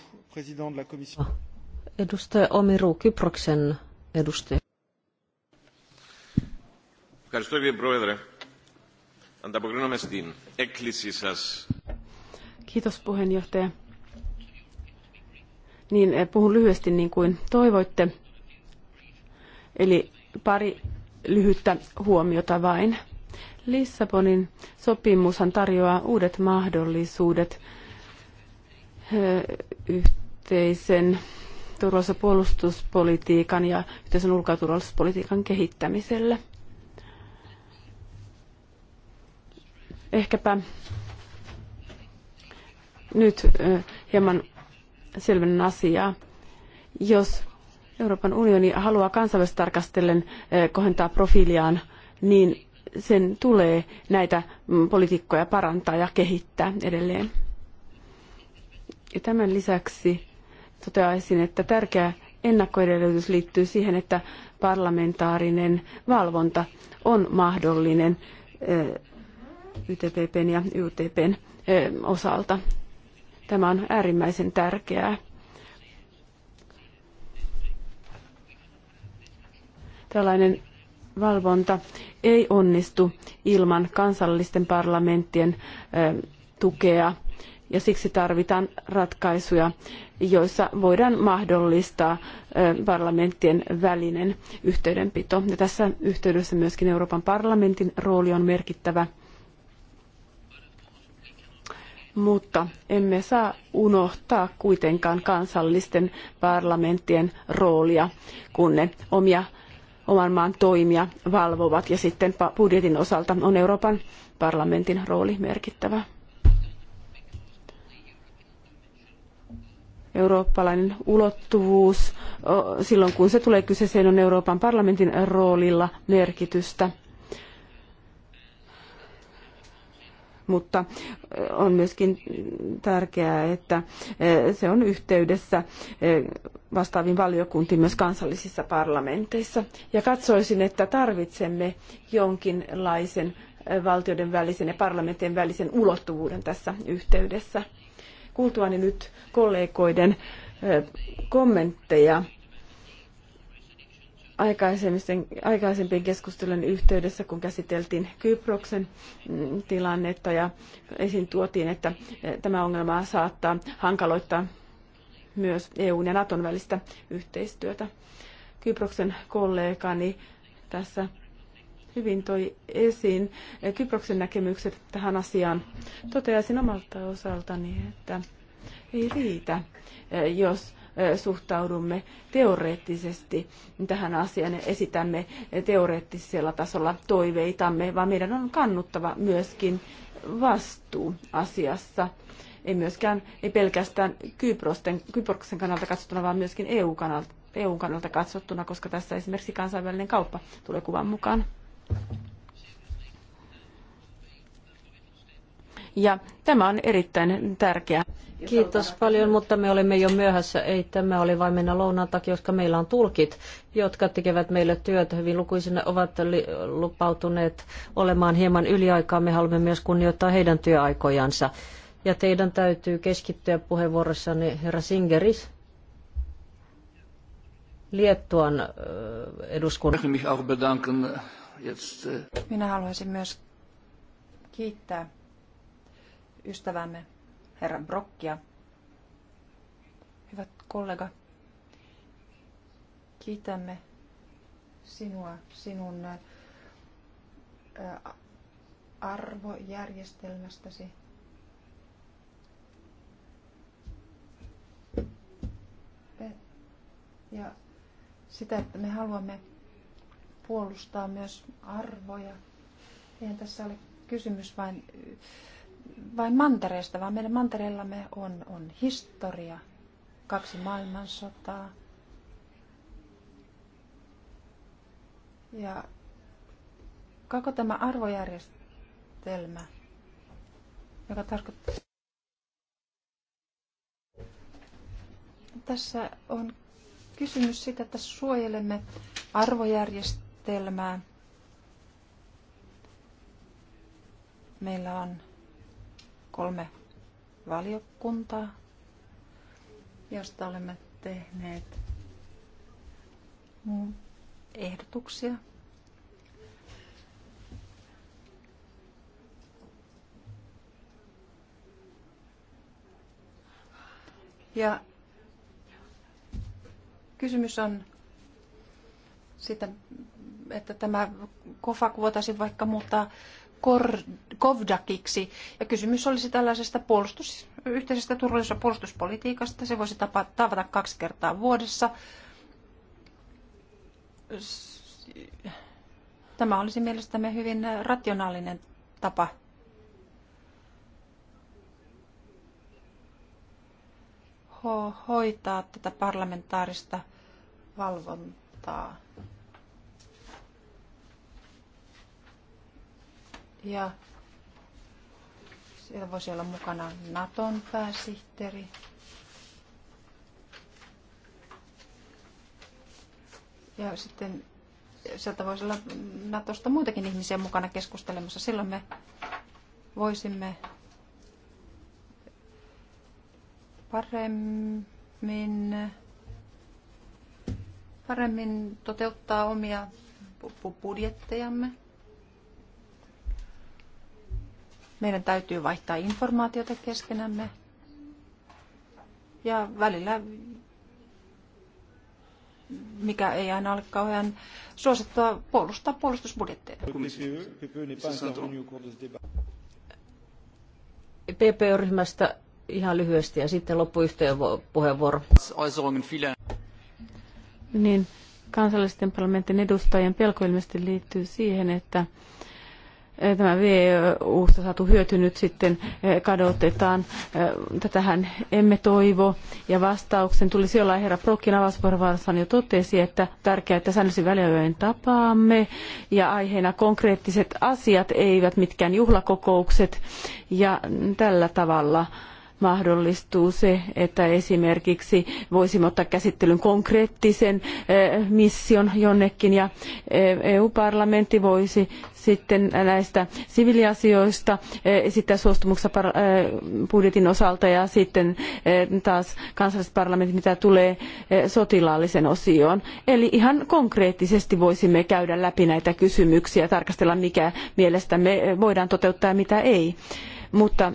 [SPEAKER 3] Edustaja Omiru, Kyproksen edustaja.
[SPEAKER 1] Ευχαριστώ κύριε Πρόεδρε. Ανταποκρίνομαι στην έκκλησή σας.
[SPEAKER 2] puheenjohtaja. Niin, puhun lyhyesti niin kuin toivoitte. Eli pari lyhyttä huomiota vain. Lissabonin sopimushan tarjoaa uudet mahdollisuudet yhteisen turvallisuus- ja puolustuspolitiikan ja yhteisen ulko- ja turvallisuuspolitiikan kehittämiselle – Ehkäpä nyt hieman selvennän asiaa. Jos Euroopan unioni haluaa kansainvälisesti tarkastellen kohentaa profiiliaan, niin sen tulee näitä mm, politiikkoja parantaa ja kehittää edelleen. Ja tämän lisäksi toteaisin, että tärkeä ennakkoedellytys liittyy siihen, että parlamentaarinen valvonta on mahdollinen YTPPn ja YTPn osalta. Tämä on äärimmäisen tärkeää. Tällainen valvonta ei onnistu ilman kansallisten parlamenttien tukea ja siksi tarvitaan ratkaisuja, joissa voidaan mahdollistaa parlamenttien välinen yhteydenpito. Ja tässä yhteydessä myöskin Euroopan parlamentin rooli on merkittävä mutta emme saa unohtaa kuitenkaan kansallisten parlamenttien roolia, kun ne omia oman maan toimia valvovat ja sitten budjetin osalta on Euroopan parlamentin rooli merkittävä. Eurooppalainen ulottuvuus, silloin kun se tulee kyseeseen, on Euroopan parlamentin roolilla merkitystä – mutta on myöskin tärkeää, että se on yhteydessä vastaaviin valiokuntiin myös kansallisissa parlamenteissa. Ja katsoisin, että tarvitsemme jonkinlaisen valtioiden välisen ja parlamenttien välisen ulottuvuuden tässä yhteydessä. Kuultuani nyt kollegoiden kommentteja aikaisempien keskustelujen yhteydessä, kun käsiteltiin Kyproksen mm, tilannetta ja esiin tuotiin, että eh, tämä ongelma saattaa hankaloittaa myös EUn ja Naton välistä yhteistyötä. Kyproksen kollegani tässä hyvin toi esiin eh, Kyproksen näkemykset tähän asiaan. Toteaisin omalta osaltani, että ei riitä, eh, jos suhtaudumme teoreettisesti tähän asiaan ja esitämme teoreettisella tasolla toiveitamme, vaan meidän on kannuttava myöskin vastuu asiassa ei myöskään, ei pelkästään Kyprosten, Kyproksen kannalta katsottuna, vaan myöskin EU-kannalta, EU-kannalta katsottuna, koska tässä esimerkiksi kansainvälinen kauppa tulee kuvan mukaan.
[SPEAKER 3] ja tämä on erittäin tärkeää. Kiitos paljon, mutta me olemme jo myöhässä. Ei tämä oli vain mennä lounaan takia, koska meillä on tulkit, jotka tekevät meille työtä hyvin lukuisina, ovat lupautuneet olemaan hieman yliaikaa. Me haluamme myös kunnioittaa heidän työaikojansa. Ja teidän täytyy keskittyä puheenvuorossanne herra Singeris, Liettuan eduskunnan. Eh.
[SPEAKER 4] Minä haluaisin myös kiittää ystävämme, herra Brokkia. Hyvät kollega, kiitämme sinua, sinun äh, arvojärjestelmästäsi. Ja sitä, että me haluamme puolustaa myös arvoja. Eihän tässä ole kysymys vain vain mantereesta, vaan meidän mantereellamme on, on historia, kaksi maailmansotaa. Ja koko tämä arvojärjestelmä, joka tarkoittaa... Tässä on kysymys siitä, että suojelemme arvojärjestelmää. Meillä on kolme valiokuntaa, josta olemme tehneet ehdotuksia. Ja kysymys on sitä, että tämä kofa voitaisiin vaikka muuttaa Kovdakiksi. Ja kysymys olisi tällaisesta puolustus, yhteisestä turvallisuus- ja puolustuspolitiikasta. Se voisi tapa, tavata kaksi kertaa vuodessa. Tämä olisi mielestämme hyvin rationaalinen tapa hoitaa tätä parlamentaarista valvontaa. Ja siellä voisi olla mukana Naton pääsihteeri. Ja sitten sieltä voisi olla Natosta muitakin ihmisiä mukana keskustelemassa. Silloin me voisimme paremmin, paremmin toteuttaa omia budjettejamme. Meidän täytyy vaihtaa informaatiota keskenämme. Ja välillä, mikä ei aina ole kauhean suosittua,
[SPEAKER 3] puolustaa puolustusbudjetteja. PP-ryhmästä ihan lyhyesti ja sitten puheenvuoro. Niin, kansallisten parlamentin edustajien pelko
[SPEAKER 2] ilmeisesti liittyy siihen, että tämä VUsta saatu hyöty nyt sitten kadotetaan. Tätähän emme toivo. Ja vastauksen tulisi olla herra Brokkin avauspuheenvuorossaan jo totesi, että tärkeää, että säännöllisin väliajoin tapaamme ja aiheena konkreettiset asiat, eivät mitkään juhlakokoukset. Ja tällä tavalla mahdollistuu se, että esimerkiksi voisimme ottaa käsittelyn konkreettisen eh, mission jonnekin ja eh, EU-parlamentti voisi sitten näistä siviiliasioista eh, esittää suostumuksia budjetin osalta ja sitten taas kansalliset parlamentit, mitä tulee sotilaallisen osioon. Eli ihan konkreettisesti voisimme käydä läpi näitä kysymyksiä ja tarkastella, mikä mielestämme voidaan toteuttaa ja mitä ei. Mutta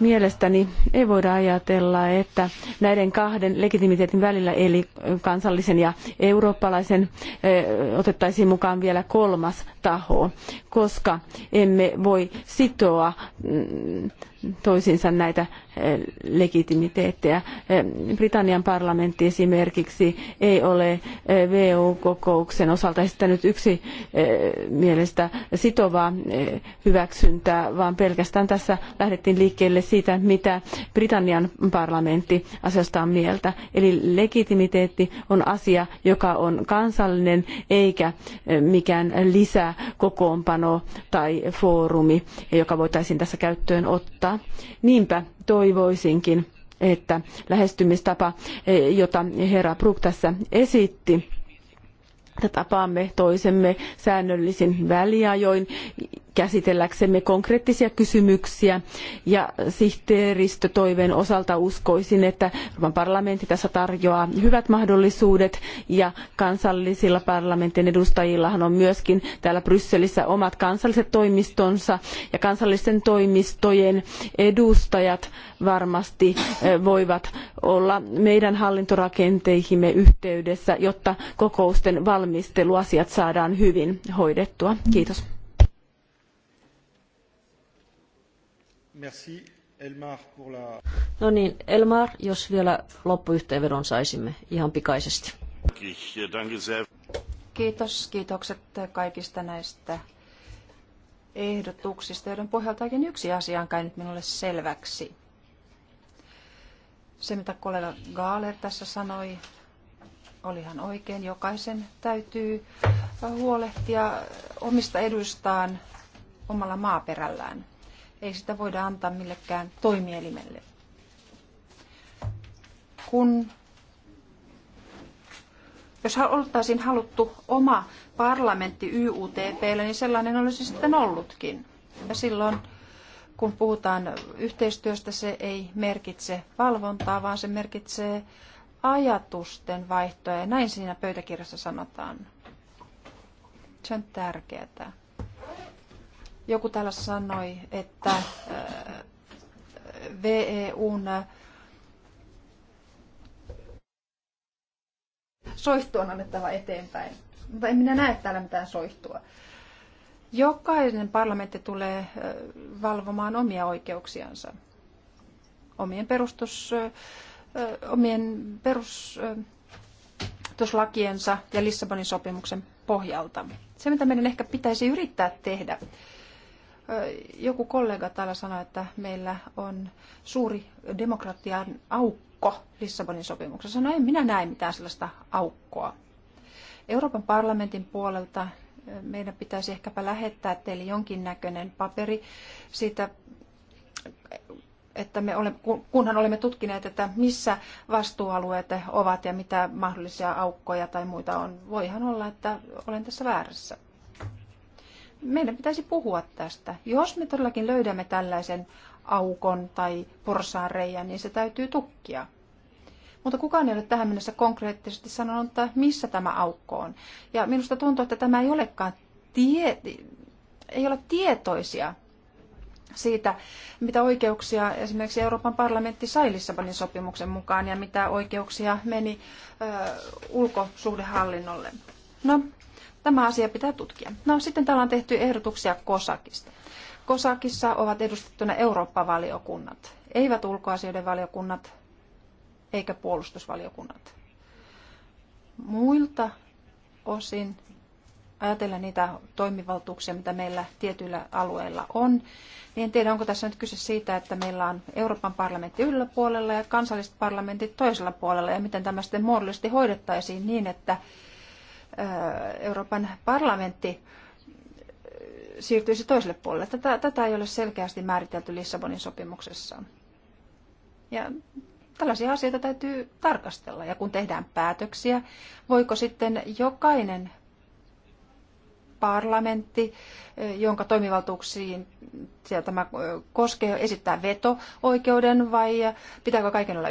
[SPEAKER 2] Mielestäni ei voida ajatella, että näiden kahden legitimiteetin välillä, eli kansallisen ja eurooppalaisen, eh, otettaisiin mukaan vielä kolmas taho, koska emme voi sitoa mm, toisiinsa näitä eh, legitimiteettejä. Eh, Britannian parlamentti esimerkiksi ei ole eh, VU-kokouksen osalta esittänyt yksi mielestä sitovaa hyväksyntää, vaan pelkästään tässä lähdettiin liikkeelle siitä, mitä Britannian parlamentti asiasta on mieltä. Eli legitimiteetti on asia, joka on kansallinen eikä mikään lisäkokoonpano tai foorumi, joka voitaisiin tässä käyttöön ottaa parantaa. Niinpä toivoisinkin, että lähestymistapa, eh, jota herra Brook tässä esitti, että tapaamme toisemme säännöllisin väliajoin käsitelläksemme konkreettisia kysymyksiä ja sihteeristötoiveen osalta uskoisin, että Euroopan parlamentti tässä tarjoaa hyvät mahdollisuudet ja kansallisilla parlamentin edustajillahan on myöskin täällä Brysselissä omat kansalliset toimistonsa ja kansallisten toimistojen edustajat varmasti voivat olla meidän hallintorakenteihimme yhteydessä, jotta kokousten valmisteluasiat saadaan
[SPEAKER 3] hyvin hoidettua. Kiitos.
[SPEAKER 1] Merci, Elmar, pour la...
[SPEAKER 3] No niin, Elmar, jos vielä loppuyhteenvedon saisimme ihan pikaisesti. Kiitos, kiitokset
[SPEAKER 4] kaikista näistä ehdotuksista, joiden pohjalta yksi asia on käynyt minulle selväksi. Se, mitä kollega Gaaler tässä sanoi, oli ihan oikein. Jokaisen täytyy huolehtia omista eduistaan omalla maaperällään ei sitä voida antaa millekään toimielimelle. Kun jos oltaisiin haluttu oma parlamentti YUTPlle, niin sellainen olisi sitten ollutkin. Ja silloin, kun puhutaan yhteistyöstä, se ei merkitse valvontaa, vaan se merkitsee ajatusten vaihtoa. Ja näin siinä pöytäkirjassa sanotaan. Se on tärkeää. Joku täällä sanoi, että äh, VEUn äh, soihtu on annettava eteenpäin. Mutta en minä näe täällä mitään soihtua. Jokainen parlamentti tulee äh, valvomaan omia oikeuksiansa, omien perustus, omien perustuslakiensa ja Lissabonin sopimuksen pohjalta. Se, mitä meidän ehkä pitäisi yrittää tehdä, joku kollega täällä sanoi, että meillä on suuri demokratian aukko Lissabonin sopimuksessa. No en minä näe mitään sellaista aukkoa. Euroopan parlamentin puolelta meidän pitäisi ehkäpä lähettää teille jonkinnäköinen paperi siitä, että me olemme, kunhan olemme tutkineet, että missä vastuualueet ovat ja mitä mahdollisia aukkoja tai muita on. Voihan olla, että olen tässä väärässä meidän pitäisi puhua tästä. Jos me todellakin löydämme tällaisen aukon tai porsaanreiän, niin se täytyy tukkia. Mutta kukaan ei ole tähän mennessä konkreettisesti sanonut, että missä tämä aukko on. Ja minusta tuntuu, että tämä ei olekaan tie, ei ole tietoisia siitä, mitä oikeuksia esimerkiksi Euroopan parlamentti sai Lissabonin sopimuksen mukaan ja mitä oikeuksia meni ö, ulkosuhdehallinnolle. No, Tämä asia pitää tutkia. No sitten täällä on tehty ehdotuksia Kosakista. Kosakissa ovat edustettuna Eurooppa-valiokunnat, eivät ulkoasioiden valiokunnat eikä puolustusvaliokunnat. Muilta osin ajatella niitä toimivaltuuksia, mitä meillä tietyillä alueilla on, niin en tiedä, onko tässä nyt kyse siitä, että meillä on Euroopan parlamentti yhdellä puolella ja kansalliset parlamentit toisella puolella, ja miten tämä sitten muodollisesti hoidettaisiin niin, että Euroopan parlamentti siirtyisi toiselle puolelle. Tätä, tätä ei ole selkeästi määritelty Lissabonin sopimuksessa. Ja tällaisia asioita täytyy tarkastella. Ja kun tehdään päätöksiä, voiko sitten jokainen parlamentti, jonka toimivaltuuksiin tämä koskee, esittää veto-oikeuden vai pitääkö kaiken olla